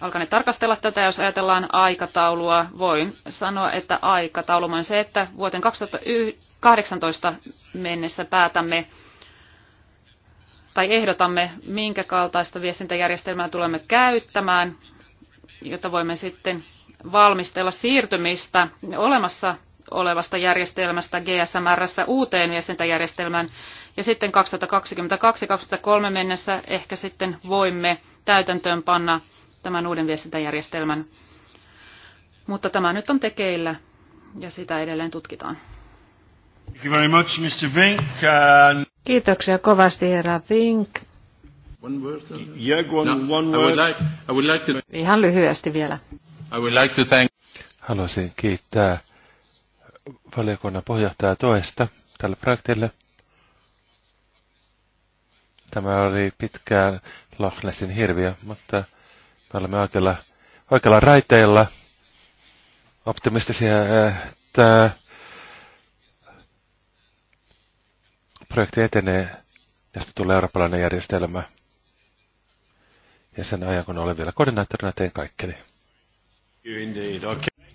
Speaker 4: alkaneet tarkastella tätä, jos ajatellaan aikataulua. Voin sanoa, että aikataulu on se, että vuoteen 2018 mennessä päätämme tai ehdotamme, minkä kaltaista viestintäjärjestelmää tulemme käyttämään, jota voimme sitten valmistella siirtymistä olemassa olevasta järjestelmästä GSMRssä uuteen viestintäjärjestelmään, ja sitten 2022-2023 mennessä ehkä sitten voimme täytäntöön panna tämän uuden viestintäjärjestelmän. Mutta tämä nyt on tekeillä ja sitä edelleen tutkitaan.
Speaker 1: Thank you very much, Mr. Vink. Uh...
Speaker 4: Kiitoksia
Speaker 2: kovasti, herra Vink.
Speaker 1: One word, yeah, no, one word. I would like, I would like
Speaker 2: to... Ihan lyhyesti vielä.
Speaker 3: I would like to thank... Haluaisin kiittää valiokunnan puheenjohtajaa toesta tälle projektille. Tämä oli pitkään Loch Nessin hirviö, mutta me olemme oikealla, oikealla raiteilla optimistisia, että projekti etenee ja tulee eurooppalainen järjestelmä. Ja sen ajan, kun olen vielä koordinaattorina, teen kaikkeni.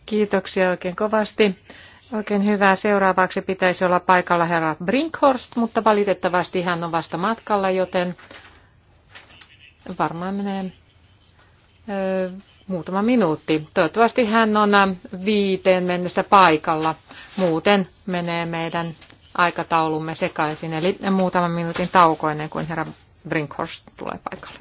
Speaker 2: Kiitoksia oikein kovasti. Oikein hyvää. Seuraavaksi pitäisi olla paikalla herra Brinkhorst, mutta valitettavasti hän on vasta matkalla, joten varmaan menee ö, muutama minuutti. Toivottavasti hän on viiteen mennessä paikalla. Muuten menee meidän aikataulumme sekaisin, eli muutaman minuutin tauko ennen kuin herra Brinkhorst tulee paikalle.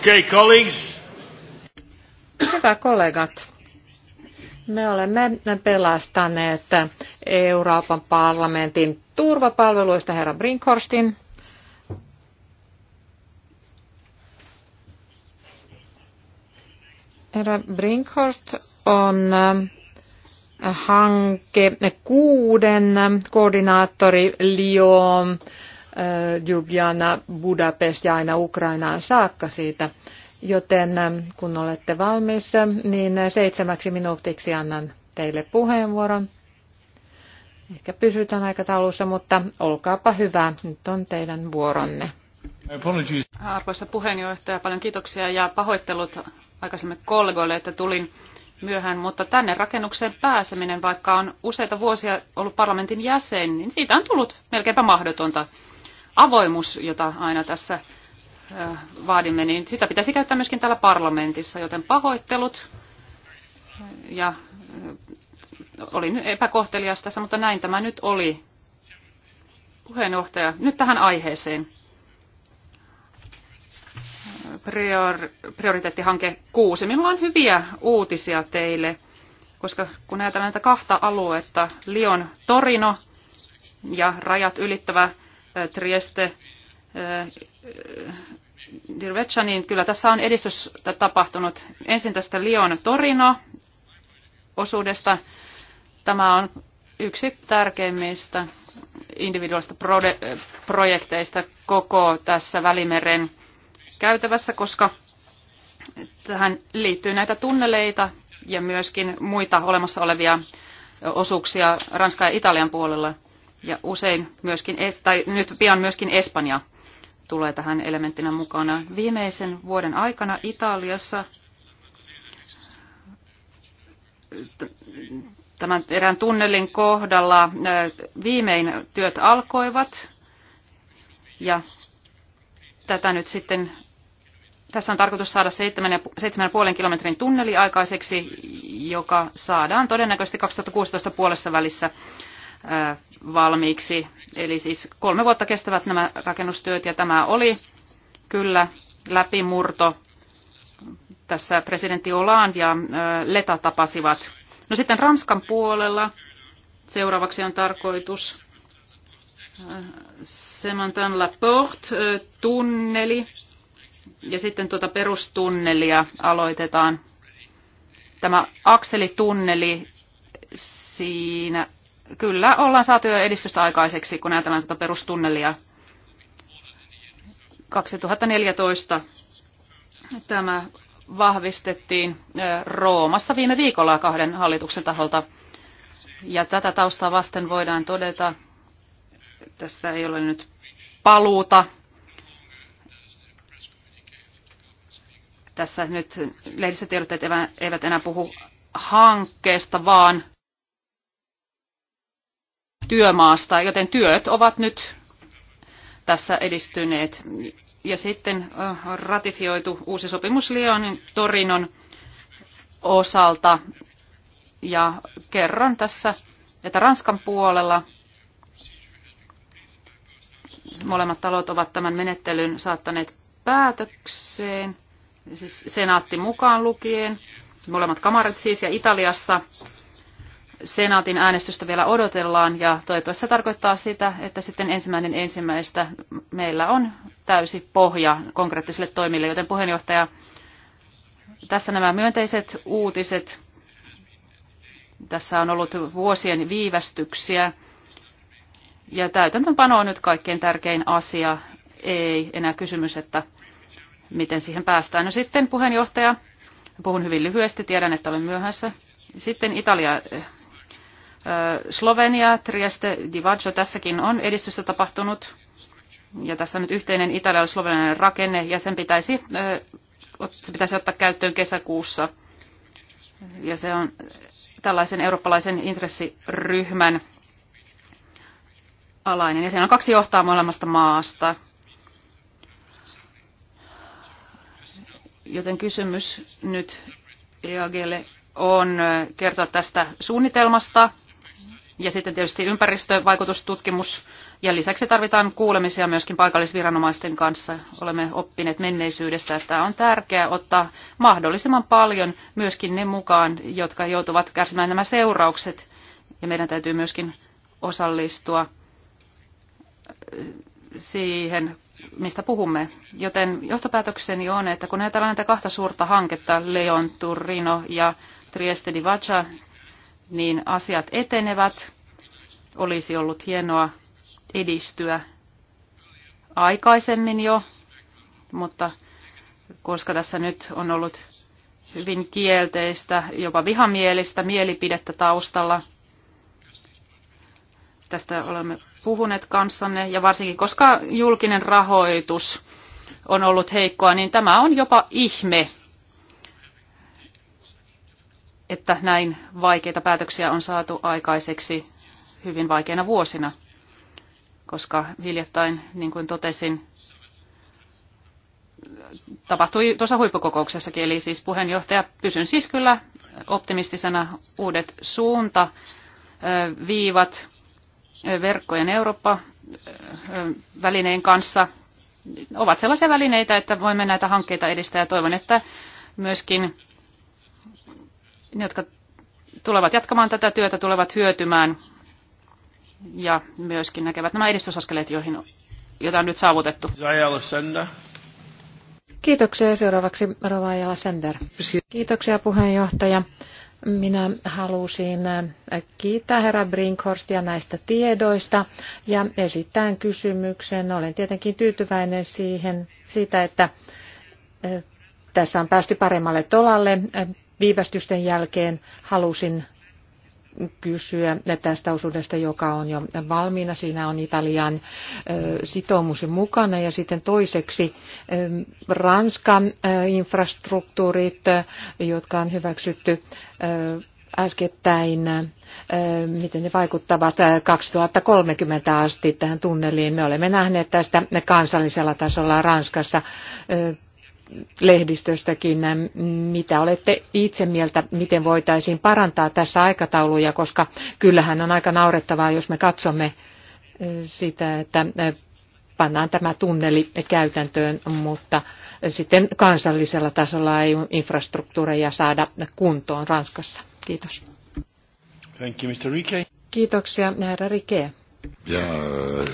Speaker 1: Okay, colleagues.
Speaker 2: Hyvä kollegat. Me olemme pelastaneet Euroopan parlamentin turvapalveluista herra Brinkhorstin. Herra Brinkhorst on äh, hanke kuuden koordinaattori Lyon Ljubljana, Budapest ja aina Ukrainaan saakka siitä. Joten kun olette valmis, niin seitsemäksi minuutiksi annan teille puheenvuoron. Ehkä pysytään aikataulussa, mutta olkaapa hyvä, nyt on teidän vuoronne.
Speaker 4: Arvoisa puheenjohtaja, paljon kiitoksia ja pahoittelut aikaisemmin kollegoille, että tulin myöhään, mutta tänne rakennukseen pääseminen, vaikka on useita vuosia ollut parlamentin jäsen, niin siitä on tullut melkeinpä mahdotonta avoimuus, jota aina tässä vaadimme, niin sitä pitäisi käyttää myöskin täällä parlamentissa, joten pahoittelut ja oli epäkohtelias tässä, mutta näin tämä nyt oli. Puheenjohtaja, nyt tähän aiheeseen. Prior, prioriteettihanke 6. Minulla on hyviä uutisia teille, koska kun ajatellaan näitä kahta aluetta, Lion Torino ja rajat ylittävä Trieste Dirvecha, niin kyllä tässä on edistys tapahtunut. Ensin tästä Lion Torino osuudesta. Tämä on yksi tärkeimmistä individuaalista projekteista koko tässä Välimeren käytävässä, koska tähän liittyy näitä tunneleita ja myöskin muita olemassa olevia osuuksia Ranskan ja Italian puolella – ja usein myöskin, tai nyt pian myöskin Espanja tulee tähän elementtinä mukana. Viimeisen vuoden aikana Italiassa tämän erään tunnelin kohdalla viimein työt alkoivat ja tätä nyt sitten tässä on tarkoitus saada 7,5 kilometrin tunneli aikaiseksi, joka saadaan todennäköisesti 2016 puolessa välissä valmiiksi. Eli siis kolme vuotta kestävät nämä rakennustyöt ja tämä oli kyllä läpimurto. Tässä presidentti Hollande ja Leta tapasivat. No sitten Ranskan puolella seuraavaksi on tarkoitus Semantan La Porte tunneli ja sitten tuota perustunnelia aloitetaan. Tämä akselitunneli, siinä kyllä ollaan saatu jo edistystä aikaiseksi, kun ajatellaan tuota perustunnelia 2014. Tämä vahvistettiin Roomassa viime viikolla kahden hallituksen taholta. Ja tätä taustaa vasten voidaan todeta, tästä ei ole nyt paluuta. Tässä nyt lehdistötiedotteet eivät enää puhu hankkeesta, vaan työmaasta, joten työt ovat nyt tässä edistyneet. Ja sitten ratifioitu uusi sopimus Lyonin Torinon osalta. Ja kerron tässä, että Ranskan puolella molemmat talot ovat tämän menettelyn saattaneet päätökseen, siis senaatti mukaan lukien, molemmat kamarit siis, ja Italiassa senaatin äänestystä vielä odotellaan ja toivottavasti se tarkoittaa sitä, että sitten ensimmäinen ensimmäistä meillä on täysi pohja konkreettisille toimille, joten puheenjohtaja, tässä nämä myönteiset uutiset. Tässä on ollut vuosien viivästyksiä ja täytäntöönpano on nyt kaikkein tärkein asia. Ei enää kysymys, että miten siihen päästään. No sitten puheenjohtaja, puhun hyvin lyhyesti, tiedän, että olen myöhässä. Sitten Italia Slovenia, Trieste, Divaggio, tässäkin on edistystä tapahtunut. Ja tässä on nyt yhteinen italialainen rakenne, ja sen pitäisi, se pitäisi ottaa käyttöön kesäkuussa. Ja se on tällaisen eurooppalaisen intressiryhmän alainen. Ja siinä on kaksi johtaa molemmasta maasta. Joten kysymys nyt EAGlle on kertoa tästä suunnitelmasta ja sitten tietysti ympäristövaikutustutkimus. Ja lisäksi tarvitaan kuulemisia myöskin paikallisviranomaisten kanssa. Olemme oppineet menneisyydestä, että on tärkeää ottaa mahdollisimman paljon myöskin ne mukaan, jotka joutuvat kärsimään nämä seuraukset. Ja meidän täytyy myöskin osallistua äh, siihen, mistä puhumme. Joten johtopäätökseni on, että kun ajatellaan näitä kahta suurta hanketta, Leon Turino ja Trieste di Vaca niin asiat etenevät. Olisi ollut hienoa edistyä aikaisemmin jo, mutta koska tässä nyt on ollut hyvin kielteistä, jopa vihamielistä mielipidettä taustalla, tästä olemme puhuneet kanssanne, ja varsinkin koska julkinen rahoitus on ollut heikkoa, niin tämä on jopa ihme, että näin vaikeita päätöksiä on saatu aikaiseksi hyvin vaikeina vuosina, koska hiljattain, niin kuin totesin, tapahtui tuossa huippukokouksessakin, eli siis puheenjohtaja, pysyn siis kyllä optimistisena uudet suunta, viivat, verkkojen Eurooppa-välineen kanssa ovat sellaisia välineitä, että voimme näitä hankkeita edistää ja toivon, että myöskin ne, jotka tulevat jatkamaan tätä työtä, tulevat hyötymään ja myöskin näkevät nämä edistysaskeleet, joihin, joita on nyt saavutettu.
Speaker 2: Kiitoksia. Seuraavaksi Rovajala Sender. Kiitoksia puheenjohtaja. Minä halusin äh, kiittää herra Brinkhorstia näistä tiedoista ja esittää kysymyksen. Olen tietenkin tyytyväinen siihen, siitä, että äh, tässä on päästy paremmalle tolalle äh, viivästysten jälkeen halusin kysyä tästä osuudesta, joka on jo valmiina. Siinä on Italian sitoumus mukana ja sitten toiseksi Ranskan infrastruktuurit, jotka on hyväksytty äskettäin, miten ne vaikuttavat 2030 asti tähän tunneliin. Me olemme nähneet tästä kansallisella tasolla Ranskassa lehdistöstäkin, ähm, mitä olette itse mieltä, miten voitaisiin parantaa tässä aikatauluja, koska kyllähän on aika naurettavaa, jos me katsomme äh, sitä, että äh, pannaan tämä tunneli käytäntöön, mutta sitten kansallisella tasolla ei infrastruktuureja saada kuntoon Ranskassa. Kiitos.
Speaker 1: Thank you, Mr. Rike.
Speaker 2: Kiitoksia, herra Rike.
Speaker 5: Bien, euh,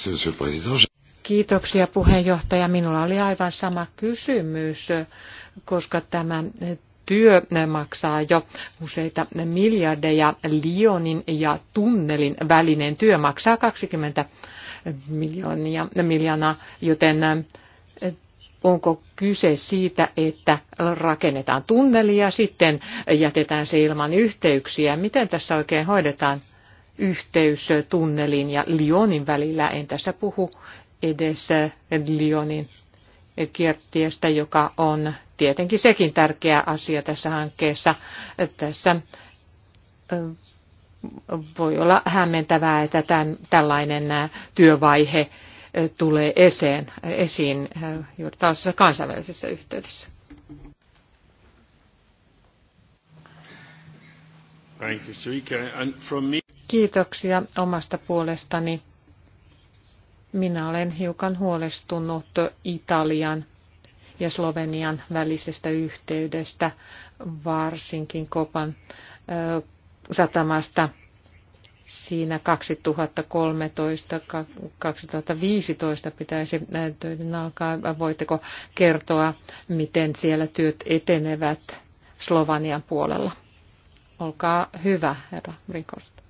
Speaker 5: monsieur le président,
Speaker 2: Kiitoksia puheenjohtaja. Minulla oli aivan sama kysymys, koska tämä työ maksaa jo useita miljardeja. Lionin ja tunnelin välinen työ maksaa 20 miljoonia, miljoonaa, joten eh, onko kyse siitä, että rakennetaan tunneli ja sitten jätetään se ilman yhteyksiä? Miten tässä oikein hoidetaan yhteys tunnelin ja Lyonin välillä? En tässä puhu edes Lyonin kiertiestä, joka on tietenkin sekin tärkeä asia tässä hankkeessa. Tässä voi olla hämmentävää, että tämän, tällainen työvaihe tulee esiin, esiin juuri tällaisessa kansainvälisessä yhteydessä. Kiitoksia omasta puolestani. Minä olen hiukan huolestunut Italian ja Slovenian välisestä yhteydestä, varsinkin Kopan satamasta siinä 2013-2015 pitäisi töiden alkaa. Voitteko kertoa, miten siellä työt etenevät Slovanian puolella? Olkaa hyvä, herra Rikosta.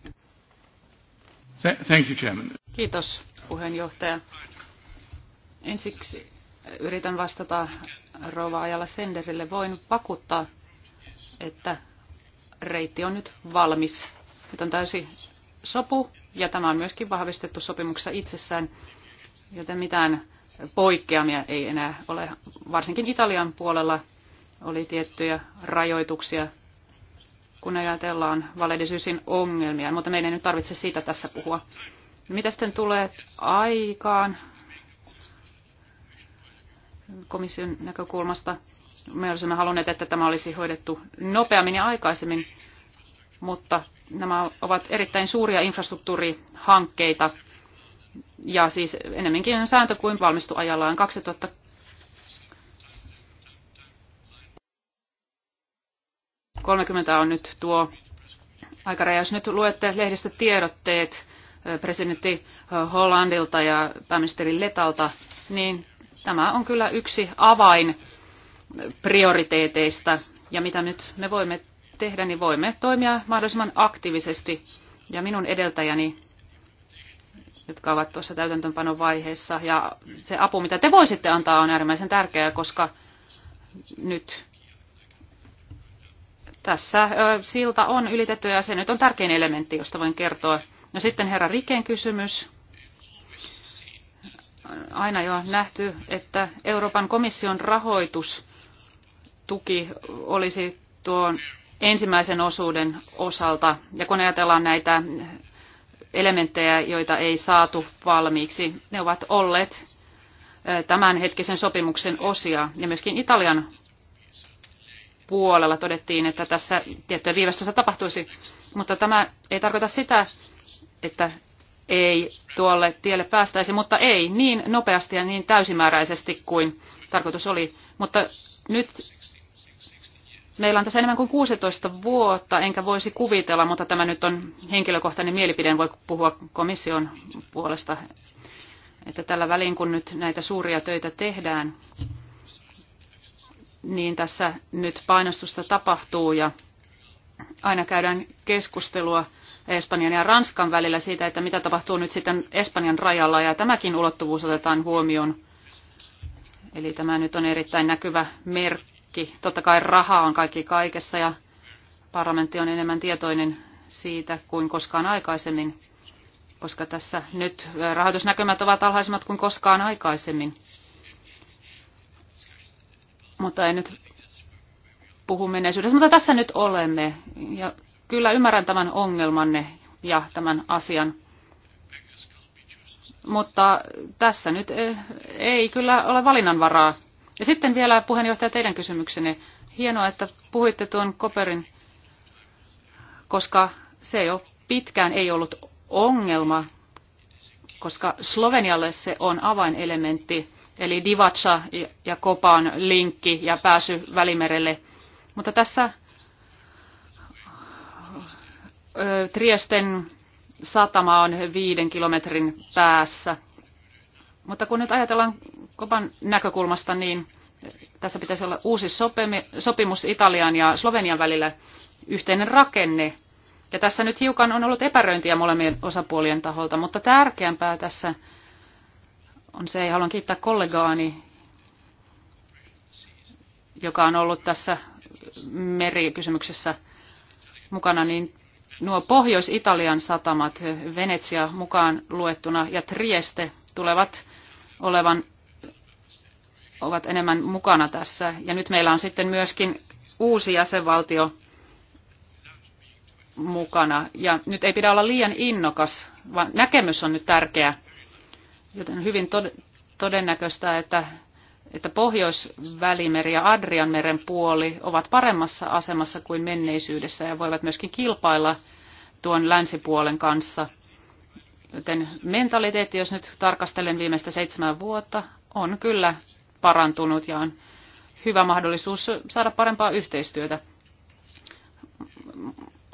Speaker 4: Thank you, Chairman. Kiitos puheenjohtaja. Ensiksi yritän vastata rouva Ajala Senderille. Voin vakuuttaa, että reitti on nyt valmis. Nyt on täysi sopu ja tämä on myöskin vahvistettu sopimuksessa itsessään, joten mitään poikkeamia ei enää ole. Varsinkin Italian puolella oli tiettyjä rajoituksia, kun ajatellaan valedisyysin ongelmia, mutta meidän ei nyt tarvitse siitä tässä puhua. Mitä sitten tulee aikaan komission näkökulmasta? Me olisimme halunneet, että tämä olisi hoidettu nopeammin ja aikaisemmin, mutta nämä ovat erittäin suuria infrastruktuurihankkeita ja siis enemmänkin sääntö kuin valmistu ajallaan 2000 Kolmekymmentä on nyt tuo aikaraja. Jos nyt luette lehdistötiedotteet, presidentti Hollandilta ja pääministeri Letalta, niin tämä on kyllä yksi avain prioriteeteista. Ja mitä nyt me voimme tehdä, niin voimme toimia mahdollisimman aktiivisesti. Ja minun edeltäjäni, jotka ovat tuossa täytäntöönpanon vaiheessa, ja se apu, mitä te voisitte antaa, on äärimmäisen tärkeää, koska nyt tässä silta on ylitetty ja se nyt on tärkein elementti, josta voin kertoa. No sitten herra Riken kysymys. Aina jo nähty, että Euroopan komission rahoitustuki olisi tuon ensimmäisen osuuden osalta. Ja kun ajatellaan näitä elementtejä, joita ei saatu valmiiksi, ne ovat olleet tämänhetkisen sopimuksen osia. Ja myöskin Italian puolella todettiin, että tässä tiettyä viivästystä tapahtuisi. Mutta tämä ei tarkoita sitä, että ei tuolle tielle päästäisi, mutta ei niin nopeasti ja niin täysimääräisesti kuin tarkoitus oli. Mutta nyt meillä on tässä enemmän kuin 16 vuotta, enkä voisi kuvitella, mutta tämä nyt on henkilökohtainen mielipide, en voi puhua komission puolesta, että tällä välin kun nyt näitä suuria töitä tehdään, niin tässä nyt painostusta tapahtuu ja aina käydään keskustelua Espanjan ja Ranskan välillä siitä, että mitä tapahtuu nyt sitten Espanjan rajalla ja tämäkin ulottuvuus otetaan huomioon. Eli tämä nyt on erittäin näkyvä merkki. Totta kai raha on kaikki kaikessa ja parlamentti on enemmän tietoinen siitä kuin koskaan aikaisemmin, koska tässä nyt rahoitusnäkymät ovat alhaisemmat kuin koskaan aikaisemmin. Mutta ei nyt puhu menneisyydestä, mutta tässä nyt olemme. Ja kyllä ymmärrän tämän ongelmanne ja tämän asian. Mutta tässä nyt eh, ei kyllä ole valinnanvaraa. Ja sitten vielä puheenjohtaja teidän kysymyksenne. Hienoa, että puhuitte tuon Koperin, koska se jo pitkään ei ollut ongelma, koska Slovenialle se on avainelementti, eli divatsa ja Kopan linkki ja pääsy Välimerelle. Mutta tässä Triesten satama on viiden kilometrin päässä. Mutta kun nyt ajatellaan Kopan näkökulmasta, niin tässä pitäisi olla uusi sopimus Italian ja Slovenian välillä, yhteinen rakenne. Ja tässä nyt hiukan on ollut epäröintiä molemmien osapuolien taholta, mutta tärkeämpää tässä on se, haluan kiittää kollegaani, joka on ollut tässä merikysymyksessä mukana, niin nuo Pohjois-Italian satamat, Venetsia mukaan luettuna ja Trieste tulevat olevan ovat enemmän mukana tässä. Ja nyt meillä on sitten myöskin uusi jäsenvaltio mukana. Ja nyt ei pidä olla liian innokas, vaan näkemys on nyt tärkeä. Joten hyvin todennäköistä, että että Pohjois-Välimeri ja Adrianmeren puoli ovat paremmassa asemassa kuin menneisyydessä ja voivat myöskin kilpailla tuon länsipuolen kanssa. Joten mentaliteetti, jos nyt tarkastelen viimeistä seitsemän vuotta, on kyllä parantunut ja on hyvä mahdollisuus saada parempaa yhteistyötä.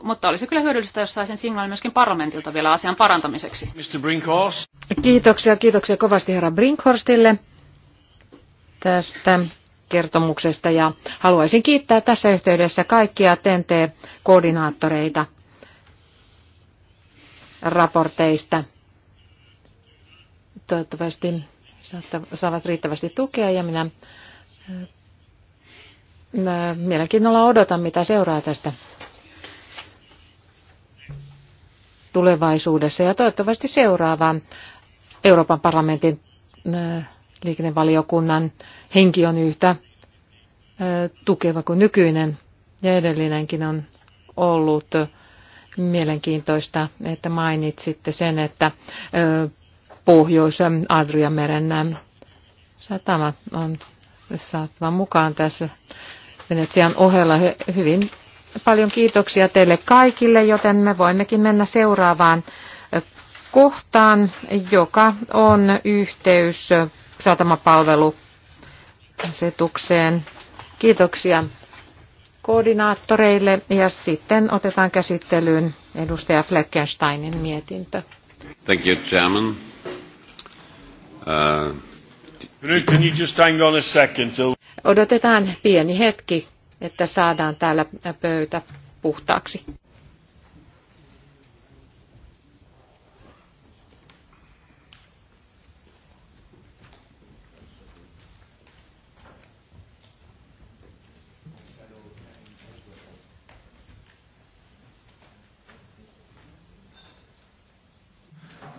Speaker 4: Mutta olisi kyllä hyödyllistä, jos saisin signaalin myöskin parlamentilta vielä asian parantamiseksi. Mr.
Speaker 2: Kiitoksia, kiitoksia kovasti herra Brinkhorstille tästä kertomuksesta ja haluaisin kiittää tässä yhteydessä kaikkia TNT-koordinaattoreita raporteista. Toivottavasti saavat riittävästi tukea ja minä mielenkiinnolla odotan, mitä seuraa tästä tulevaisuudessa ja toivottavasti seuraavaan Euroopan parlamentin liikennevaliokunnan henki on yhtä tukeva kuin nykyinen ja edellinenkin on ollut mielenkiintoista, että mainitsitte sen, että pohjoisen Adriameren satama on saatava mukaan tässä Venetsian ohella hyvin paljon kiitoksia teille kaikille, joten me voimmekin mennä seuraavaan kohtaan, joka on yhteys satamapalveluasetukseen. Kiitoksia koordinaattoreille ja sitten otetaan käsittelyyn edustaja Fleckensteinin mietintö.
Speaker 1: Thank you, Chairman. Uh... Can you just hang on a second till...
Speaker 2: Odotetaan pieni hetki, että saadaan täällä pöytä puhtaaksi.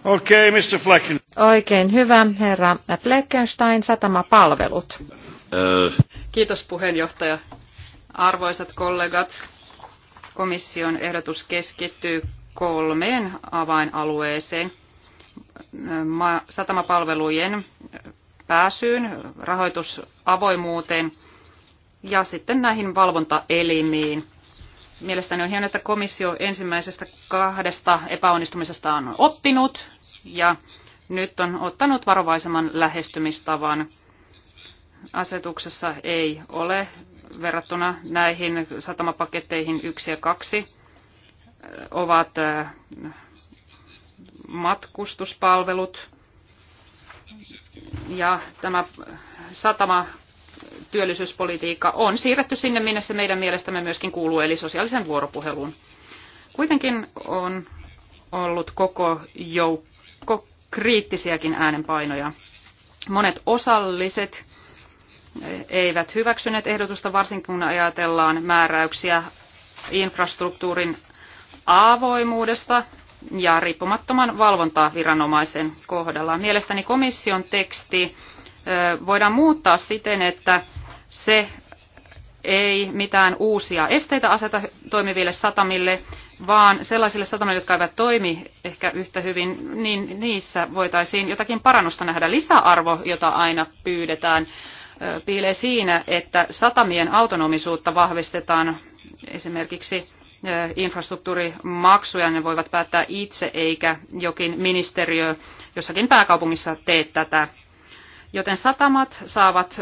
Speaker 1: Okay, Mr. Flecken.
Speaker 2: Oikein hyvä, herra Fleckenstein, satamapalvelut. Uh.
Speaker 4: Kiitos puheenjohtaja. Arvoisat kollegat, komission ehdotus keskittyy kolmeen avainalueeseen. Satamapalvelujen pääsyyn, rahoitusavoimuuteen ja sitten näihin valvontaelimiin – Mielestäni on hienoa, että komissio ensimmäisestä kahdesta epäonnistumisesta on oppinut ja nyt on ottanut varovaisemman lähestymistavan. Asetuksessa ei ole verrattuna näihin satamapaketteihin 1 ja 2 ovat matkustuspalvelut ja tämä satama työllisyyspolitiikka on siirretty sinne, minne se meidän mielestämme myöskin kuuluu, eli sosiaalisen vuoropuheluun. Kuitenkin on ollut koko joukko kriittisiäkin äänenpainoja. Monet osalliset eivät hyväksyneet ehdotusta, varsinkin kun ajatellaan määräyksiä infrastruktuurin avoimuudesta ja riippumattoman valvontaviranomaisen kohdalla. Mielestäni komission teksti voidaan muuttaa siten, että se ei mitään uusia esteitä aseta toimiville satamille, vaan sellaisille satamille, jotka eivät toimi ehkä yhtä hyvin, niin niissä voitaisiin jotakin parannusta nähdä. Lisäarvo, jota aina pyydetään, piilee siinä, että satamien autonomisuutta vahvistetaan esimerkiksi infrastruktuurimaksuja, ne voivat päättää itse, eikä jokin ministeriö jossakin pääkaupungissa tee tätä. Joten satamat saavat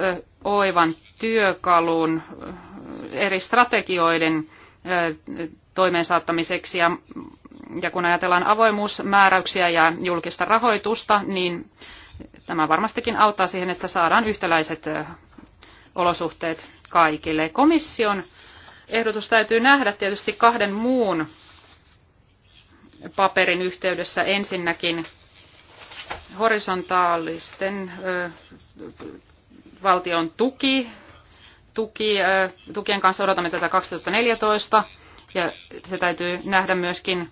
Speaker 4: oivan työkalun eri strategioiden toimeensaattamiseksi. ja, ja kun ajatellaan avoimuusmääräyksiä ja julkista rahoitusta, niin tämä varmastikin auttaa siihen, että saadaan yhtäläiset olosuhteet kaikille. Komission ehdotus täytyy nähdä tietysti kahden muun paperin yhteydessä ensinnäkin horisontaalisten valtion tuki, tuki, tukien kanssa odotamme tätä 2014 ja se täytyy nähdä myöskin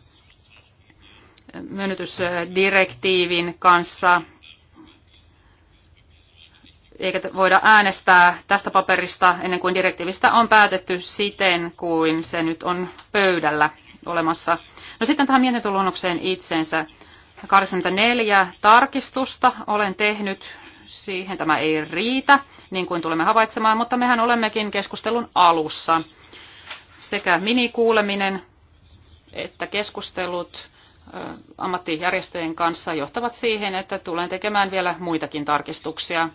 Speaker 4: myönnytysdirektiivin kanssa. Eikä voida äänestää tästä paperista ennen kuin direktiivistä on päätetty siten, kuin se nyt on pöydällä olemassa. No sitten tähän mietintöluonnokseen itsensä. 84 tarkistusta olen tehnyt. Siihen tämä ei riitä, niin kuin tulemme havaitsemaan, mutta mehän olemmekin keskustelun alussa. Sekä minikuuleminen että keskustelut ammattijärjestöjen kanssa johtavat siihen, että tulen tekemään vielä muitakin tarkistuksia.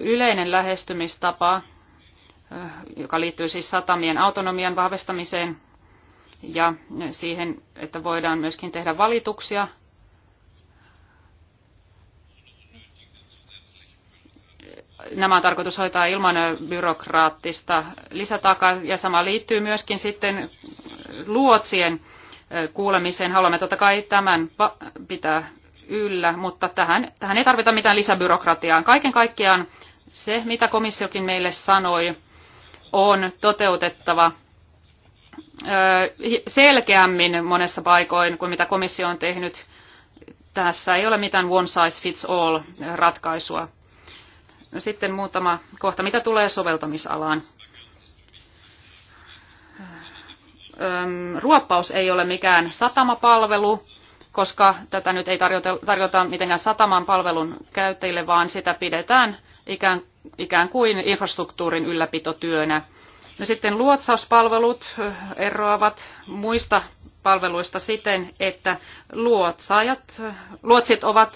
Speaker 4: Yleinen lähestymistapa, joka liittyy siis satamien autonomian vahvistamiseen ja siihen, että voidaan myöskin tehdä valituksia nämä on tarkoitus hoitaa ilman byrokraattista lisätakaa ja sama liittyy myöskin sitten luotsien kuulemiseen. Haluamme totta kai tämän pitää yllä, mutta tähän, tähän ei tarvita mitään lisäbyrokratiaa. Kaiken kaikkiaan se, mitä komissiokin meille sanoi, on toteutettava selkeämmin monessa paikoin kuin mitä komissio on tehnyt. Tässä ei ole mitään one size fits all ratkaisua. No sitten muutama kohta, mitä tulee soveltamisalaan. Ruoppaus ei ole mikään satamapalvelu, koska tätä nyt ei tarjota, tarjota mitenkään sataman palvelun käyttäjille, vaan sitä pidetään ikään, ikään kuin infrastruktuurin ylläpitotyönä. No sitten luotsauspalvelut eroavat muista palveluista siten, että luotsajat luotsit ovat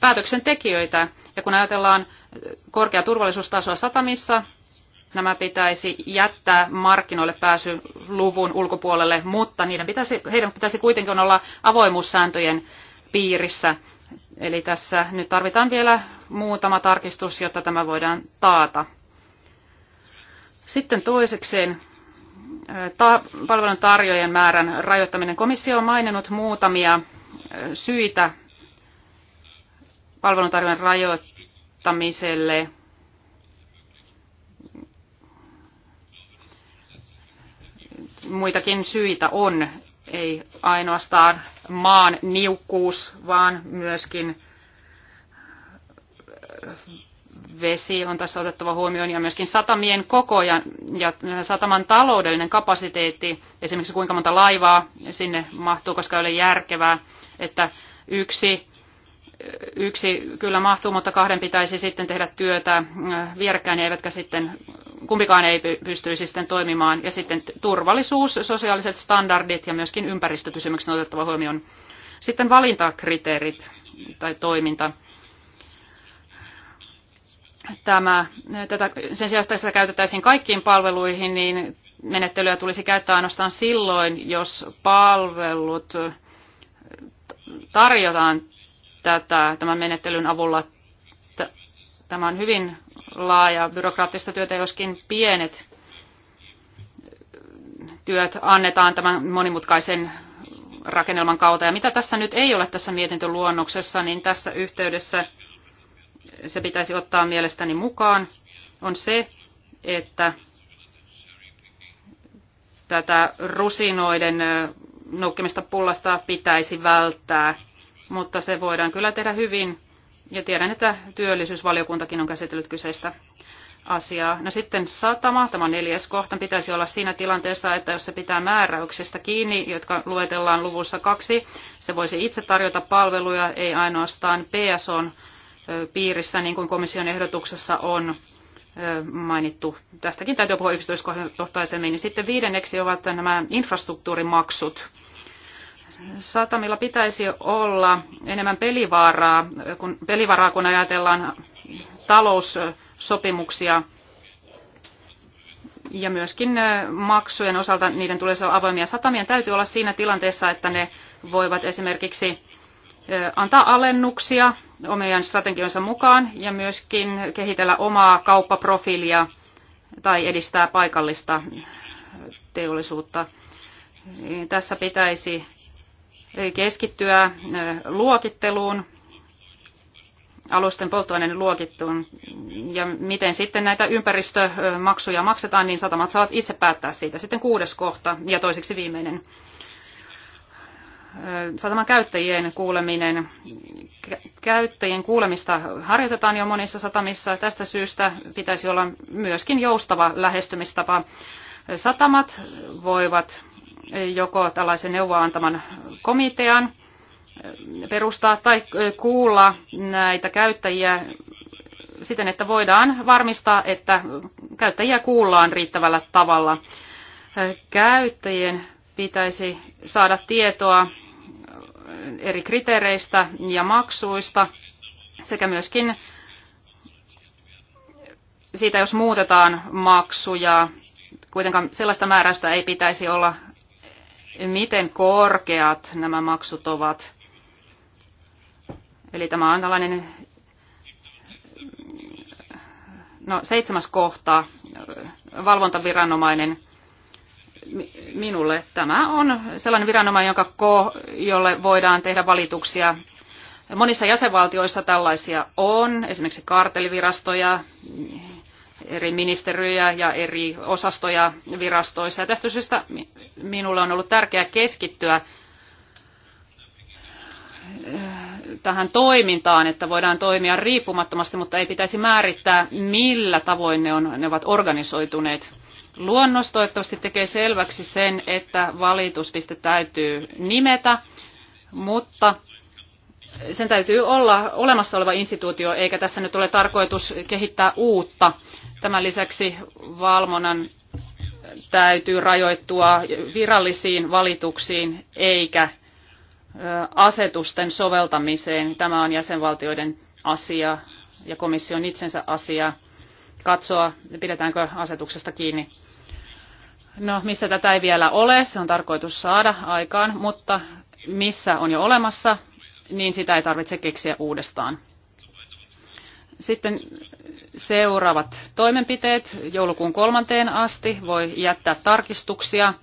Speaker 4: päätöksentekijöitä ja kun ajatellaan korkea turvallisuustasoa satamissa, nämä pitäisi jättää markkinoille pääsyn luvun ulkopuolelle, mutta niiden pitäisi, heidän pitäisi kuitenkin olla avoimuussääntöjen piirissä. Eli tässä nyt tarvitaan vielä muutama tarkistus, jotta tämä voidaan taata. Sitten toisekseen ta- palvelun tarjoajien määrän rajoittaminen. Komissio on maininnut muutamia syitä palveluntarjonnan rajoittamiselle. Muitakin syitä on, ei ainoastaan maan niukkuus, vaan myöskin vesi on tässä otettava huomioon ja myöskin satamien koko ja, ja sataman taloudellinen kapasiteetti, esimerkiksi kuinka monta laivaa sinne mahtuu, koska ei ole järkevää, että yksi yksi kyllä mahtuu, mutta kahden pitäisi sitten tehdä työtä äh, vierekkäin, eivätkä sitten, kumpikaan ei pystyisi sitten toimimaan. Ja sitten turvallisuus, sosiaaliset standardit ja myöskin ympäristökysymykset otettava huomioon. Sitten valintakriteerit tai toiminta. Tämä, tätä, sen sijaan, että sitä käytettäisiin kaikkiin palveluihin, niin menettelyä tulisi käyttää ainoastaan silloin, jos palvelut tarjotaan että tämän menettelyn avulla. Tämä on hyvin laaja byrokraattista työtä, joskin pienet työt annetaan tämän monimutkaisen rakennelman kautta. Ja mitä tässä nyt ei ole tässä mietintöluonnoksessa, niin tässä yhteydessä se pitäisi ottaa mielestäni mukaan, on se, että tätä rusinoiden noukkimista pullasta pitäisi välttää mutta se voidaan kyllä tehdä hyvin. Ja tiedän, että työllisyysvaliokuntakin on käsitellyt kyseistä asiaa. No sitten satama, tämä neljäs kohta, pitäisi olla siinä tilanteessa, että jos se pitää määräyksistä kiinni, jotka luetellaan luvussa kaksi, se voisi itse tarjota palveluja, ei ainoastaan PSOn piirissä, niin kuin komission ehdotuksessa on mainittu. Tästäkin täytyy puhua yksityiskohtaisemmin. Sitten viidenneksi ovat nämä infrastruktuurimaksut satamilla pitäisi olla enemmän pelivaaraa, kun, pelivaraa, kun ajatellaan taloussopimuksia ja myöskin maksujen osalta niiden tulisi olla avoimia. Satamien täytyy olla siinä tilanteessa, että ne voivat esimerkiksi antaa alennuksia omien strategioinsa mukaan ja myöskin kehitellä omaa kauppaprofiilia tai edistää paikallista teollisuutta. Tässä pitäisi keskittyä luokitteluun, alusten polttoaineen luokittuun. Ja miten sitten näitä ympäristömaksuja maksetaan, niin satamat saavat itse päättää siitä. Sitten kuudes kohta ja toiseksi viimeinen. Sataman käyttäjien kuuleminen. Käyttäjien kuulemista harjoitetaan jo monissa satamissa. Tästä syystä pitäisi olla myöskin joustava lähestymistapa. Satamat voivat joko tällaisen neuvoa antaman komitean perustaa tai kuulla näitä käyttäjiä siten, että voidaan varmistaa, että käyttäjiä kuullaan riittävällä tavalla. Käyttäjien pitäisi saada tietoa eri kriteereistä ja maksuista sekä myöskin siitä, jos muutetaan maksuja. Kuitenkaan sellaista määräystä ei pitäisi olla miten korkeat nämä maksut ovat. Eli tämä on tällainen no, seitsemäs kohta, valvontaviranomainen minulle. Tämä on sellainen viranomainen, jonka ko, jolle voidaan tehdä valituksia. Monissa jäsenvaltioissa tällaisia on, esimerkiksi kartelivirastoja, eri ministeriöjä ja eri osastoja virastoissa. Ja tästä syystä Minulle on ollut tärkeää keskittyä äh, tähän toimintaan, että voidaan toimia riippumattomasti, mutta ei pitäisi määrittää, millä tavoin ne, on, ne ovat organisoituneet. Luonnos toivottavasti tekee selväksi sen, että valituspiste täytyy nimetä, mutta sen täytyy olla olemassa oleva instituutio, eikä tässä nyt ole tarkoitus kehittää uutta. Tämän lisäksi valmonan täytyy rajoittua virallisiin valituksiin eikä asetusten soveltamiseen. Tämä on jäsenvaltioiden asia ja komission itsensä asia katsoa, pidetäänkö asetuksesta kiinni. No, missä tätä ei vielä ole, se on tarkoitus saada aikaan, mutta missä on jo olemassa, niin sitä ei tarvitse keksiä uudestaan. Sitten seuraavat toimenpiteet joulukuun kolmanteen asti. Voi jättää tarkistuksia.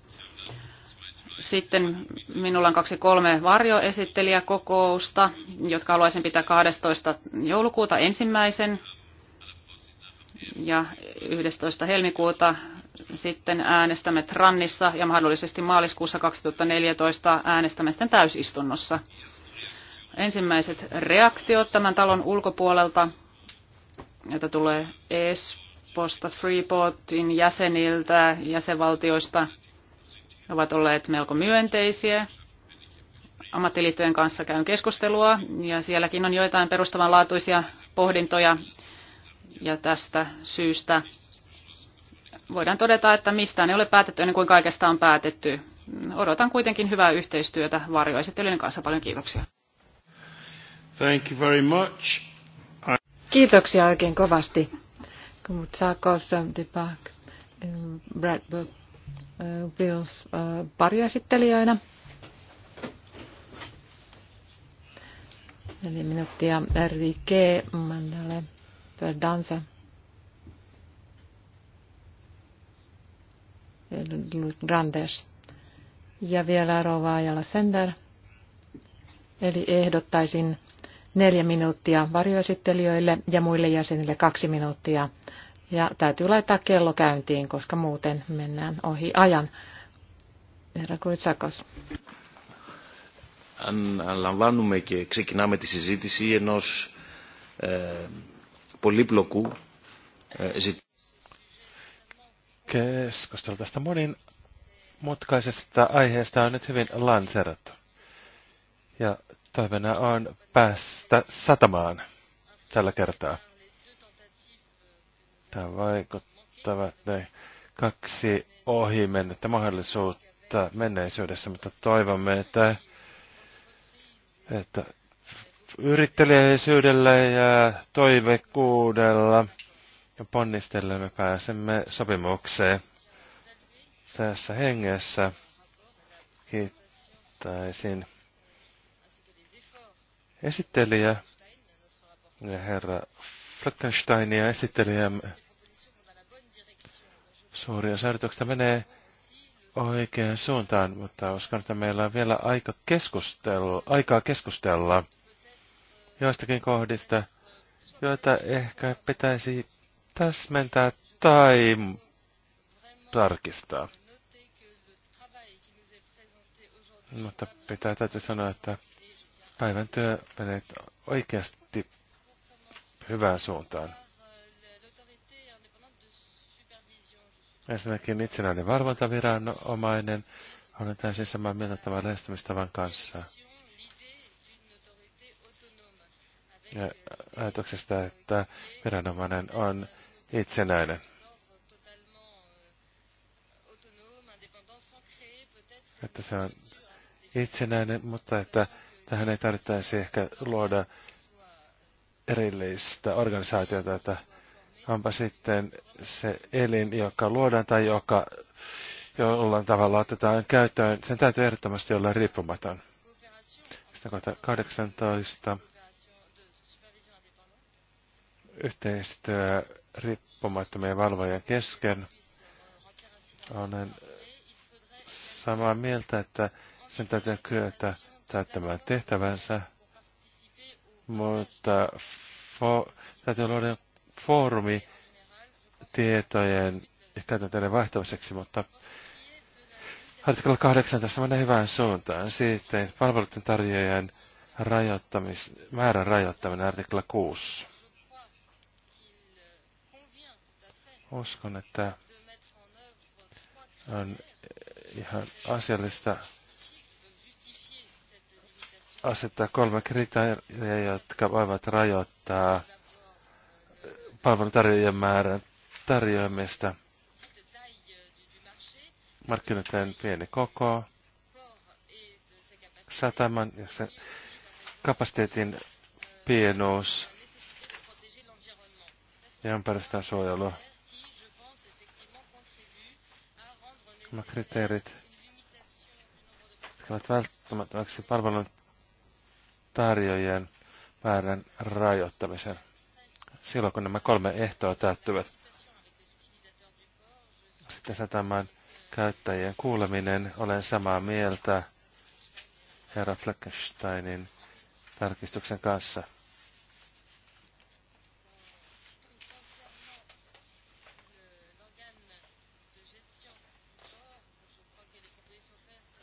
Speaker 4: Sitten minulla on kaksi kolme varjoesittelijäkokousta, jotka haluaisin pitää 12. joulukuuta ensimmäisen ja 11. helmikuuta sitten äänestämme Trannissa ja mahdollisesti maaliskuussa 2014 äänestämme sitten täysistunnossa. Ensimmäiset reaktiot tämän talon ulkopuolelta – jota tulee Espoosta, Freeportin jäseniltä, jäsenvaltioista, ovat olleet melko myönteisiä. Ammattiliittojen kanssa käyn keskustelua ja sielläkin on joitain perustavanlaatuisia pohdintoja ja tästä syystä voidaan todeta, että mistään ei ole päätetty ennen kuin kaikesta on päätetty. Odotan kuitenkin hyvää yhteistyötä varjoesittelyiden kanssa. Paljon kiitoksia.
Speaker 1: Thank you very much.
Speaker 2: Kiitoksia oikein kovasti. Sakos, Depak, Bradbook, äh, Bills, äh, pari esittelijöinä. Neljä minuuttia RVG, Mandale, Dansa. Grandes. Ja vielä Rova Sender. Eli ehdottaisin, neljä minuuttia varjoesittelijöille ja muille jäsenille kaksi minuuttia. Ja täytyy laittaa kello käyntiin, koska muuten mennään ohi ajan. Herra Kuitsakos.
Speaker 4: Αν
Speaker 3: λαμβάνουμε και ξεκινάμε τη συζήτηση ενός ε, πολύπλοκου ε, ζητήματος. Keskustelu tästä monimutkaisesta aiheesta on nyt hyvin lanserattu. Ja päivänä on päästä satamaan tällä kertaa. Tämä vaikuttavat ne kaksi ohi mennettä mahdollisuutta menneisyydessä, mutta toivomme, että, että yrittelijäisyydellä ja toivekuudella ja ponnistella me pääsemme sopimukseen. Tässä hengessä kiittäisin esittelijä, herra Fleckenstein ja esittelijä suuria säilytyksistä menee oikeaan suuntaan, mutta uskon, että meillä on vielä aika keskustelu, aikaa keskustella joistakin kohdista, joita ehkä pitäisi täsmentää tai tarkistaa. Mutta pitää täytyy sanoa, että päivän työ menee oikeasti hyvään suuntaan. Ensinnäkin itsenäinen valvontaviranomainen, olen täysin samaa mieltä tämän lähestymistavan kanssa. Ja ajatuksesta, että viranomainen on itsenäinen. Että se on itsenäinen, mutta että Tähän ei tarvittaisi ehkä luoda erillistä organisaatiota, että onpa sitten se elin, joka luodaan tai joka jollain tavalla otetaan käyttöön, sen täytyy ehdottomasti olla riippumaton. Sitten kohta 18. Yhteistyö riippumattomien valvojen kesken. Olen samaa mieltä, että sen täytyy kyetä täyttämään tehtävänsä, mutta fo, täytyy luoda foorumi tietojen ja käytäntöiden vaihtamiseksi, mutta artikla 8 tässä menee hyvään suuntaan. Sitten palveluiden tarjoajan rajoittamis, määrän rajoittaminen artikla 6. Uskon, että on ihan asiallista asettaa kolme kriteeriä, jotka voivat rajoittaa palveluntarjoajien määrän tarjoamista. Markkinoiden pieni koko, sataman ja sen kapasiteetin pienuus ja ympäristön suojelu. Nämä kriteerit, jotka ovat välttämättömäksi palvelun tarjoajien määrän rajoittamisen silloin, kun nämä kolme ehtoa täyttyvät. Sitten sataman käyttäjien kuuleminen. Olen samaa mieltä herra Fleckensteinin tarkistuksen kanssa.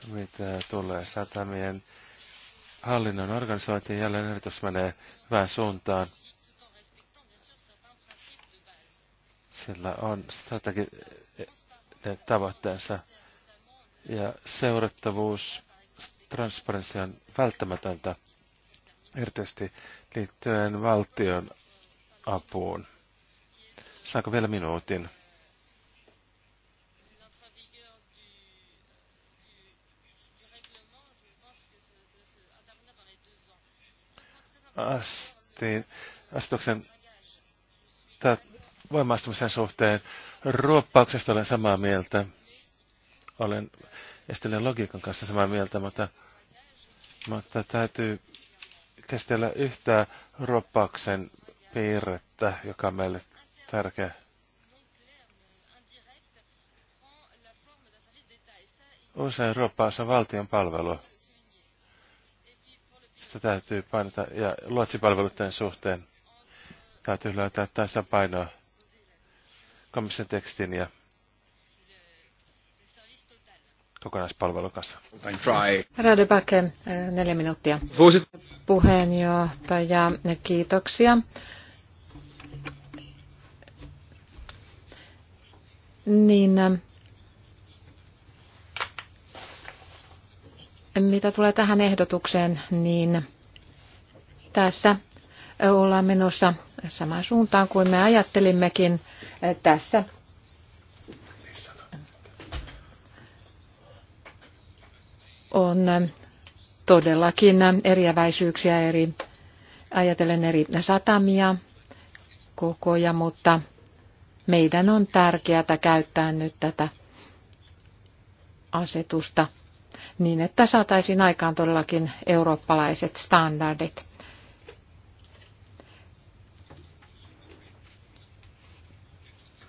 Speaker 3: Mitä tulee satamien hallinnon organisointi jälleen ehdotus menee hyvään suuntaan. Sillä on strateginen tavoitteensa ja seurattavuus, transparenssi on välttämätöntä, erityisesti liittyen valtion apuun. Saanko vielä minuutin? astiin, asetuksen voimaistumisen suhteen ruoppauksesta olen samaa mieltä. Olen Estelen logiikan kanssa samaa mieltä, mutta, mutta täytyy käsitellä yhtä ruoppauksen piirrettä, joka on meille tärkeä. Usein ruoppaus on valtion palvelua. Sitä täytyy painata ja luotsipalveluiden suhteen täytyy löytää painoa komission tekstin ja kokonaispalvelun kanssa.
Speaker 2: Rade Backe, neljä minuuttia. Vuosit. Puheenjohtaja, kiitoksia. Niin, Mitä tulee tähän ehdotukseen, niin tässä ollaan menossa samaan suuntaan kuin me ajattelimmekin tässä. On todellakin eriäväisyyksiä eri, ajatellen eri satamia, kokoja, mutta meidän on tärkeää käyttää nyt tätä asetusta – niin, että saataisiin aikaan todellakin eurooppalaiset standardit.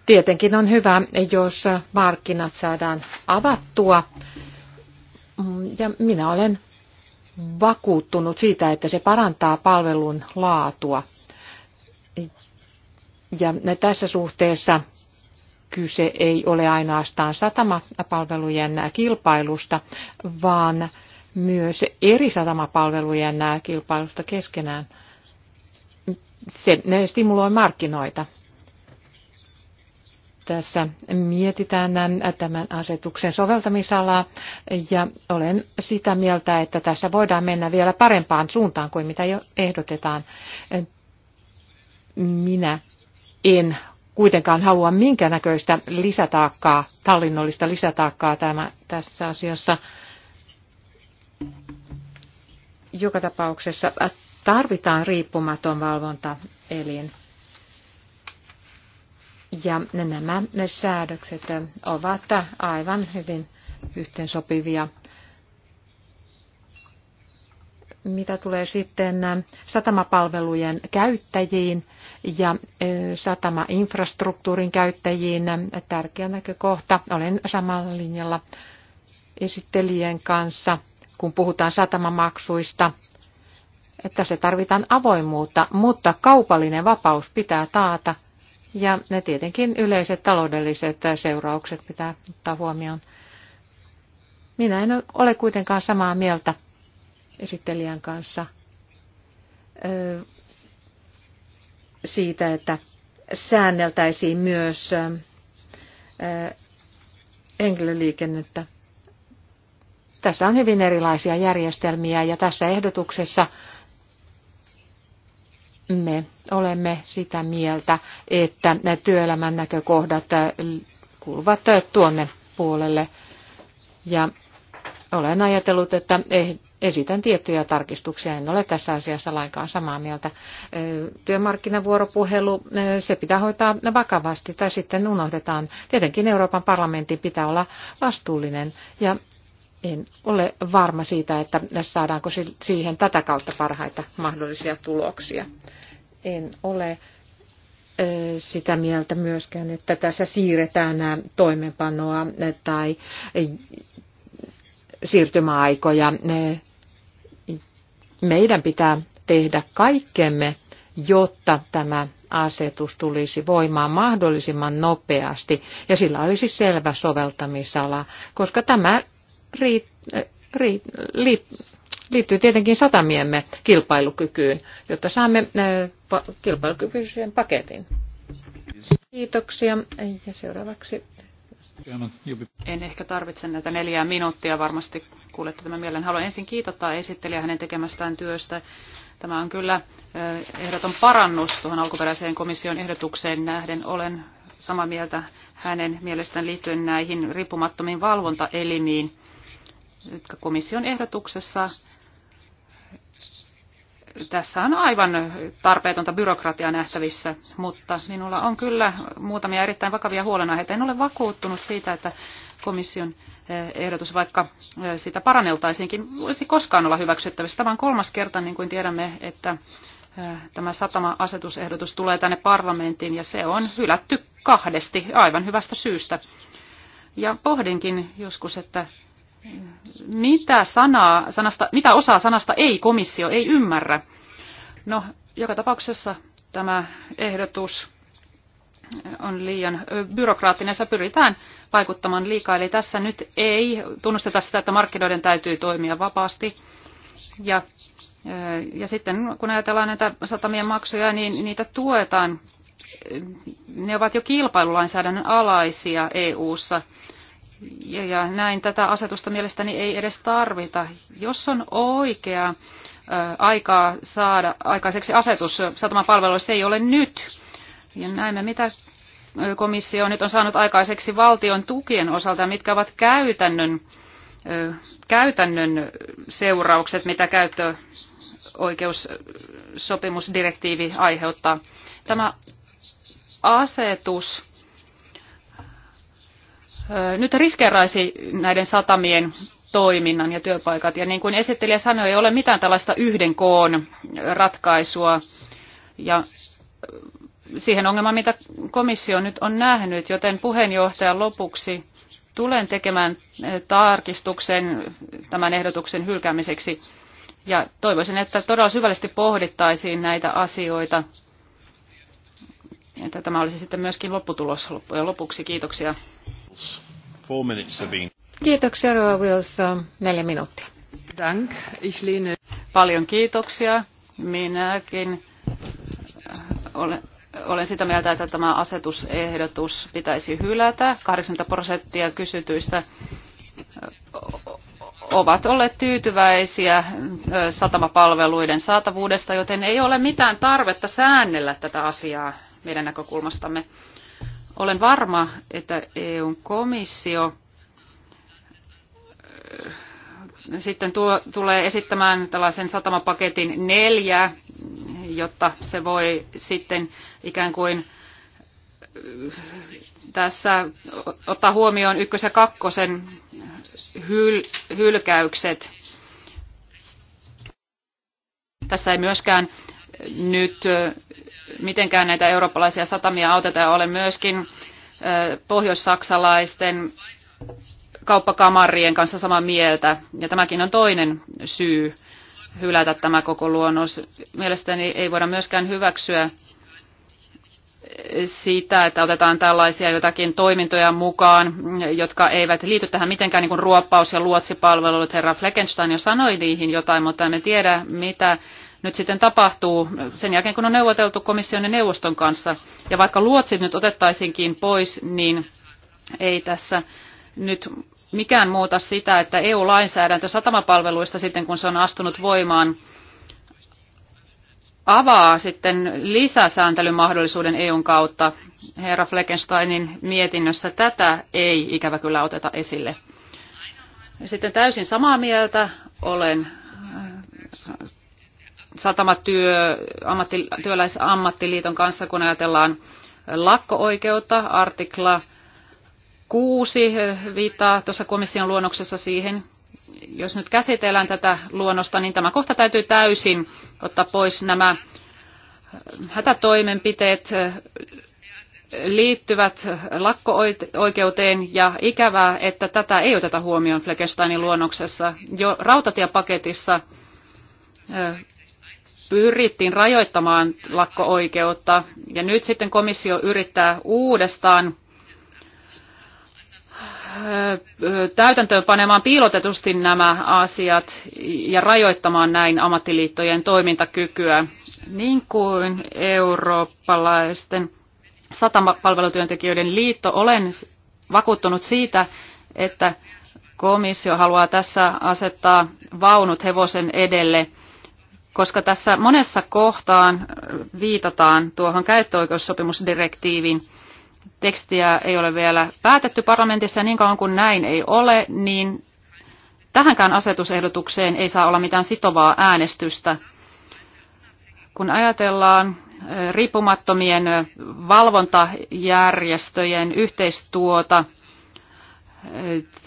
Speaker 2: Tietenkin on hyvä, jos markkinat saadaan avattua. Ja minä olen vakuuttunut siitä, että se parantaa palvelun laatua. Ja tässä suhteessa kyse ei ole ainoastaan satamapalvelujen kilpailusta, vaan myös eri satamapalvelujen kilpailusta keskenään. Se ne stimuloi markkinoita. Tässä mietitään tämän asetuksen soveltamisalaa ja olen sitä mieltä, että tässä voidaan mennä vielä parempaan suuntaan kuin mitä jo ehdotetaan. Minä en kuitenkaan halua minkäännäköistä lisätaakkaa, hallinnollista lisätaakkaa tämä, tässä asiassa. Joka tapauksessa äh, tarvitaan riippumaton valvontaelin. Ja nämä ne säädökset ovat aivan hyvin yhteensopivia mitä tulee sitten äh, satamapalvelujen käyttäjiin ja äh, satamainfrastruktuurin käyttäjiin, tärkeä näkökohta. Olen samalla linjalla esittelijän kanssa, kun puhutaan satamamaksuista. että se tarvitaan avoimuutta, mutta kaupallinen vapaus pitää taata ja ne tietenkin yleiset taloudelliset seuraukset pitää ottaa huomioon. Minä en ole kuitenkaan samaa mieltä esittelijän kanssa siitä, että säänneltäisiin myös henkilöliikennettä. Tässä on hyvin erilaisia järjestelmiä ja tässä ehdotuksessa me olemme sitä mieltä, että ne työelämän näkökohdat kuuluvat tuonne puolelle. Ja olen ajatellut, että eh- esitän tiettyjä tarkistuksia. En ole tässä asiassa lainkaan samaa mieltä. Työmarkkinavuoropuhelu, se pitää hoitaa vakavasti tai sitten unohdetaan. Tietenkin Euroopan parlamentin pitää olla vastuullinen ja en ole varma siitä, että saadaanko siihen tätä kautta parhaita mahdollisia tuloksia. En ole sitä mieltä myöskään, että tässä siirretään nämä toimenpanoa tai siirtymäaikoja. Ne meidän pitää tehdä kaikkemme, jotta tämä asetus tulisi voimaan mahdollisimman nopeasti ja sillä olisi selvä soveltamisala, koska tämä ri, ri, li, liittyy tietenkin satamiemme kilpailukykyyn, jotta saamme äh, kilpailukykyisen paketin. Kiitoksia. Ja seuraavaksi en ehkä
Speaker 4: tarvitse näitä neljää minuuttia, varmasti kuulette tämän mielen. Haluan ensin kiitottaa esittelijä hänen tekemästään työstä. Tämä on kyllä eh, ehdoton parannus tuohon alkuperäiseen komission ehdotukseen nähden. Olen samaa mieltä hänen mielestään liittyen näihin riippumattomiin valvontaelimiin, jotka komission ehdotuksessa tässä on aivan tarpeetonta byrokratiaa nähtävissä, mutta minulla on kyllä muutamia erittäin vakavia huolenaiheita. En ole vakuuttunut siitä, että komission eh, ehdotus, vaikka eh, sitä paranneltaisiinkin, voisi koskaan olla hyväksyttävissä. Tämä on kolmas kerta, niin kuin tiedämme, että eh, tämä satama-asetusehdotus tulee tänne parlamenttiin ja se on hylätty kahdesti aivan hyvästä syystä. Ja pohdinkin joskus, että mitä, sanaa, sanasta, mitä osaa sanasta ei komissio ei ymmärrä. No, joka tapauksessa tämä ehdotus on liian byrokraattinen, ja pyritään vaikuttamaan liikaa. Eli tässä nyt ei tunnusteta sitä, että markkinoiden täytyy toimia vapaasti. Ja, ja sitten kun ajatellaan näitä satamien maksuja, niin niitä tuetaan. Ne ovat jo kilpailulainsäädännön alaisia EU-ssa. Ja, ja näin tätä asetusta mielestäni ei edes tarvita. Jos on oikea ö, aikaa saada aikaiseksi asetus satamapalveluissa, se ei ole nyt. Ja näemme, mitä komissio nyt on saanut aikaiseksi valtion tukien osalta, mitkä ovat käytännön, ö, käytännön seuraukset, mitä käyttöoikeussopimusdirektiivi aiheuttaa. Tämä asetus nyt riskeeraisi näiden satamien toiminnan ja työpaikat. Ja niin kuin esittelijä sanoi, ei ole mitään tällaista yhden koon ratkaisua. Ja siihen ongelmaan, mitä komissio nyt on nähnyt, joten puheenjohtajan lopuksi tulen tekemään tarkistuksen tämän ehdotuksen hylkäämiseksi. Ja toivoisin, että todella syvällisesti pohdittaisiin näitä asioita. Että tämä olisi sitten myöskin lopputulos loppujen lopuksi. Kiitoksia. Four minutes,
Speaker 2: Kiitoksia, Rova Wills. Neljä minuuttia. Dank. Ich lehne. Paljon
Speaker 4: kiitoksia. Minäkin äh, olen, olen sitä mieltä, että tämä asetusehdotus pitäisi hylätä. 80 prosenttia kysytyistä äh, ovat olleet tyytyväisiä äh, satamapalveluiden saatavuudesta, joten ei ole mitään tarvetta säännellä tätä asiaa meidän näkökulmastamme. Olen varma, että EUn komissio sitten tuo, tulee esittämään tällaisen satamapaketin neljä, jotta se voi sitten ikään kuin tässä ottaa huomioon ykkös- ja kakkosen hyl- hylkäykset. Tässä ei myöskään nyt mitenkään näitä eurooppalaisia satamia autetaan. Olen myöskin pohjoissaksalaisten kauppakamarien kanssa samaa mieltä. Ja tämäkin on toinen syy hylätä tämä koko luonnos. Mielestäni ei voida myöskään hyväksyä sitä, että otetaan tällaisia jotakin toimintoja mukaan, jotka eivät liity tähän mitenkään, niin kuin ruoppaus- ja luotsipalveluun. Herra Fleckenstein jo sanoi niihin jotain, mutta emme tiedä, mitä nyt sitten tapahtuu sen jälkeen, kun on neuvoteltu komission ja neuvoston kanssa. Ja vaikka luotsit nyt otettaisiinkin pois, niin ei tässä nyt mikään muuta sitä, että EU-lainsäädäntö satamapalveluista sitten, kun se on astunut voimaan, avaa sitten lisäsääntelymahdollisuuden EUn kautta. Herra Fleckensteinin mietinnössä tätä ei ikävä kyllä oteta esille. Sitten täysin samaa mieltä olen satamatyö, ammatti, työläisammattiliiton kanssa, kun ajatellaan lakko-oikeutta. Artikla 6 viittaa tuossa komission luonnoksessa siihen. Jos nyt käsitellään tätä luonnosta, niin tämä kohta täytyy täysin ottaa pois nämä hätätoimenpiteet liittyvät lakko-oikeuteen ja ikävää, että tätä ei oteta huomioon Fleckesteinin luonnoksessa. Jo rautatiepaketissa pyrittiin rajoittamaan lakko-oikeutta, ja nyt sitten komissio yrittää uudestaan täytäntöön panemaan piilotetusti nämä asiat ja rajoittamaan näin ammattiliittojen toimintakykyä, niin kuin eurooppalaisten satamapalvelutyöntekijöiden liitto. Olen vakuuttunut siitä, että komissio haluaa tässä asettaa vaunut hevosen edelle – koska tässä monessa kohtaan viitataan tuohon käyttöoikeussopimusdirektiiviin. Tekstiä ei ole vielä päätetty parlamentissa ja niin kauan kuin näin ei ole, niin tähänkään asetusehdotukseen ei saa olla mitään sitovaa äänestystä. Kun ajatellaan eh, riippumattomien eh, valvontajärjestöjen yhteistuota,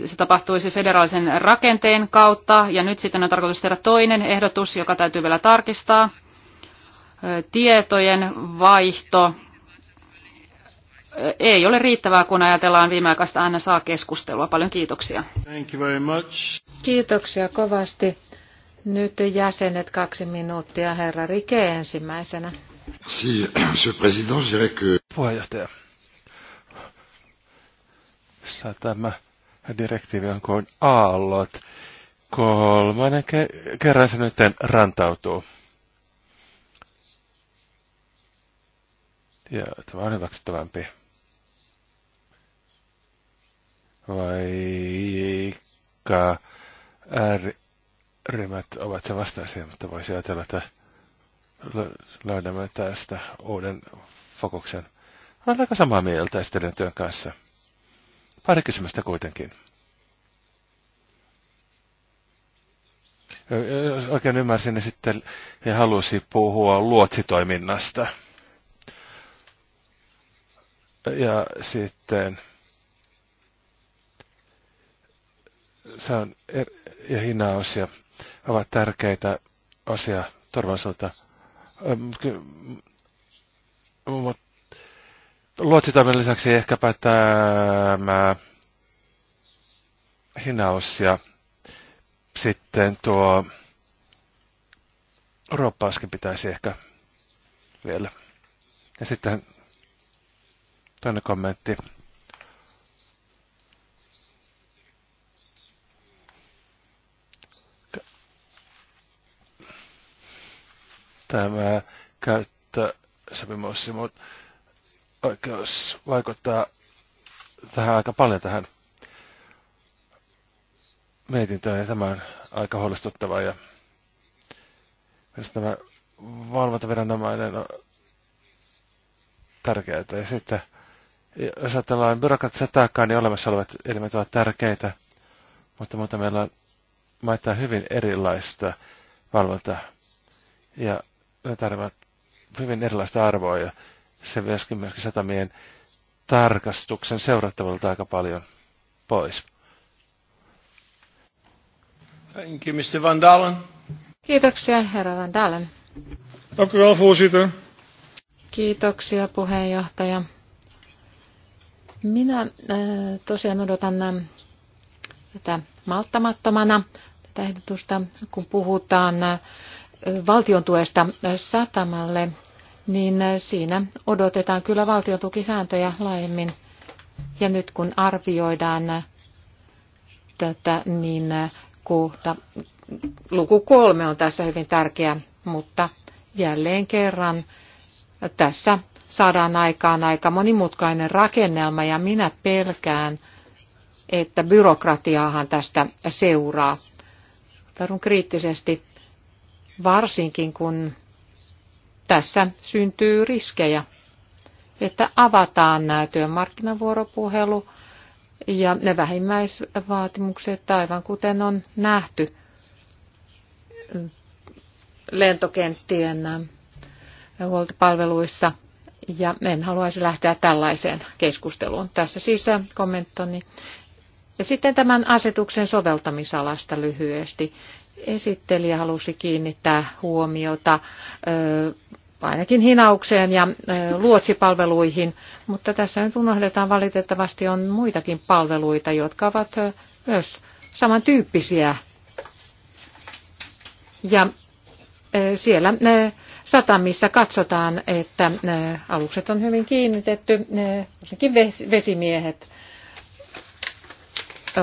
Speaker 4: se tapahtuisi federaalisen rakenteen kautta, ja nyt sitten on tarkoitus tehdä toinen ehdotus, joka täytyy vielä tarkistaa. Tietojen vaihto ei ole riittävää, kun ajatellaan viimeaikaista NSA-keskustelua. Paljon kiitoksia. Thank you very much.
Speaker 2: Kiitoksia kovasti. Nyt jäsenet kaksi minuuttia. Herra Rike ensimmäisenä.
Speaker 3: Si, monsieur président. Je dirais que... Puheenjohtaja tämä direktiivi on kuin aallot. Kolmannen ke- kerran se nyt rantautuu. Ja tämä on hyväksyttävämpi. Vaikka äärimät ovat se vastaisia, mutta voisi ajatella, että löydämme tästä uuden fokuksen. Olen aika samaa mieltä esitellen työn kanssa. Pari kysymystä kuitenkin. Oikein ymmärsin, niin sitten he halusi puhua luotsitoiminnasta. Ja sitten se on er, ja hinnaosia ovat tärkeitä osia turvallisuutta. Mutta Luotsitoimen lisäksi ehkäpä tämä hinaus ja sitten tuo roppauskin pitäisi ehkä vielä. Ja sitten toinen kommentti. Tämä käyttösopimus, mutta oikeus vaikuttaa tähän aika paljon tähän mietintöön ja tämä on aika huolestuttavaa ja myös tämä valvontaviranomainen on tärkeää. Ja sitten, jos ajatellaan byrokratista taakkaa, niin olemassa olevat elimet ovat tärkeitä, mutta muuta meillä on maittaa hyvin erilaista valvontaa. Ja ne tarvitsevat hyvin erilaista arvoa ja se myöskin, myöskin satamien tarkastuksen seurattavalta aika paljon pois.
Speaker 1: Thank you, Mr. Van Dalen.
Speaker 2: Kiitoksia, herra Van Dalen. Kiitoksia, puheenjohtaja. Minä äh, tosiaan odotan äh, tätä malttamattomana tätä ehdotusta, kun puhutaan äh, valtion tuesta äh, satamalle niin eh, siinä odotetaan kyllä valtiotukisääntöjä laajemmin. Ja nyt kun arvioidaan eh, tätä, niin eh, kohta, luku kolme on tässä hyvin tärkeä, mutta jälleen kerran tässä saadaan aikaan aika monimutkainen rakennelma ja minä pelkään, että byrokratiaahan tästä seuraa. Tarun kriittisesti, varsinkin kun tässä syntyy riskejä, että avataan nämä työmarkkinavuoropuhelu ja ne vähimmäisvaatimukset, aivan kuten on nähty lentokenttien äh, huoltopalveluissa. Ja en haluaisi lähteä tällaiseen keskusteluun. Tässä siis äh, kommenttoni. Ja sitten tämän asetuksen soveltamisalasta lyhyesti esittelijä halusi kiinnittää huomiota ainakin hinaukseen ja luotsipalveluihin, mutta tässä nyt unohdetaan valitettavasti on muitakin palveluita, jotka ovat myös samantyyppisiä. Ja siellä satamissa katsotaan, että alukset on hyvin kiinnitetty, varsinkin vesimiehet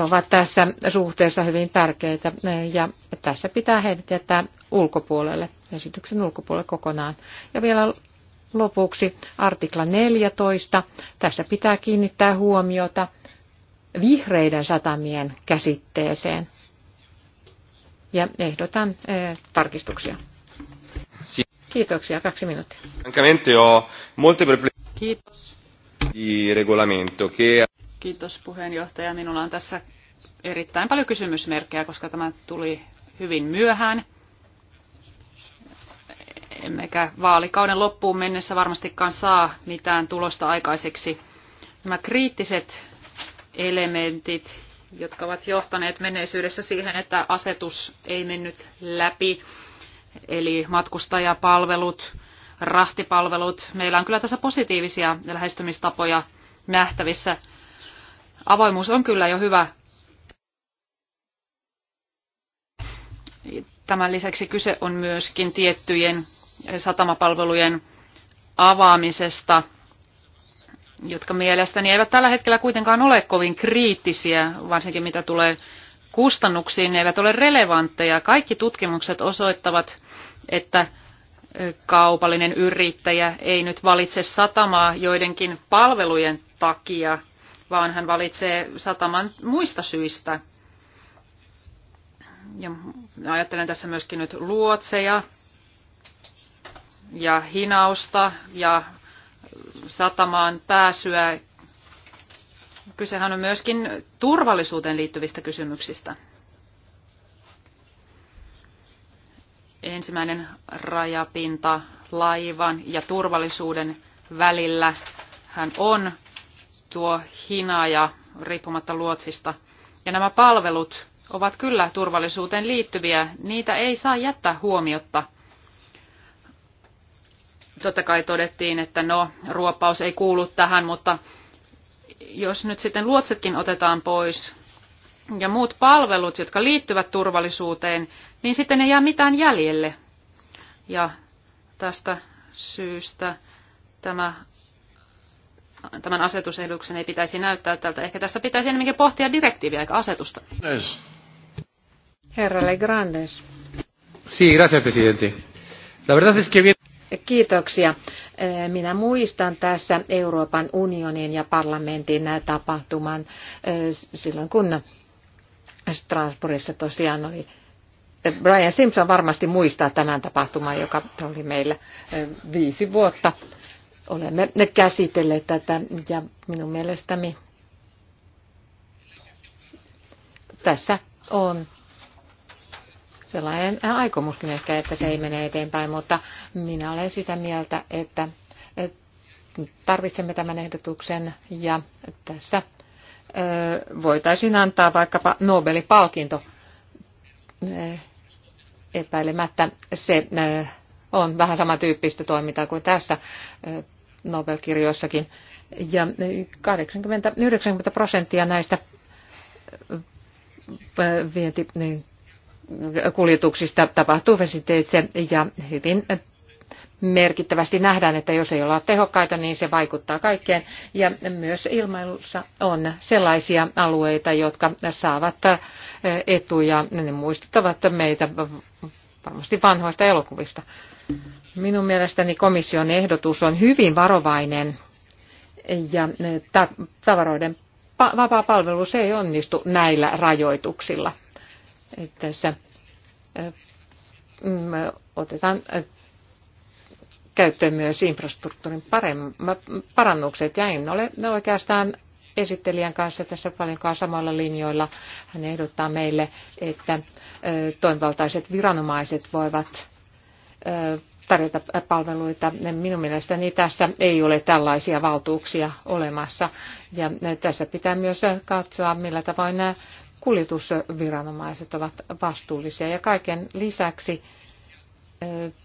Speaker 2: ovat tässä suhteessa hyvin tärkeitä eh, ja tässä pitää heidät jättää ulkopuolelle, esityksen ulkopuolelle kokonaan. Ja vielä lopuksi artikla 14. Tässä pitää kiinnittää huomiota vihreiden satamien käsitteeseen. Ja ehdotan eh, tarkistuksia. Kiitoksia, kaksi minuuttia.
Speaker 4: Kiitos.
Speaker 1: Di regolamento che
Speaker 4: Kiitos puheenjohtaja. Minulla on tässä erittäin paljon kysymysmerkkejä, koska tämä tuli hyvin myöhään. Emmekä vaalikauden loppuun mennessä varmastikaan saa mitään tulosta aikaiseksi. Nämä kriittiset elementit, jotka ovat johtaneet menneisyydessä siihen, että asetus ei mennyt läpi, eli matkustajapalvelut, rahtipalvelut. Meillä on kyllä tässä positiivisia lähestymistapoja nähtävissä – avoimuus on kyllä jo hyvä. Tämän lisäksi kyse on myöskin tiettyjen satamapalvelujen avaamisesta, jotka mielestäni eivät tällä hetkellä kuitenkaan ole kovin kriittisiä, varsinkin mitä tulee kustannuksiin, ne eivät ole relevantteja. Kaikki tutkimukset osoittavat, että kaupallinen yrittäjä ei nyt valitse satamaa joidenkin palvelujen takia – vaan hän valitsee sataman muista syistä. Ja ajattelen tässä myöskin nyt luotseja ja hinausta ja satamaan pääsyä. Kysehän on myöskin turvallisuuteen liittyvistä kysymyksistä. Ensimmäinen rajapinta laivan ja turvallisuuden välillä hän on tuo ja riippumatta luotsista. Ja nämä palvelut ovat kyllä turvallisuuteen liittyviä, niitä ei saa jättää huomiotta. Totta kai todettiin, että no, ruoppaus ei kuulu tähän, mutta jos nyt sitten luotsetkin otetaan pois ja muut palvelut, jotka liittyvät turvallisuuteen, niin sitten ei jää mitään jäljelle. Ja tästä syystä tämä tämän asetusehdotuksen ei pitäisi näyttää tältä. Ehkä tässä pitäisi enemmänkin pohtia direktiiviä eikä asetusta.
Speaker 5: Yes.
Speaker 2: Herra Legrandes.
Speaker 5: Sí, gracias, presidente.
Speaker 2: La verdad es que bien... Kiitoksia. Eh, minä muistan tässä Euroopan unionin ja parlamentin eh, tapahtuman eh, silloin, kun Strasbourgissa tosiaan oli Brian Simpson varmasti muistaa tämän tapahtuman, joka oli meillä viisi vuotta olemme käsitelleet tätä ja minun mielestäni tässä on sellainen aikomuskin ehkä, että se ei mene eteenpäin, mutta minä olen sitä mieltä, että, että tarvitsemme tämän ehdotuksen ja tässä voitaisiin antaa vaikkapa Nobelin palkinto epäilemättä. Se on vähän samantyyppistä toimintaa kuin tässä. Nobel-kirjoissakin. Ja 80-90 prosenttia näistä äh, vientikuljetuksista niin, tapahtuu vesiteitse ja hyvin merkittävästi nähdään, että jos ei olla tehokkaita, niin se vaikuttaa kaikkeen. Ja myös ilmailussa on sellaisia alueita, jotka saavat äh, etuja. Ne muistuttavat meitä varmasti vanhoista elokuvista. Minun mielestäni komission ehdotus on hyvin varovainen ja e, tavaroiden vapaa palvelu se ei onnistu näillä rajoituksilla. Tässä e, mm, otetaan e, käyttöön myös infrastruktuurin parannukset ja en ole oikeastaan esittelijän kanssa tässä paljonkaan samalla linjoilla. Hän ehdottaa meille, että toimivaltaiset viranomaiset voivat tarjota palveluita. Minun mielestäni tässä ei ole tällaisia valtuuksia olemassa. Ja tässä pitää myös katsoa, millä tavoin nämä kuljetusviranomaiset ovat vastuullisia. Ja kaiken lisäksi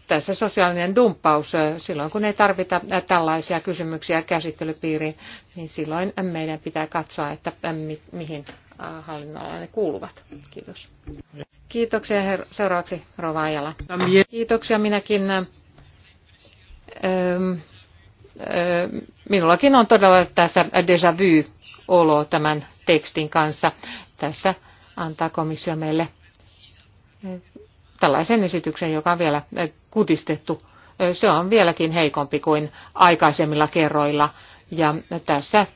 Speaker 2: tässä sosiaalinen dumppaus, silloin kun ei tarvita tällaisia kysymyksiä käsittelypiiriin, niin silloin meidän pitää katsoa, että mihin hallinnolla ne kuuluvat. Kiitos. Kiitoksia her- seuraavaksi Rova Ajala. Kiitoksia minäkin. Ähm, äh, minullakin on todella tässä déjà vu-olo tämän tekstin kanssa. Tässä antaa komissio meille tällaisen esityksen, joka on vielä äh, kutistettu. Äh, se on vieläkin heikompi kuin aikaisemmilla kerroilla. Ja tässä äh,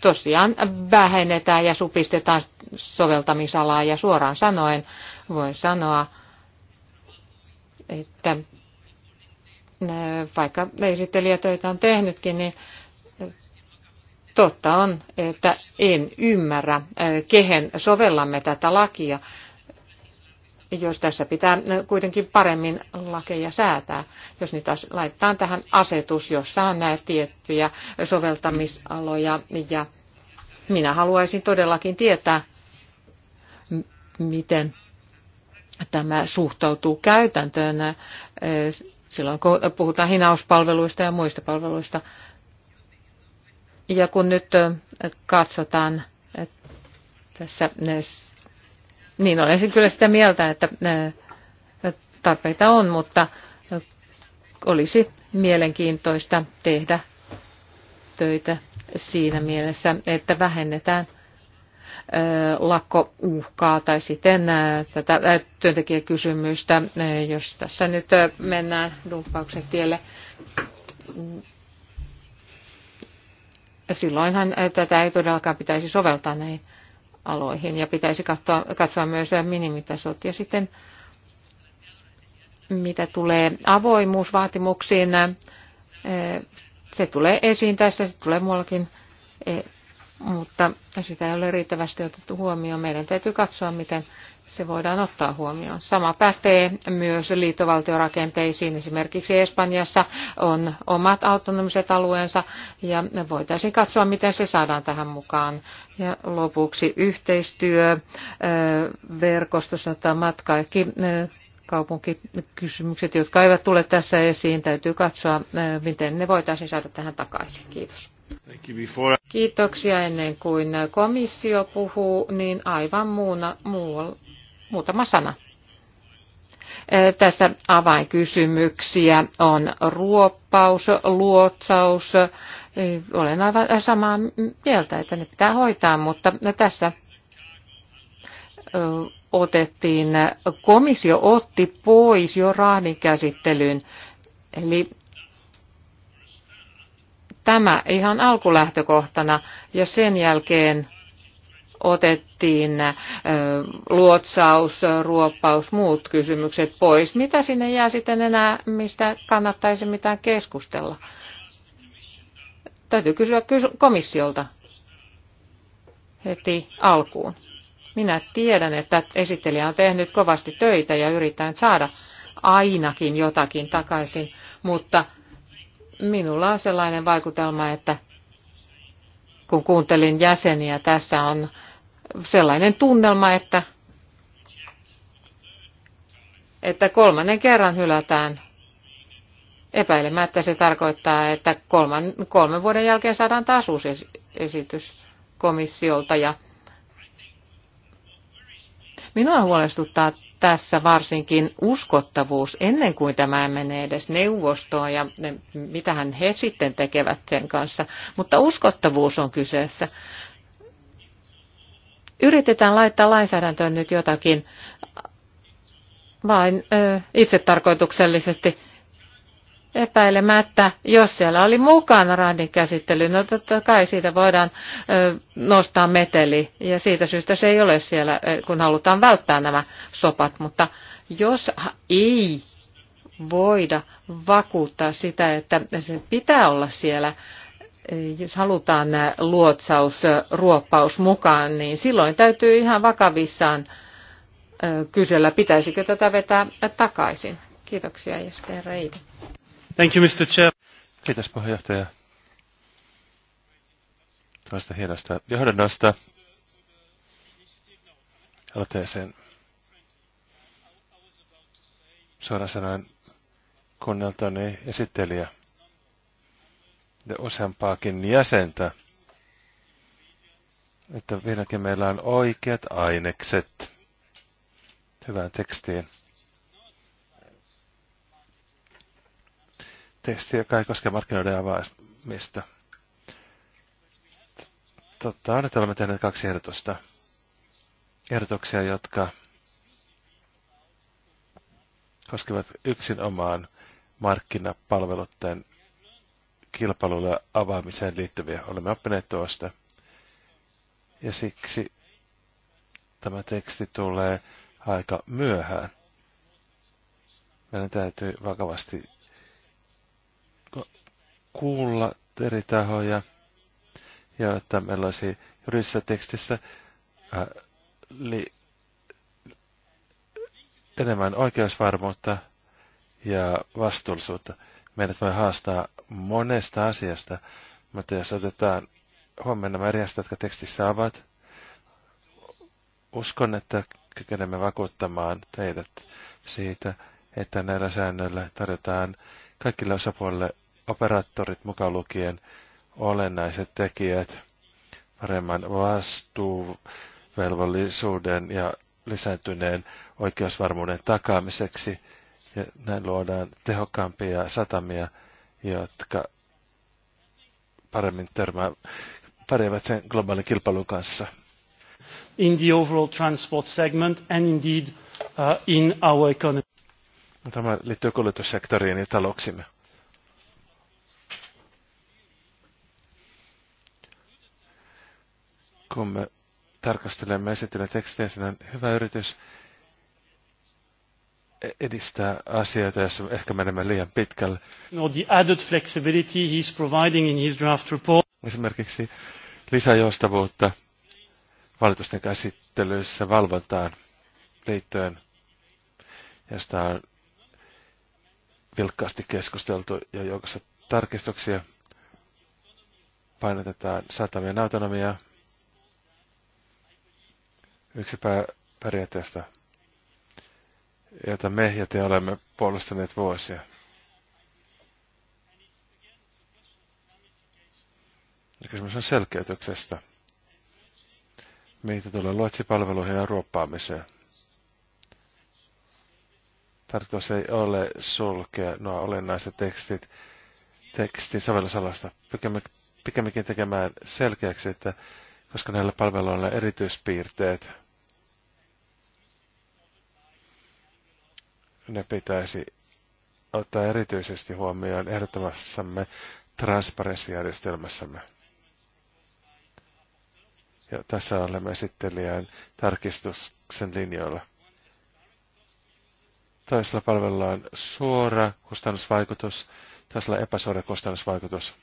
Speaker 2: tosiaan vähennetään ja supistetaan soveltamisalaa ja suoraan sanoen voin sanoa, että vaikka esittelijätöitä on tehnytkin, niin totta on, että en ymmärrä, kehen sovellamme tätä lakia jos tässä pitää kuitenkin paremmin lakeja säätää. Jos niitä laitetaan tähän asetus, jossa on nämä tiettyjä soveltamisaloja ja minä haluaisin todellakin tietää, miten tämä suhtautuu käytäntöön silloin, kun puhutaan hinauspalveluista ja muista palveluista. Ja kun nyt katsotaan tässä niin olen kyllä sitä mieltä, että tarpeita on, mutta olisi mielenkiintoista tehdä töitä siinä mielessä, että vähennetään lakkouhkaa tai sitten tätä työntekijäkysymystä, jos tässä nyt mennään dumppauksen tielle. Silloinhan tätä ei todellakaan pitäisi soveltaa näin aloihin ja pitäisi katsoa, katsoa myös minimitasot. Ja sitten mitä tulee avoimuusvaatimuksiin, eh, se tulee esiin tässä, se tulee muuallakin, eh, mutta sitä ei ole riittävästi otettu huomioon. Meidän täytyy katsoa, miten se voidaan ottaa huomioon. Sama pätee myös liittovaltiorakenteisiin. Esimerkiksi Espanjassa on omat autonomiset alueensa ja voitaisiin katsoa, miten se saadaan tähän mukaan. Ja lopuksi yhteistyö verkostossa tai matkaikki kaupunkikysymykset, jotka eivät tule tässä esiin. Täytyy katsoa, miten ne voitaisiin saada tähän takaisin. Kiitos. Kiitoksia ennen kuin komissio puhuu, niin aivan muuna, muualla Muutama sana. Tässä avainkysymyksiä on ruoppaus, luotsaus. Olen aivan samaa mieltä, että ne pitää hoitaa, mutta tässä otettiin, komissio otti pois jo rahdin käsittelyyn. Eli tämä ihan alkulähtökohtana ja sen jälkeen otettiin luotsaus, ruoppaus, muut kysymykset pois. Mitä sinne jää sitten enää, mistä kannattaisi mitään keskustella? Täytyy kysyä komissiolta heti alkuun. Minä tiedän, että esittelijä on tehnyt kovasti töitä ja yritän saada ainakin jotakin takaisin, mutta minulla on sellainen vaikutelma, että kun kuuntelin jäseniä, tässä on sellainen tunnelma, että, että kolmannen kerran hylätään. Epäilemättä se tarkoittaa, että kolman, kolmen vuoden jälkeen saadaan taas uusi esitys komissiolta. Ja minua huolestuttaa tässä varsinkin uskottavuus ennen kuin tämä menee edes neuvostoon ja mitähän he sitten tekevät sen kanssa. Mutta uskottavuus on kyseessä yritetään laittaa lainsäädäntöön nyt jotakin vain ö, itsetarkoituksellisesti epäilemättä, jos siellä oli mukana radin käsittely, no totta kai siitä voidaan ö, nostaa meteli, ja siitä syystä se ei ole siellä, kun halutaan välttää nämä sopat, mutta jos ei voida vakuuttaa sitä, että se pitää olla siellä jos halutaan luotsaus, ruoppaus mukaan, niin silloin täytyy ihan vakavissaan kysellä, pitäisikö tätä vetää takaisin. Kiitoksia, Jester Reidi.
Speaker 3: Thank you, Mr. Chair. Kiitos, puheenjohtaja. Tuosta hienosta johdannosta aloitteeseen. Suoraan sanoen kuunneltani esittelijä ja useampaakin jäsentä, että vieläkin meillä on oikeat ainekset hyvään tekstiin. Teksti, joka ei koske markkinoiden avaamista. Totta on, että olemme tehneet kaksi ehdotusta. Ehdotuksia, jotka koskevat yksin omaan markkinapalveluiden kilpailulle avaamiseen liittyviä. Olemme oppineet tuosta. Ja siksi tämä teksti tulee aika myöhään. Meidän täytyy vakavasti kuulla eri tahoja, että meillä olisi juridisessa tekstissä ää, li, enemmän oikeusvarmuutta ja vastuullisuutta meidät voi haastaa monesta asiasta, mutta jos otetaan huomenna nämä eri asiat, jotka tekstissä ovat, uskon, että kykenemme vakuuttamaan teidät siitä, että näillä säännöillä tarjotaan kaikille osapuolille operaattorit mukaan lukien olennaiset tekijät paremman vastuuvelvollisuuden ja lisääntyneen oikeusvarmuuden takaamiseksi ja näin luodaan tehokkaampia satamia, jotka paremmin törmää, pärjäävät sen globaalin kilpailun kanssa.
Speaker 5: In the overall
Speaker 3: transport segment and indeed uh, in our economy. No, tämä liittyy kuljetussektoriin ja talouksimme. Kun me tarkastelemme esitellen tekstiä, on hyvä yritys edistää asioita, jos ehkä menemme liian pitkälle. No, the added flexibility he's providing in his draft report. Esimerkiksi lisäjoustavuutta valitusten käsittelyissä valvontaan liittyen, josta on vilkkaasti keskusteltu ja joukossa tarkistuksia painotetaan saatavien autonomiaa. Yksi pää, periaatteesta jota me ja te olemme puolustaneet vuosia. Ja kysymys on selkeytyksestä. Meitä tulee luotsipalveluihin ja ruoppaamiseen. Tarkoitus ei ole sulkea nuo olennaiset tekstit tekstin sovellusalasta. Pikemminkin tekemään selkeäksi, että koska näillä palveluilla on erityispiirteet, ne pitäisi ottaa erityisesti huomioon ehdottomassamme transparenssijärjestelmässämme. Ja tässä olemme esittelijän tarkistuksen linjoilla. Toisella on suora kustannusvaikutus, toisella epäsuora kustannusvaikutus.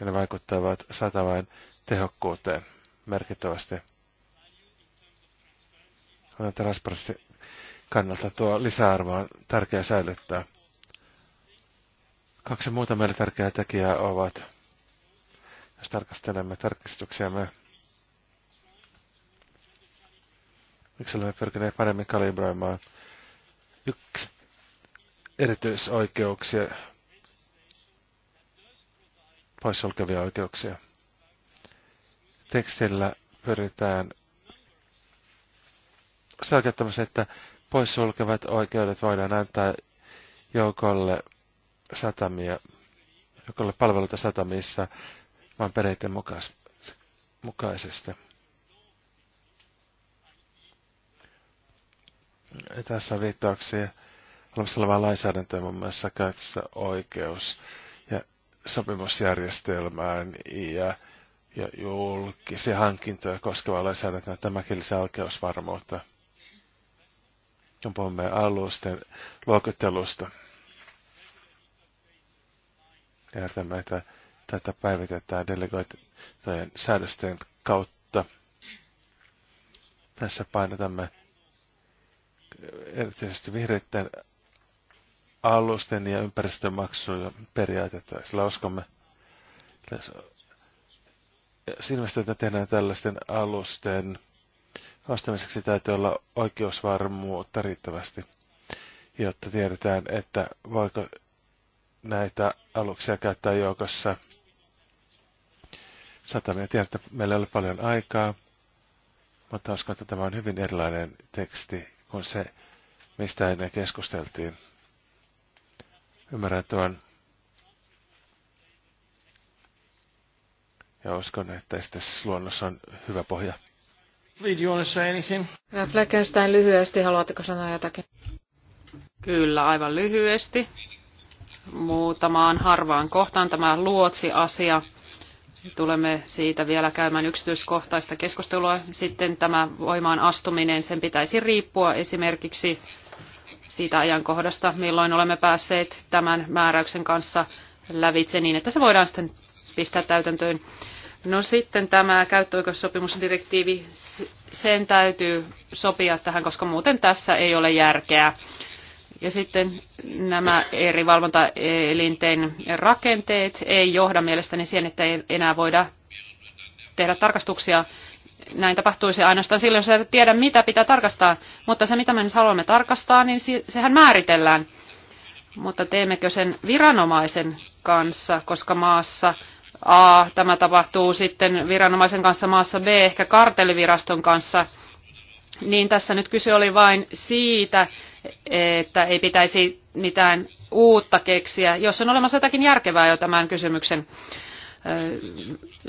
Speaker 3: Ja ne vaikuttavat satavain tehokkuuteen merkittävästi. Olen kannalta tuo lisäarvo on tärkeää säilyttää. Kaksi muuta meille tärkeää tekijää ovat, jos tarkastelemme tarkistuksiamme, miksi olemme pyrkineet paremmin kalibroimaan yksi erityisoikeuksia, poissulkevia oikeuksia. Tekstillä pyritään selkeyttämään että poissulkevat oikeudet voidaan antaa joukolle satamia, joukolle palveluita satamissa maan perinteen mukaisesti. Ja tässä on viittauksia olemassa olevaan lainsäädäntöön muun muassa käytössä oikeus ja sopimusjärjestelmään ja, ja julkisia hankintoja koskevaa lainsäädäntöä. Tämäkin lisää oikeusvarmuutta kun puhumme alusten luokittelusta. Järjestämme, että tätä päivitetään delegoitujen säädösten kautta. Tässä painotamme erityisesti vihreiden alusten ja ympäristömaksuja periaatetta, sillä uskomme, että tehdään tällaisten alusten ostamiseksi täytyy olla oikeusvarmuutta riittävästi, jotta tiedetään, että voiko näitä aluksia käyttää joukossa satamia. Tiedän, että meillä ei ole paljon aikaa, mutta uskon, että tämä on hyvin erilainen teksti kuin se, mistä ennen keskusteltiin. Ymmärrän tuon. Ja uskon, että esitys luonnossa on hyvä pohja.
Speaker 1: Lee, do you want to say
Speaker 4: anything?
Speaker 2: Fleckenstein lyhyesti, haluatteko sanoa jotakin? Kyllä,
Speaker 4: aivan lyhyesti. Muutamaan harvaan kohtaan tämä luotsi-asia. Tulemme siitä vielä käymään yksityiskohtaista keskustelua. Sitten tämä voimaan astuminen, sen pitäisi riippua esimerkiksi siitä ajankohdasta, milloin olemme päässeet tämän määräyksen kanssa lävitse niin, että se voidaan sitten pistää täytäntöön. No sitten tämä käyttöoikeussopimusdirektiivi, sen täytyy sopia tähän, koska muuten tässä ei ole järkeä. Ja sitten nämä eri valvontaelinten rakenteet ei johda mielestäni siihen, että ei enää voida tehdä tarkastuksia. Näin tapahtuisi ainoastaan silloin, jos ei tiedä, mitä pitää tarkastaa. Mutta se, mitä me nyt haluamme tarkastaa, niin sehän määritellään. Mutta teemmekö sen viranomaisen kanssa, koska maassa A, tämä tapahtuu sitten viranomaisen kanssa maassa B, ehkä karteliviraston kanssa. Niin tässä nyt kyse oli vain siitä, että ei pitäisi mitään uutta keksiä, jos on olemassa jotakin järkevää jo tämän kysymyksen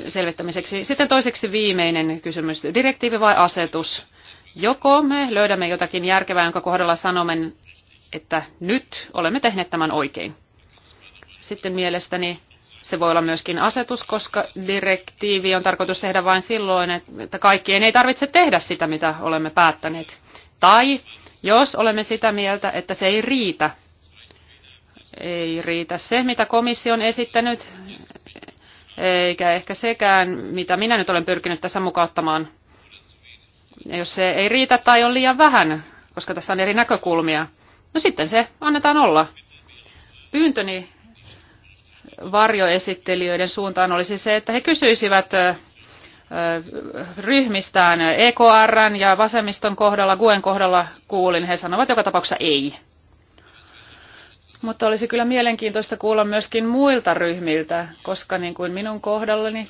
Speaker 4: selvittämiseksi. Sitten toiseksi viimeinen kysymys, direktiivi vai asetus? Joko me löydämme jotakin järkevää, jonka kohdalla sanomme, että nyt olemme tehneet tämän oikein. Sitten mielestäni se voi olla myöskin asetus, koska direktiivi on tarkoitus tehdä vain silloin, että kaikkien ei tarvitse tehdä sitä, mitä olemme päättäneet. Tai jos olemme sitä mieltä, että se ei riitä, ei riitä se, mitä komissio on esittänyt, eikä ehkä sekään, mitä minä nyt olen pyrkinyt tässä mukauttamaan. Jos se ei riitä tai on liian vähän, koska tässä on eri näkökulmia, no sitten se annetaan olla. Pyyntöni varjoesittelijöiden suuntaan olisi se, että he kysyisivät ryhmistään EKR ja vasemmiston kohdalla, Guen kohdalla kuulin, he sanovat joka tapauksessa ei. Mutta olisi kyllä mielenkiintoista kuulla myöskin muilta ryhmiltä, koska niin kuin minun kohdallani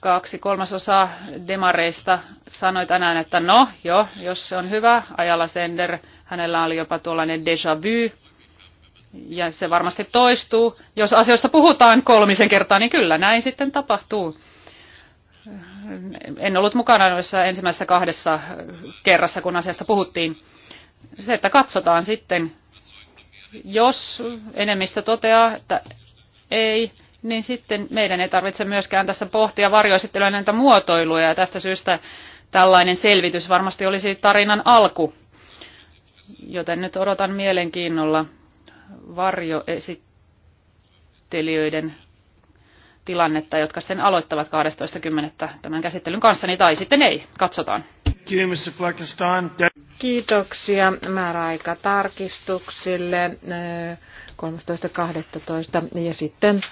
Speaker 4: kaksi kolmasosaa demareista sanoi tänään, että no, jo, jos se on hyvä, ajalla sender, hänellä oli jopa tuollainen déjà vu, ja se varmasti toistuu. Jos asioista puhutaan kolmisen kertaa, niin kyllä näin sitten tapahtuu. En ollut mukana noissa ensimmäisessä kahdessa kerrassa, kun asiasta puhuttiin. Se, että katsotaan sitten, jos enemmistö toteaa, että ei, niin sitten meidän ei tarvitse myöskään tässä pohtia varjoesittelyä näitä muotoiluja. Ja tästä syystä tällainen selvitys varmasti olisi tarinan alku. Joten nyt odotan mielenkiinnolla varjoesittelijöiden tilannetta, jotka sitten aloittavat 12.10. tämän käsittelyn niin tai sitten ei. Katsotaan.
Speaker 2: Kiitoksia määräaika tarkistuksille 13.12. Eh, ja sitten eh,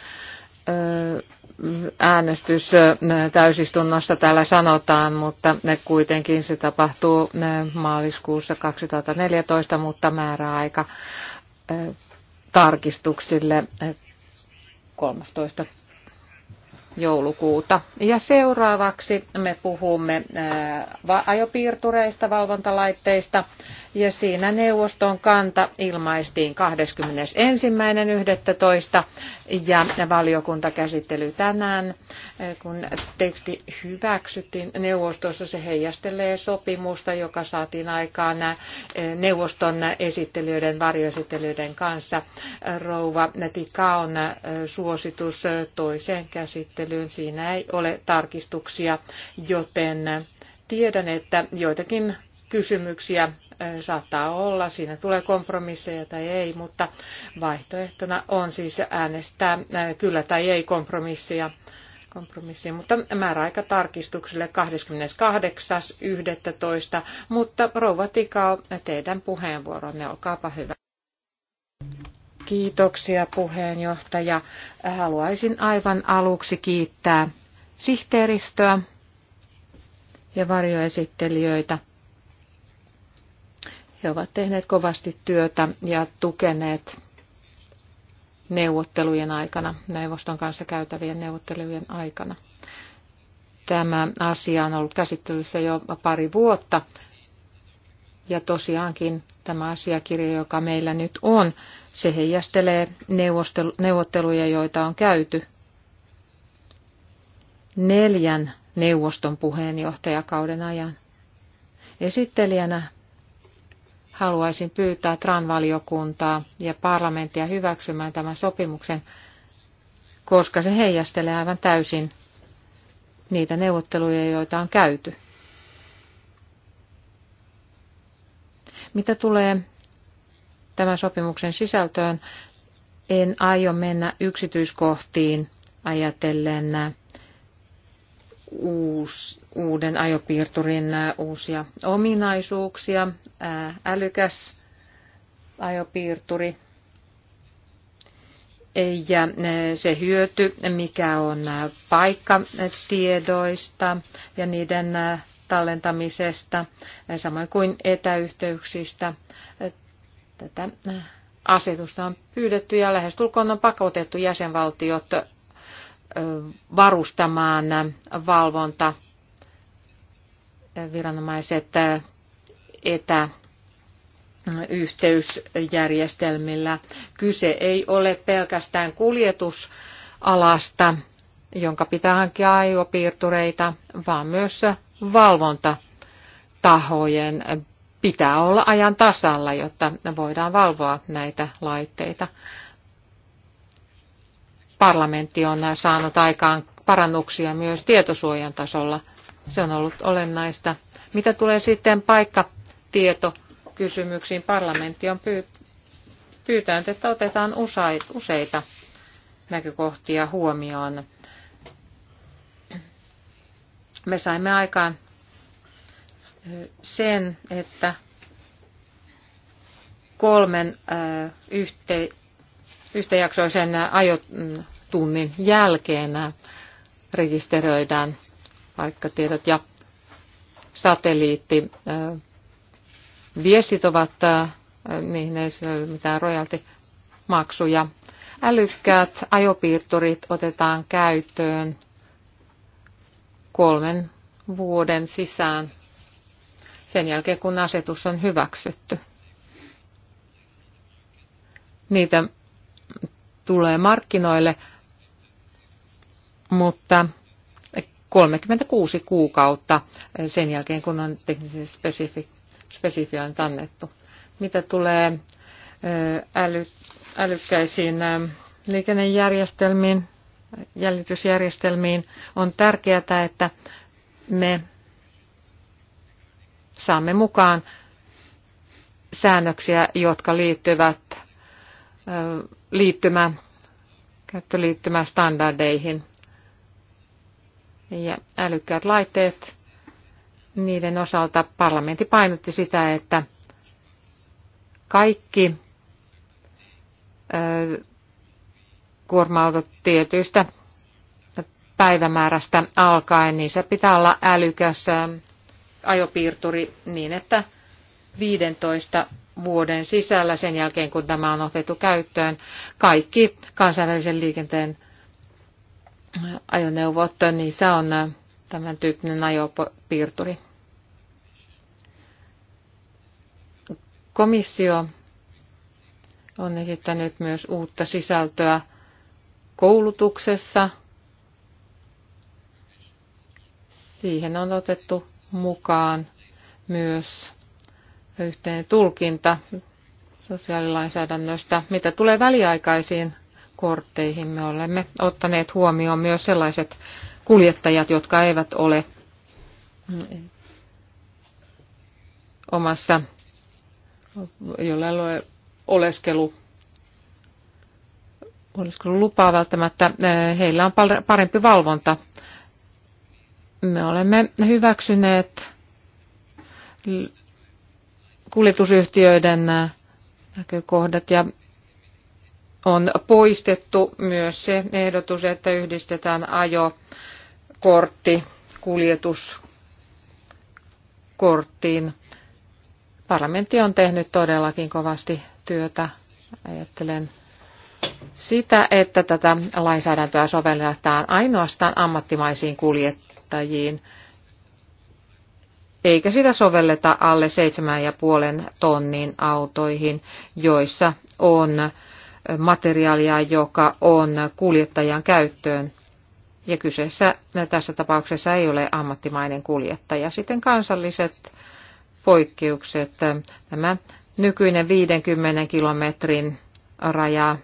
Speaker 2: äänestys eh, täysistunnossa täällä sanotaan, mutta ne kuitenkin se tapahtuu maaliskuussa 2014, mutta määräaika tarkistuksille 13 joulukuuta. Ja seuraavaksi me puhumme ajopiirtureista, valvontalaitteista, ja siinä neuvoston kanta ilmaistiin 21.11. ja valiokuntakäsittely tänään, kun teksti hyväksyttiin neuvostossa, se heijastelee sopimusta, joka saatiin aikaan neuvoston esittelijöiden, varjoesittelijöiden kanssa. Rouva Tikaon suositus toiseen käsittelyyn käsittelyyn. Siinä ei ole tarkistuksia, joten tiedän, että joitakin kysymyksiä saattaa olla. Siinä tulee kompromisseja tai ei, mutta vaihtoehtona on siis äänestää kyllä tai ei kompromissia. Kompromissia, mutta määräaika tarkistukselle 28.11. Mutta rouva Tikao, teidän puheenvuoronne, olkaapa hyvä. Kiitoksia puheenjohtaja. Haluaisin aivan aluksi kiittää sihteeristöä ja varjoesittelijöitä. He ovat tehneet kovasti työtä ja tukeneet neuvottelujen aikana, neuvoston kanssa käytävien neuvottelujen aikana. Tämä asia on ollut käsittelyssä jo pari vuotta ja tosiaankin tämä asiakirja, joka meillä nyt on, se heijastelee neuvotteluja, joita on käyty neljän neuvoston puheenjohtajakauden ajan. Esittelijänä haluaisin pyytää TRAN-valiokuntaa ja parlamenttia hyväksymään tämän sopimuksen, koska se heijastelee aivan täysin niitä neuvotteluja, joita on käyty. Mitä tulee tämän sopimuksen sisältöön, en aio mennä yksityiskohtiin ajatellen uus, uuden ajopiirturin uusia ominaisuuksia. Älykäs ajopiirturi ja se hyöty, mikä on paikkatiedoista ja niiden tallentamisesta, samoin kuin etäyhteyksistä. Tätä asetusta on pyydetty ja lähestulkoon on pakotettu jäsenvaltiot varustamaan valvonta viranomaiset etäyhteysjärjestelmillä. Kyse ei ole pelkästään kuljetusalasta, jonka pitää hankkia aivopiirtureita, vaan myös valvontatahojen pitää olla ajan tasalla, jotta voidaan valvoa näitä laitteita. Parlamentti on saanut aikaan parannuksia myös tietosuojan tasolla. Se on ollut olennaista. Mitä tulee sitten paikkatietokysymyksiin, parlamentti on pyytänyt, että otetaan useita näkökohtia huomioon me saimme aikaan sen, että kolmen yhte, yhtäjaksoisen ajotunnin jälkeen rekisteröidään paikkatiedot ja satelliitti. Viestit ovat, niihin ei ole mitään rojaltimaksuja. Älykkäät ajopiirturit otetaan käyttöön kolmen vuoden sisään sen jälkeen, kun asetus on hyväksytty. Niitä tulee markkinoille, mutta 36 kuukautta sen jälkeen, kun on teknisesti spesifi, spesifioinnit annettu. Mitä tulee äly, älykkäisiin liikennejärjestelmiin, jäljitysjärjestelmiin. On tärkeää, että me saamme mukaan säännöksiä, jotka liittyvät liittymä, käyttöliittymästandardeihin. Ja älykkäät laitteet, niiden osalta parlamentti painotti sitä, että kaikki kuorma tietyistä päivämäärästä alkaen, niin se pitää olla älykäs ajopiirturi niin, että 15 vuoden sisällä sen jälkeen, kun tämä on otettu käyttöön, kaikki kansainvälisen liikenteen ajoneuvot, se on tämän tyyppinen ajopiirturi. Komissio on esittänyt myös uutta sisältöä koulutuksessa. Siihen on otettu mukaan myös yhteinen tulkinta sosiaalilainsäädännöstä. Mitä tulee väliaikaisiin kortteihin, me olemme ottaneet huomioon myös sellaiset kuljettajat, jotka eivät ole omassa, jolla ei ole oleskelu lupaa välttämättä, eh, heillä on parempi valvonta. Me olemme hyväksyneet kuljetusyhtiöiden eh, näkökohdat ja on poistettu myös se ehdotus, että yhdistetään ajokortti kuljetuskorttiin. Parlamentti on tehnyt todellakin kovasti työtä. Ajattelen sitä, että tätä lainsäädäntöä sovelletaan ainoastaan ammattimaisiin kuljettajiin, eikä sitä sovelleta alle 7,5 tonnin autoihin, joissa on materiaalia, joka on kuljettajan käyttöön. Ja kyseessä tässä tapauksessa ei ole ammattimainen kuljettaja. Sitten kansalliset poikkeukset. Tämä nykyinen 50 kilometrin raja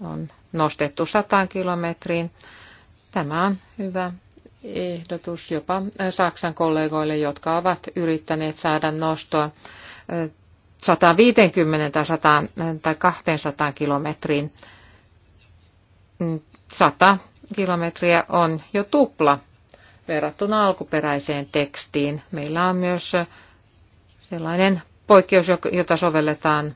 Speaker 2: on nostettu 100 kilometriin. Tämä on hyvä ehdotus jopa äh, Saksan kollegoille, jotka ovat yrittäneet saada nostoa 150 äh, tai, 100, äh, tai 200 kilometriin. 100 mm, kilometriä on jo tupla verrattuna alkuperäiseen tekstiin. Meillä on myös sellainen poikkeus, jota sovelletaan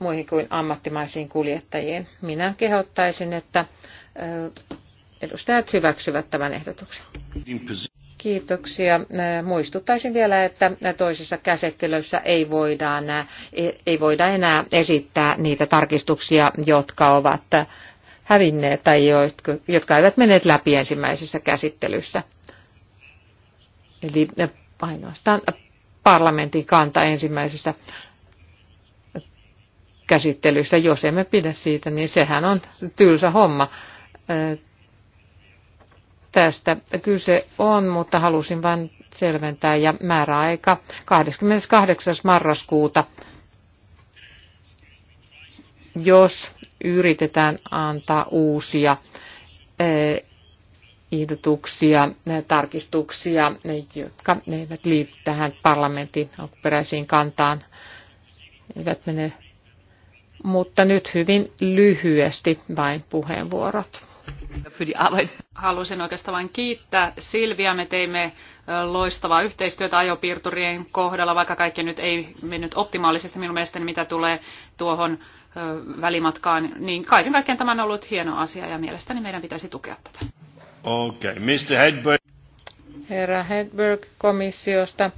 Speaker 2: muihin kuin ammattimaisiin kuljettajiin. Minä kehottaisin, että edustajat hyväksyvät tämän ehdotuksen. Kiitoksia. Muistuttaisin vielä, että toisessa käsittelyssä ei, e, ei voida enää esittää niitä tarkistuksia, jotka ovat hävinneet tai jotka eivät menneet läpi ensimmäisessä käsittelyssä. Eli ainoastaan parlamentin kanta ensimmäisessä käsittelyssä. Jos emme pidä siitä, niin sehän on tylsä homma. Tästä kyse on, mutta halusin vain selventää ja määräaika 28. marraskuuta. Jos yritetään antaa uusia ehdotuksia, tarkistuksia, jotka eivät liity tähän parlamentin alkuperäisiin kantaan, eivät mene mutta nyt hyvin lyhyesti vain puheenvuorot.
Speaker 4: Haluaisin oikeastaan vain kiittää Silviä. Me teimme loistavaa yhteistyötä ajopiirturien kohdalla, vaikka kaikki nyt ei mennyt optimaalisesti minun mielestäni, mitä tulee tuohon välimatkaan. Niin kaiken kaikkiaan tämä on ollut hieno asia ja mielestäni meidän pitäisi tukea tätä.
Speaker 1: Okay. Mr. Hedberg.
Speaker 2: Herra Hedberg komissiosta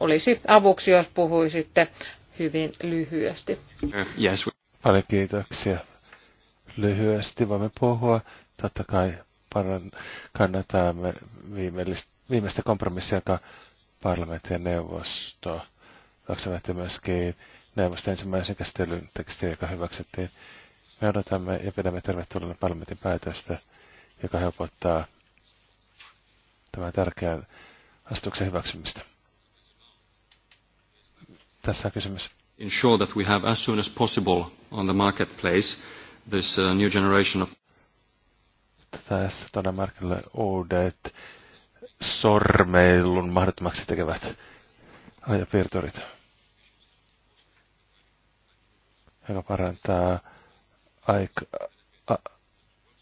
Speaker 2: olisi avuksi, jos puhuisitte hyvin lyhyesti. Uh,
Speaker 1: yes.
Speaker 3: Paljon kiitoksia. Lyhyesti voimme puhua. Totta kai kannattaa viimeistä kompromissia, joka parlamentin ja neuvosto hyväksyvät myöskin neuvoston ensimmäisen käsittelyn tekstiä, joka hyväksyttiin. Me odotamme ja pidämme tervetulleena parlamentin päätöstä, joka helpottaa tämän tärkeän astuksen hyväksymistä tässä kysymys. Ensure that we have as soon as possible on the marketplace this uh, new generation of tässä tänä markkinoille uudet sormeilun mahdottomaksi tekevät ajapiirturit, joka parantaa aika, a,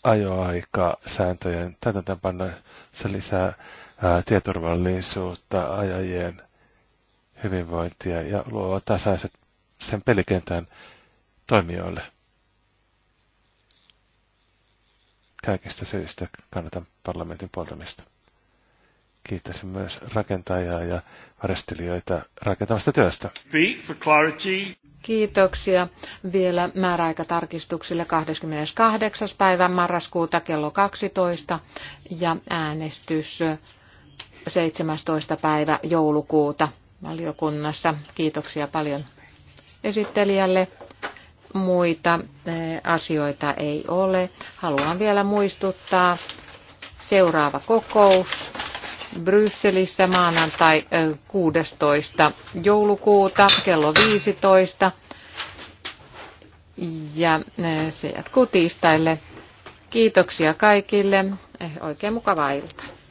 Speaker 3: ajoaika sääntöjen täytäntöönpanna. lisää ää, tieturvallisuutta ajajien hyvinvointia ja luo tasaiset sen pelikentän toimijoille. Kaikista syistä kannatan parlamentin puoltamista. Kiitäisin myös rakentajaa ja varastelijoita rakentamasta työstä.
Speaker 2: Kiitoksia. Vielä määräaikatarkistuksille 28. päivä marraskuuta kello 12 ja äänestys 17. päivä joulukuuta valiokunnassa. Kiitoksia paljon esittelijälle. Muita eh, asioita ei ole. Haluan vielä muistuttaa seuraava kokous Brysselissä maanantai 16. Eh, joulukuuta kello 15. Ja eh, se jatkuu tiistaille. Kiitoksia kaikille. Oikein mukavaa iltaa.